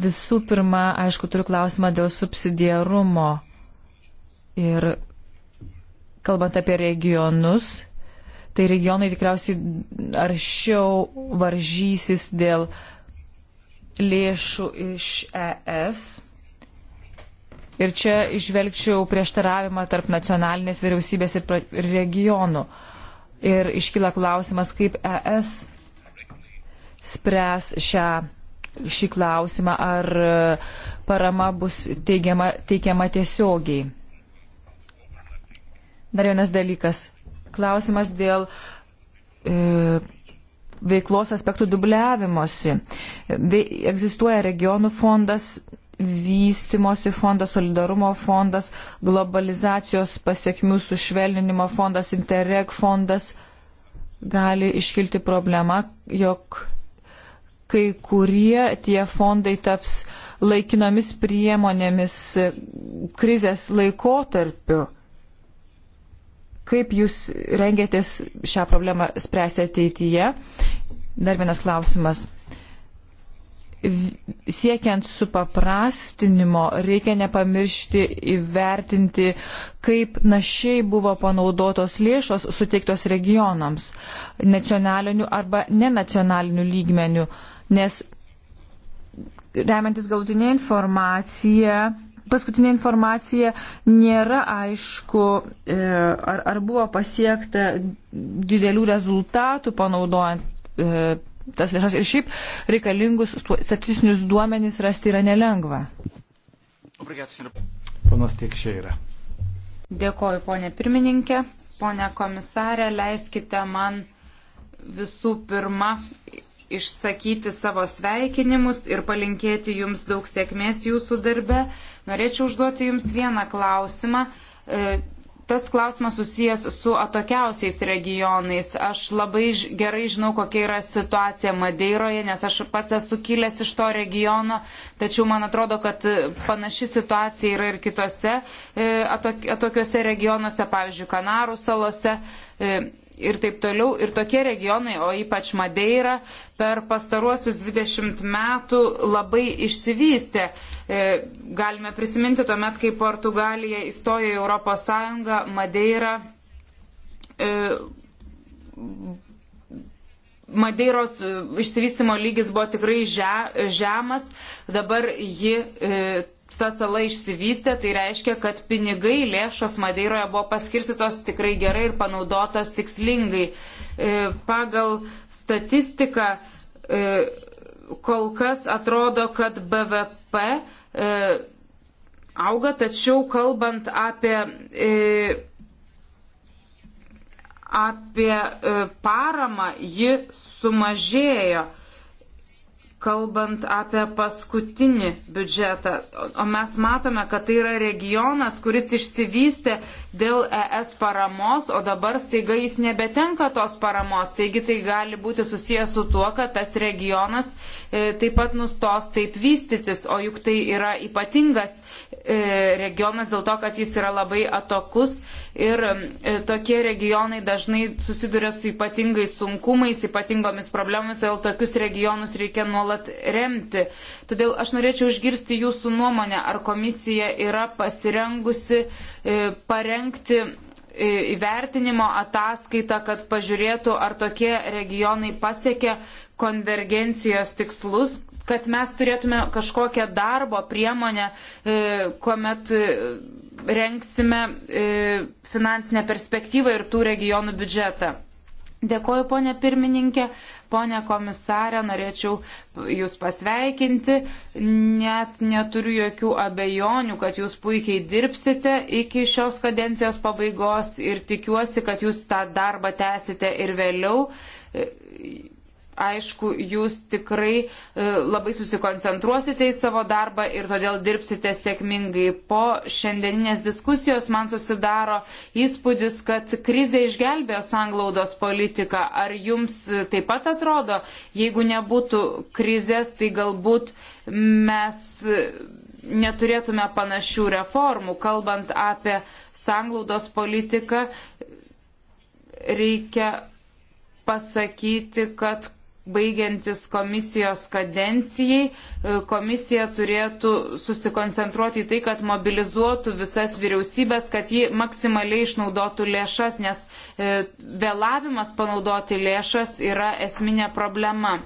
Visų pirma, aišku, turiu klausimą dėl subsidiarumo ir kalbant apie regionus, tai regionai tikriausiai aršiau varžysis dėl lėšų iš ES. Ir čia išvelgčiau prieštaravimą tarp nacionalinės vyriausybės ir, ir regionų. Ir iškyla klausimas, kaip ES spręs šią, šį klausimą, ar e, parama bus teigiama, teikiama tiesiogiai. Dar vienas dalykas. Klausimas dėl e, veiklos aspektų dubliavimosi. Ve, egzistuoja regionų fondas, vystimosi fondas, solidarumo fondas, globalizacijos pasiekmių sušvelninimo fondas, Interreg fondas. Gali iškilti problema, jog kai kurie tie fondai taps laikinomis priemonėmis krizės laikotarpiu. Kaip jūs rengėtės šią problemą spręsti ateityje? Dar vienas klausimas. Siekiant supaprastinimo, reikia nepamiršti įvertinti, kaip našiai buvo panaudotos lėšos suteiktos regionams nacionaliniu arba nenacionaliniu lygmeniu, nes remiantis galutinė informacija, paskutinė informacija nėra aišku, e, ar, ar buvo pasiekta didelių rezultatų panaudojant e, tas lėšas ir šiaip reikalingus statistinius duomenys rasti yra nelengva. Panas tiek čia yra. Dėkoju, ponė pirmininkė. Pone komisarė, leiskite man visų pirma išsakyti savo sveikinimus ir palinkėti jums daug sėkmės jūsų darbe. Norėčiau užduoti Jums vieną klausimą. E, tas klausimas susijęs su atokiausiais regionais. Aš labai gerai žinau, kokia yra situacija Madeiroje, nes aš pats esu kilęs iš to regiono, tačiau man atrodo, kad panaši situacija yra ir kitose e, atokiuose regionuose, pavyzdžiui, Kanarų salose e, ir taip toliau. Ir tokie regionai, o ypač Madeira, per pastaruosius 20 metų labai išsivystė. E, galime prisiminti tuomet, kai Portugalija įstojo į Europos Sąjungą, Madeira. E, Madeiros e, išsivystimo lygis buvo tikrai žemas, dabar ji sasala išsivystė, tai reiškia, kad pinigai lėšos Madeiroje buvo paskirstytos tikrai gerai ir panaudotos tikslingai. E, pagal statistiką e, kol kas atrodo, kad BVP e, auga, tačiau kalbant apie, apie paramą, ji sumažėjo kalbant apie paskutinį biudžetą. O mes matome, kad tai yra regionas, kuris išsivystė dėl ES paramos, o dabar staiga jis nebetenka tos paramos. Taigi tai gali būti susijęs su tuo, kad tas regionas e, taip pat nustos taip vystytis, o juk tai yra ypatingas e, regionas dėl to, kad jis yra labai atokus ir e, tokie regionai dažnai susiduria su ypatingais sunkumais, ypatingomis problemomis, todėl tokius regionus reikia nuolat nuolat remti. Todėl aš norėčiau išgirsti jūsų nuomonę, ar komisija yra pasirengusi e, parengti e, įvertinimo ataskaitą, kad pažiūrėtų, ar tokie regionai pasiekė konvergencijos tikslus, kad mes turėtume kažkokią darbo priemonę, e, kuomet renksime finansinę perspektyvą ir tų regionų biudžetą. Dėkoju, ponė pirmininkė. Pone komisarė, norėčiau Jūs pasveikinti. Net neturiu jokių abejonių, kad Jūs puikiai dirbsite iki šios kadencijos pabaigos ir tikiuosi, kad Jūs tą darbą tęsite ir vėliau aišku, jūs tikrai e, labai susikoncentruosite į savo darbą ir todėl dirbsite sėkmingai. Po šiandieninės diskusijos man susidaro įspūdis, kad krizė išgelbėjo sanglaudos politiką. Ar jums taip pat atrodo, jeigu nebūtų krizės, tai galbūt mes neturėtume panašių reformų, kalbant apie sanglaudos politiką. Reikia pasakyti, kad baigiantis komisijos kadencijai, e, komisija turėtų susikoncentruoti į tai, kad mobilizuotų visas vyriausybės, kad ji maksimaliai išnaudotų lėšas, nes e, vėlavimas panaudoti lėšas yra esminė problema.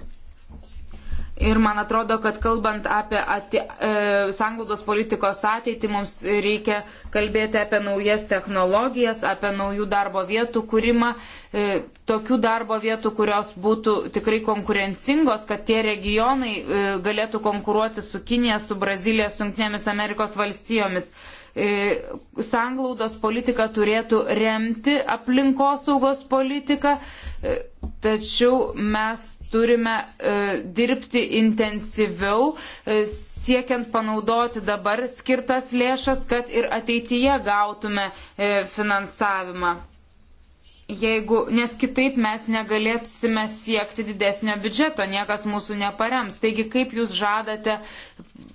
Ir man atrodo, kad kalbant apie ati, e, sanglaudos politikos ateitį, mums reikia kalbėti apie naujas technologijas, apie naujų darbo vietų kūrimą, e, tokių darbo vietų, kurios būtų tikrai konkurencingos, kad tie regionai e, galėtų konkuruoti su Kinėje, su Brazilija, su Junktinėmis Amerikos valstijomis. E, sanglaudos politika turėtų remti aplinkosaugos politiką. E, tačiau mes turime e, dirbti intensyviau, e, siekiant panaudoti dabar skirtas lėšas, kad ir ateityje gautume e, finansavimą. Jeigu, nes kitaip mes negalėtume siekti didesnio biudžeto, niekas mūsų neparems. Taigi, kaip jūs žadate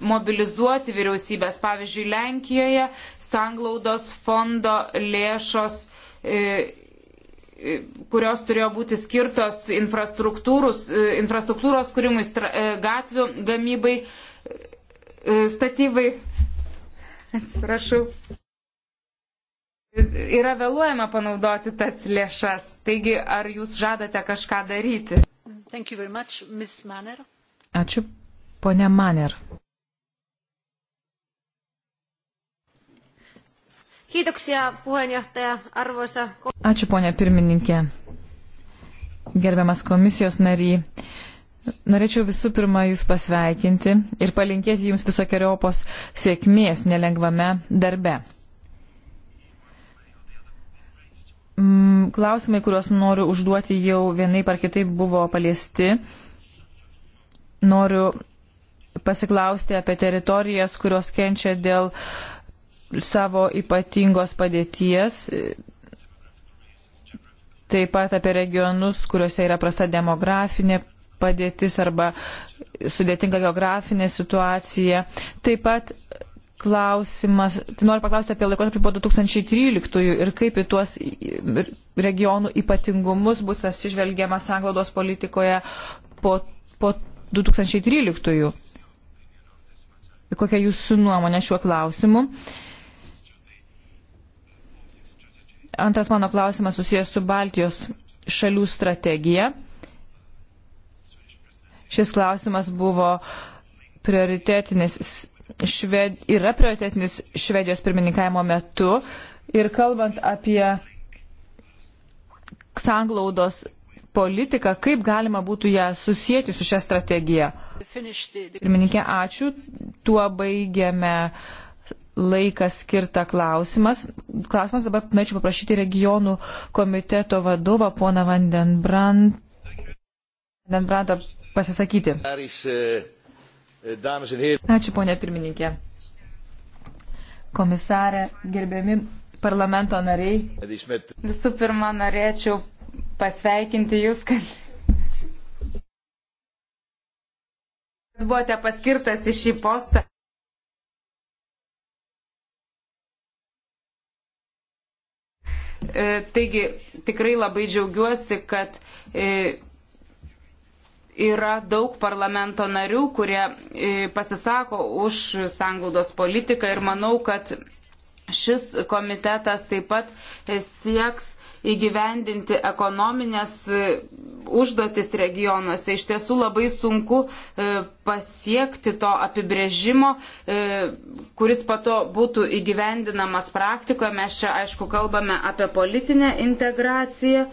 mobilizuoti vyriausybės, pavyzdžiui, Lenkijoje, sanglaudos fondo lėšos e, kurios turėjo būti skirtos e, infrastruktūros kūrimui, e, gatvių gamybai, e, statybai. Atsiprašau. Yra vėluojama panaudoti tas lėšas. Taigi, ar jūs žadate kažką daryti? Much, Ačiū, ponė Maner. Kiitoksia puheenjohtaja, arvoisa. Ačiū ponia pirmininkė. Gerbiamas komisijos nary, norėčiau visų pirma Jūs pasveikinti ir palinkėti Jums visokiojopos sėkmės nelengvame darbe. Mm, klausimai, kuriuos noriu užduoti jau vienai par kitaip buvo paliesti. Noriu pasiklausti apie teritorijas, kurios kenčia dėl uh, savo ypatingos padėties, taip pat apie regionus, kuriuose yra prasta demografinė padėtis arba sudėtinga geografinė situacija. Taip pat klausimas, tai noriu paklausti apie laikotarpį po 2013 ir kaip į tuos regionų ypatingumus bus atsižvelgiama sanglaudos politikoje po, po 2013. Kokia jūsų nuomonė šiuo klausimu? Uh, Antras mano klausimas susijęs su Baltijos šalių strategija. Šis klausimas buvo prioritetinis, šved, yra prioritetinis Švedijos pirmininkavimo metu. Ir kalbant apie sanglaudos politiką, kaip galima būtų ją susijęti su šia strategija. Pirmininkė, ačiū. Tuo baigiame laiką skirtą klausimas. Klausimas dabar norėčiau paprašyti regionų komiteto vadovą, poną Vandenbrant, Vandenbrantą pasisakyti. Ačiū, ponė pirmininkė. Komisarė, gerbiami parlamento nariai. Visų pirma, norėčiau pasveikinti Jūs, kad buvote paskirtas į šį postą. E, taigi tikrai labai džiaugiuosi, kad e, yra daug parlamento narių, kurie e, pasisako už sanglaudos politiką ir manau, kad šis komitetas taip pat sieks įgyvendinti ekonominės e, užduotis regionuose. Iš tiesų labai sunku e, pasiekti to apibrėžimo, e, kuris pato būtų įgyvendinamas praktikoje. Mes čia, aišku, kalbame apie politinę integraciją.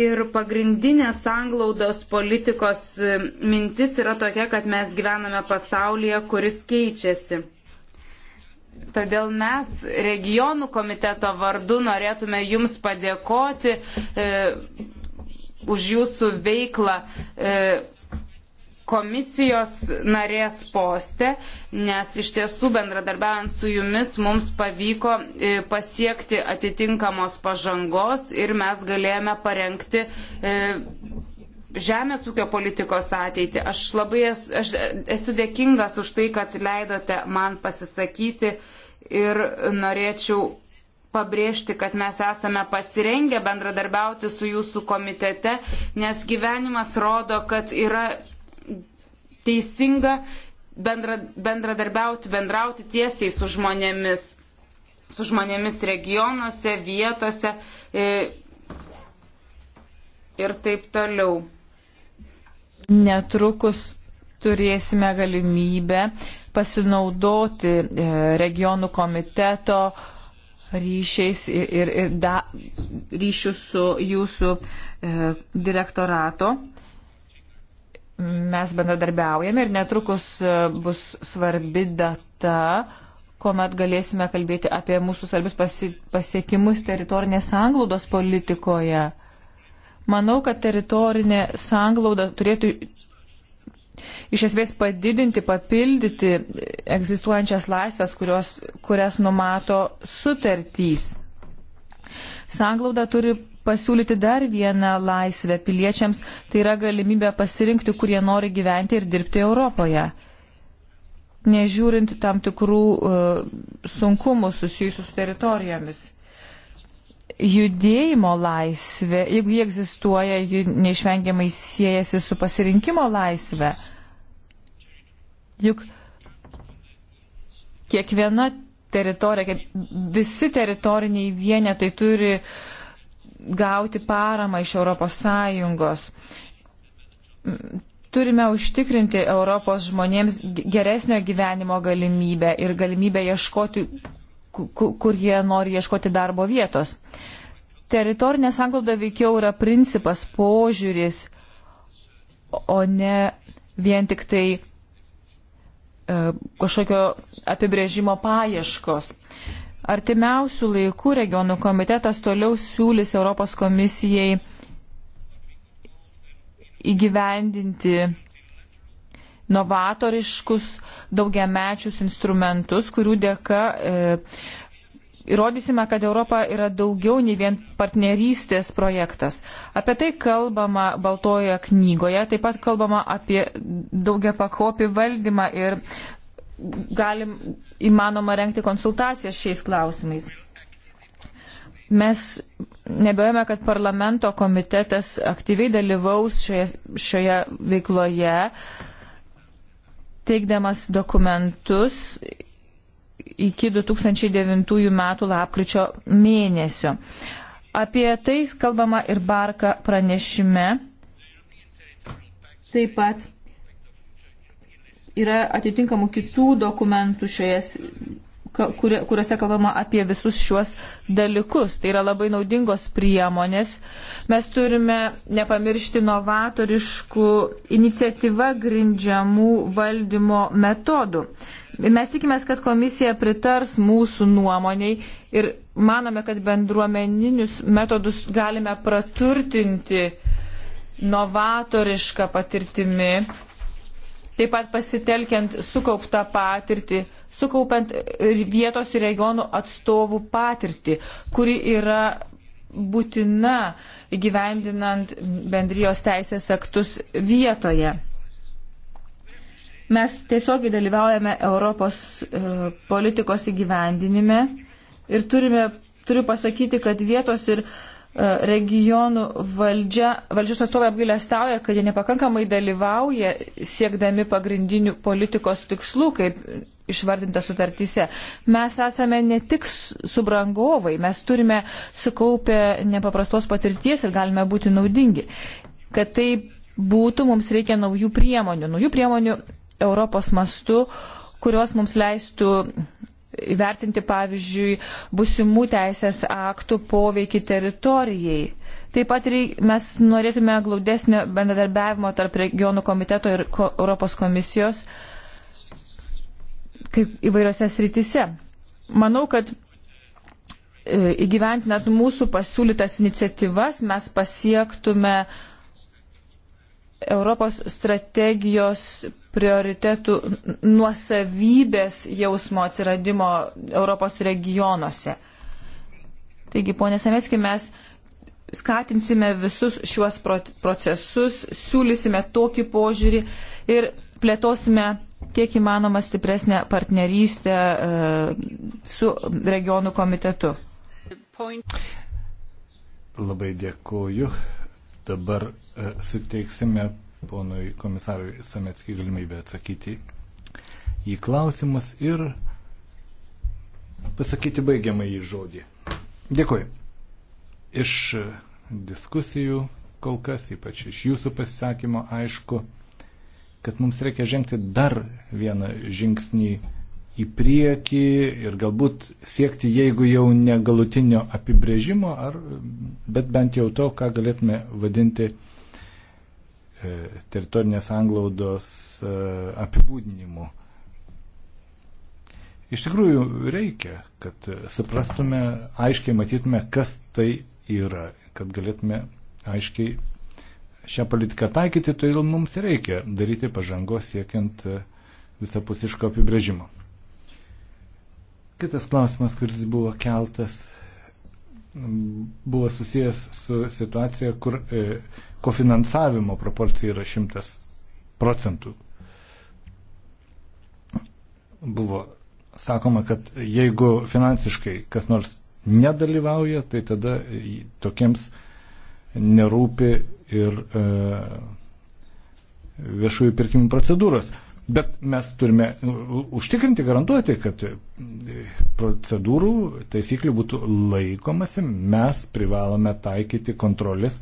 Ir pagrindinė sanglaudos politikos mintis yra tokia, kad mes gyvename pasaulyje, kuris keičiasi. Todėl mes regionų komiteto vardu norėtume Jums padėkoti e, už Jūsų veiklą e, komisijos narės poste, nes iš tiesų bendradarbiaujant su Jumis mums pavyko e, pasiekti atitinkamos pažangos ir mes galėjome parengti. E, žemės ūkio politikos ateitį. Aš labai esu, aš esu dėkingas už tai, kad leidote man pasisakyti ir norėčiau pabrėžti, kad mes esame pasirengę bendradarbiauti su jūsų komitete, nes gyvenimas rodo, kad yra teisinga bendra, bendradarbiauti, bendrauti tiesiai su žmonėmis, su žmonėmis regionuose, vietose e, ir taip toliau netrukus turėsime galimybę pasinaudoti e, regionų komiteto ryšiais ir, ir, ir da, ryšių su jūsų e, direktorato. Mes bendradarbiaujame ir netrukus e, bus svarbi data, kuomet galėsime kalbėti apie mūsų svarbius pasie, pasiekimus teritorinės anglaudos politikoje. Manau, kad teritorinė sanglauda turėtų iš esmės padidinti, papildyti egzistuojančias laisvės, kurios, kurias numato sutartys. Sanglauda turi pasiūlyti dar vieną laisvę piliečiams, tai yra galimybė pasirinkti, kurie nori gyventi ir dirbti Europoje. Nežiūrint tam tikrų uh, sunkumų susijusių su teritorijomis judėjimo laisvė, jeigu jie egzistuoja, ji neišvengiamai siejasi su pasirinkimo laisvė. Juk kiekviena teritorija, visi teritoriniai vienetai turi gauti paramą iš ES. Turime užtikrinti Europos žmonėms geresnio gyvenimo galimybę ir galimybę ieškoti kur jie nori ieškoti darbo vietos. Teritorinė sanglauda veikiau yra principas, požiūris, o ne vien tik tai e, kažkokio apibrėžimo paieškos. Artimiausių laikų regionų komitetas toliau siūlys Europos komisijai įgyvendinti novatoriškus daugiamečius instrumentus, kurių dėka e, įrodysime, kad Europa yra daugiau nei vien partnerystės projektas. Apie tai kalbama Baltojoje knygoje, taip pat kalbama apie daugia pakopį valdymą ir galim įmanoma renkti konsultacijas šiais klausimais. Mes nebejojame, kad parlamento komitetas aktyviai dalyvaus šioje, šioje veikloje. Uh, teikdamas dokumentus iki 2009 metų lapkričio mėnesio. Apie tai kalbama ir Barka pranešime. Taip pat yra atitinkamų kitų dokumentų šioje kuriuose kalbama apie visus šiuos dalykus. Tai yra labai naudingos priemonės. Mes turime nepamiršti novatoriškų iniciatyva grindžiamų valdymo metodų. Mes tikimės, kad komisija pritars mūsų nuomoniai ir manome, kad bendruomeninius metodus galime praturtinti novatorišką patirtimi, taip pat pasitelkiant sukauptą patirtį sukaupiant vietos ir regionų atstovų patirtį, kuri yra būtina gyvendinant bendrijos teisės aktus vietoje. Mes tiesiog dalyvaujame Europos e, politikos įgyvendinime ir turime, turiu pasakyti, kad vietos ir e, regionų valdžia, valdžios atstovai apgailestauja, kad jie nepakankamai dalyvauja siekdami pagrindinių politikos tikslų, kaip išvardinta sutartyse. Mes esame ne tik subrangovai, mes turime sukaupę nepaprastos patirties ir galime būti naudingi. Kad tai būtų, mums reikia naujų priemonių, naujų priemonių Europos mastu, kurios mums leistų įvertinti, pavyzdžiui, busimų teisės aktų poveikį teritorijai. Taip pat reik, mes norėtume glaudesnio bendradarbiavimo tarp regionų komiteto ir ko, Europos komisijos. Uh, įvairiose srityse. Manau, kad e, įgyventinant mūsų pasiūlytas iniciatyvas mes pasiektume Europos strategijos prioritetų nuosavybės jausmo atsiradimo Europos regionuose. Taigi, ponė Sametski, mes skatinsime visus šiuos procesus, siūlysime tokį požiūrį ir plėtosime kiek įmanoma stipresnę partnerystę e, su regionų komitetu. Labai dėkuoju. Dabar e, suteiksime ponui komisarui Sametskį galimybę atsakyti į klausimus ir pasakyti baigiamą į žodį. Dėkuoju. Iš e, diskusijų kol kas, ypač iš jūsų pasisakymo, aišku, kad mums reikia žengti dar vieną žingsnį į priekį ir galbūt siekti, jeigu jau ne galutinio apibrėžimo, ar, bet bent jau to, ką galėtume vadinti e, teritorinės anglaudos e, apibūdinimu. Iš tikrųjų reikia, kad suprastume, aiškiai matytume, kas tai yra, kad galėtume aiškiai šią politiką taikyti, todėl mums reikia daryti pažangos siekiant e, visapusiško apibrėžimo. Kitas klausimas, kuris buvo keltas, buvo susijęs su situacija, kur e, kofinansavimo proporcija yra 100 procentų. Buvo sakoma, kad jeigu finansiškai kas nors nedalyvauja, tai tada tokiems uh, nerūpi ir e, viešųjų pirkimų procedūros. Bet mes turime užtikrinti, garantuoti, kad e, procedūrų taisyklių būtų laikomasi, mes privalome taikyti kontrolės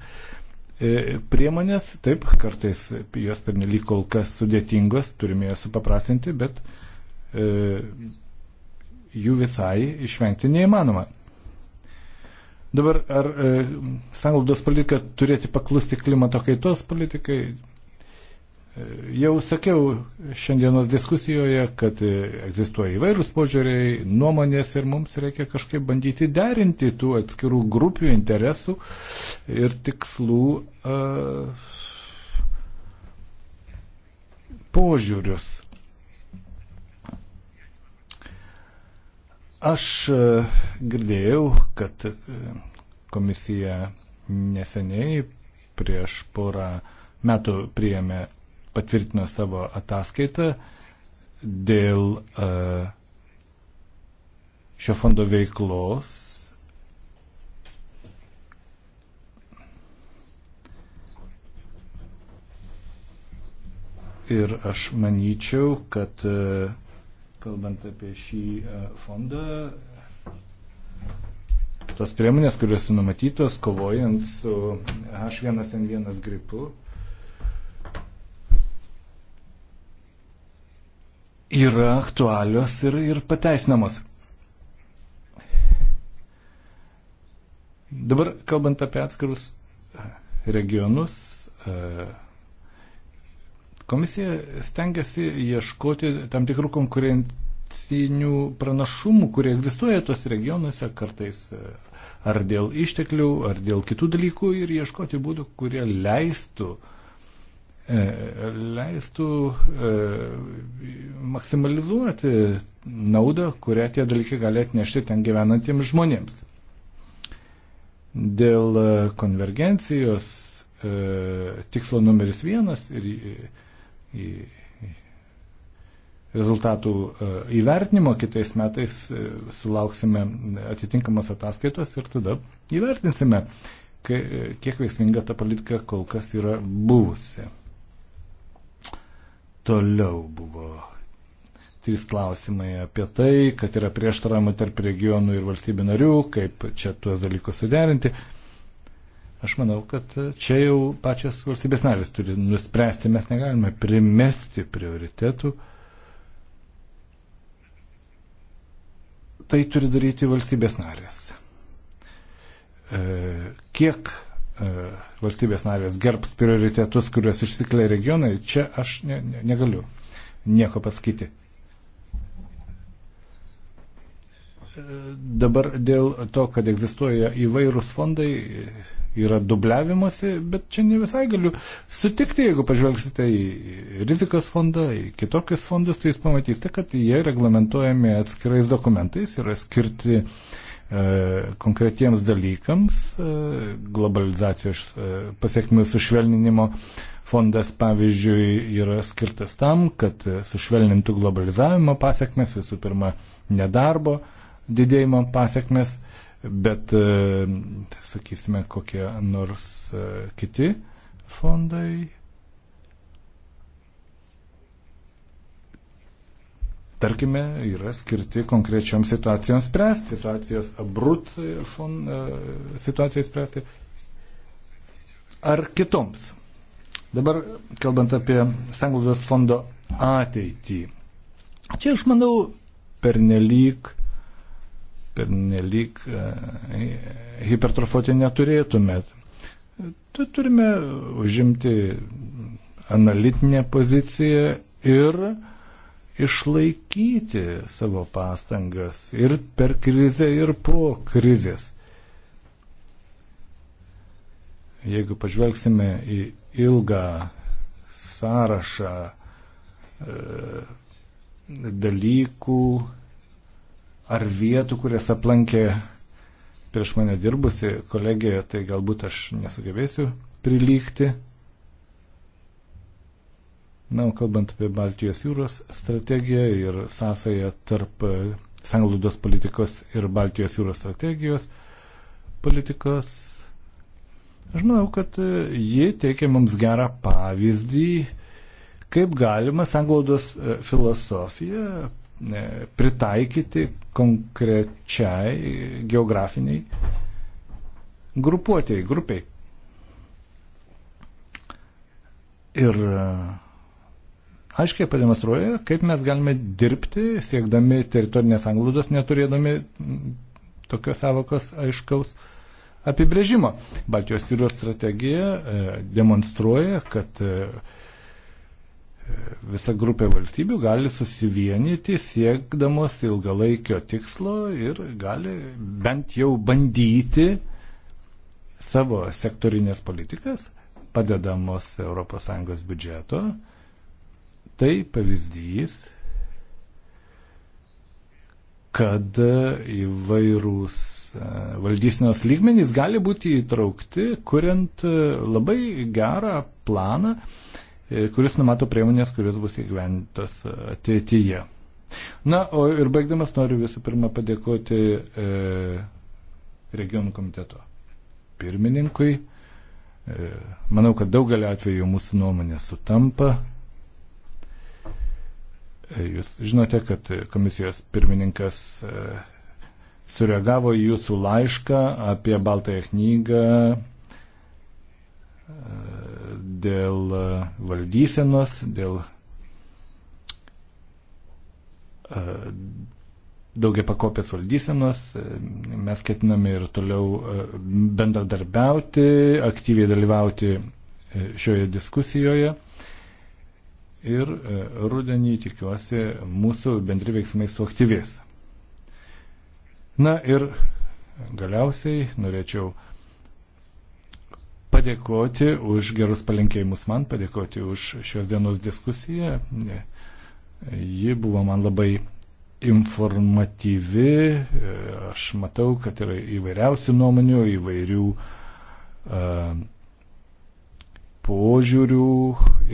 e, priemonės, taip, kartais jos pernelyg kol kas sudėtingos, turime jas supaprastinti, bet e, jų visai išvengti neįmanoma. Dabar ar e, sanglaudos politika turėti paklusti klimato kaitos politikai? E, jau sakiau šiandienos diskusijoje, kad e, egzistuoja įvairūs požiūriai, nuomonės ir mums reikia kažkaip bandyti derinti tų atskirų grupių interesų ir tikslų e, požiūrius. Aš e, girdėjau, kad e, komisija neseniai prieš porą metų priėmė patvirtino savo ataskaitą dėl e, šio fondo veiklos. Ir aš manyčiau, kad uh, kalbant apie šį e, fondą, tos priemonės, kurios numatytos kovojant su H1N1 gripu, yra aktualios ir, ir pateisinamos. Dabar kalbant apie atskirus e, regionus, e, Komisija stengiasi ieškoti tam tikrų konkurencinių pranašumų, kurie egzistuoja tos regionuose kartais e, ar dėl išteklių, ar dėl kitų dalykų ir ieškoti būdų, kurie leistų e, leistų e, maksimalizuoti naudą, kurią tie dalykai gali atnešti ten gyvenantiems žmonėms. Dėl e, konvergencijos e, tikslo numeris vienas ir e, rezultatų e, įvertinimo kitais metais e, sulauksime atitinkamos ataskaitos ir tada įvertinsime, e, kiek veiksminga ta politika kol kas yra buvusi. Toliau buvo trys klausimai apie tai, kad yra prieštaravimų tarp regionų ir valstybių narių, kaip čia tuos dalykus suderinti. Uh, Aš manau, kad čia jau pačias valstybės narės turi nuspręsti, mes negalime primesti prioritetų. Tai turi daryti valstybės narės. E, kiek e, valstybės narės gerbs prioritetus, kuriuos išsiklė regionai, čia aš ne, ne, negaliu nieko pasakyti. dabar dėl to, kad egzistuoja įvairūs fondai, yra dubliavimuose, bet čia ne visai galiu sutikti, jeigu pažvelgsite į rizikos fondą, į kitokius fondus, tai jūs pamatysite, kad jie reglamentuojami atskirais dokumentais, yra skirti e, konkretiems dalykams, e, globalizacijos e, pasiekmių sušvelninimo fondas, pavyzdžiui, yra skirtas tam, kad sušvelnintų globalizavimo pasiekmes, visų pirma, nedarbo, e, didėjimo pasiekmes, bet, e, sakysime, kokie nors e, kiti fondai. Tarkime, yra skirti konkrečioms situacijoms spręsti, situacijos abrut e, fon, situacijai spręsti ar kitoms. Dabar kalbant apie Sanglaudos fondo ateitį. Čia aš manau pernelyg pernelyg e, hipertrofuoti neturėtumėt. Turime užimti analitinę poziciją ir išlaikyti savo pastangas ir per krizę, ir po krizės. Jeigu pažvelgsime į ilgą sąrašą e, dalykų, ar vietų, kurias aplankė prieš mane dirbusi kolegija, tai galbūt aš nesugebėsiu prilygti. Na, o kalbant apie Baltijos jūros strategiją ir sąsąją tarp e, sanglaudos politikos ir Baltijos jūros strategijos politikos, aš manau, kad e, ji teikia mums gerą pavyzdį, kaip galima sanglaudos e, filosofiją E, pritaikyti konkrečiai geografiniai grupuotėjai, grupiai. Ir e, aiškiai pademonstruoja, kaip mes galime dirbti, siekdami teritorinės anglūdos, neturėdami tokios savokos aiškaus apibrėžimo. Baltijos jūros strategija e, demonstruoja, kad visa grupė valstybių gali susivienyti siekdamos ilgalaikio tikslo ir gali bent jau bandyti savo sektorinės politikas, padedamos ES biudžeto. Tai pavyzdys, kad įvairūs e, valdysinos lygmenys gali būti įtraukti, kuriant e, labai gerą planą, E, kuris numato priemonės, kurios bus įgyventas ateityje. Na, o ir baigdamas noriu visų pirma padėkoti e, regionų komiteto pirmininkui. E, manau, kad daugelį atvejų mūsų nuomonė sutampa. E, jūs žinote, kad komisijos pirmininkas e, sureagavo į jūsų laišką apie Baltąją knygą dėl e, valdysenos, dėl e, daugia pakopės valdysenos. E, mes ketiname ir toliau bendradarbiauti, aktyviai dalyvauti šioje diskusijoje. Ir rudenį tikiuosi mūsų bendri veiksmai suaktyvės. Na ir galiausiai norėčiau uh, padėkoti už gerus palinkėjimus man, padėkoti už šios dienos diskusiją. Ji buvo man labai informatyvi, aš matau, kad yra įvairiausių nuomonių, įvairių uh, požiūrių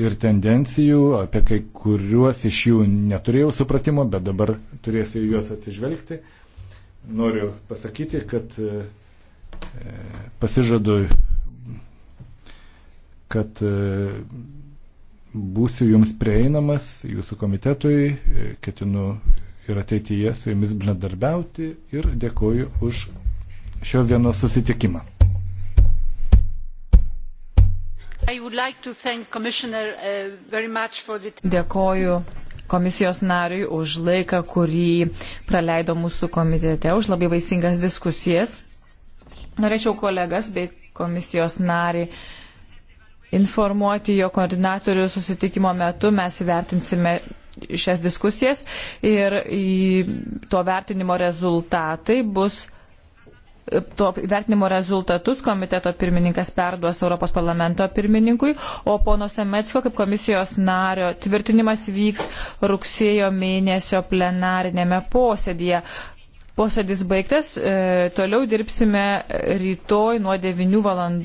ir tendencijų, apie kai kuriuos iš jų neturėjau supratimo, bet dabar turėsiu juos atsižvelgti. Noriu pasakyti, kad uh, pasižadu kad e, būsiu jums prieinamas, jūsų komitetui, e, ketinu ir ateityje su jumis bendradarbiauti ir dėkoju už šios dienos susitikimą. Like uh, the... Dėkoju komisijos nariui už laiką, kurį praleido mūsų komitete, už labai vaisingas diskusijas. Norėčiau kolegas bei komisijos narį informuoti jo koordinatorių susitikimo metu. Mes vertinsime šias diskusijas ir to vertinimo rezultatai bus. To vertinimo rezultatus komiteto pirmininkas perduos Europos parlamento pirmininkui, o pono Semetsko kaip komisijos nario tvirtinimas vyks rugsėjo mėnesio plenarinėme posėdėje. Posėdis baigtas, e, toliau dirbsime rytoj nuo 9 valandų.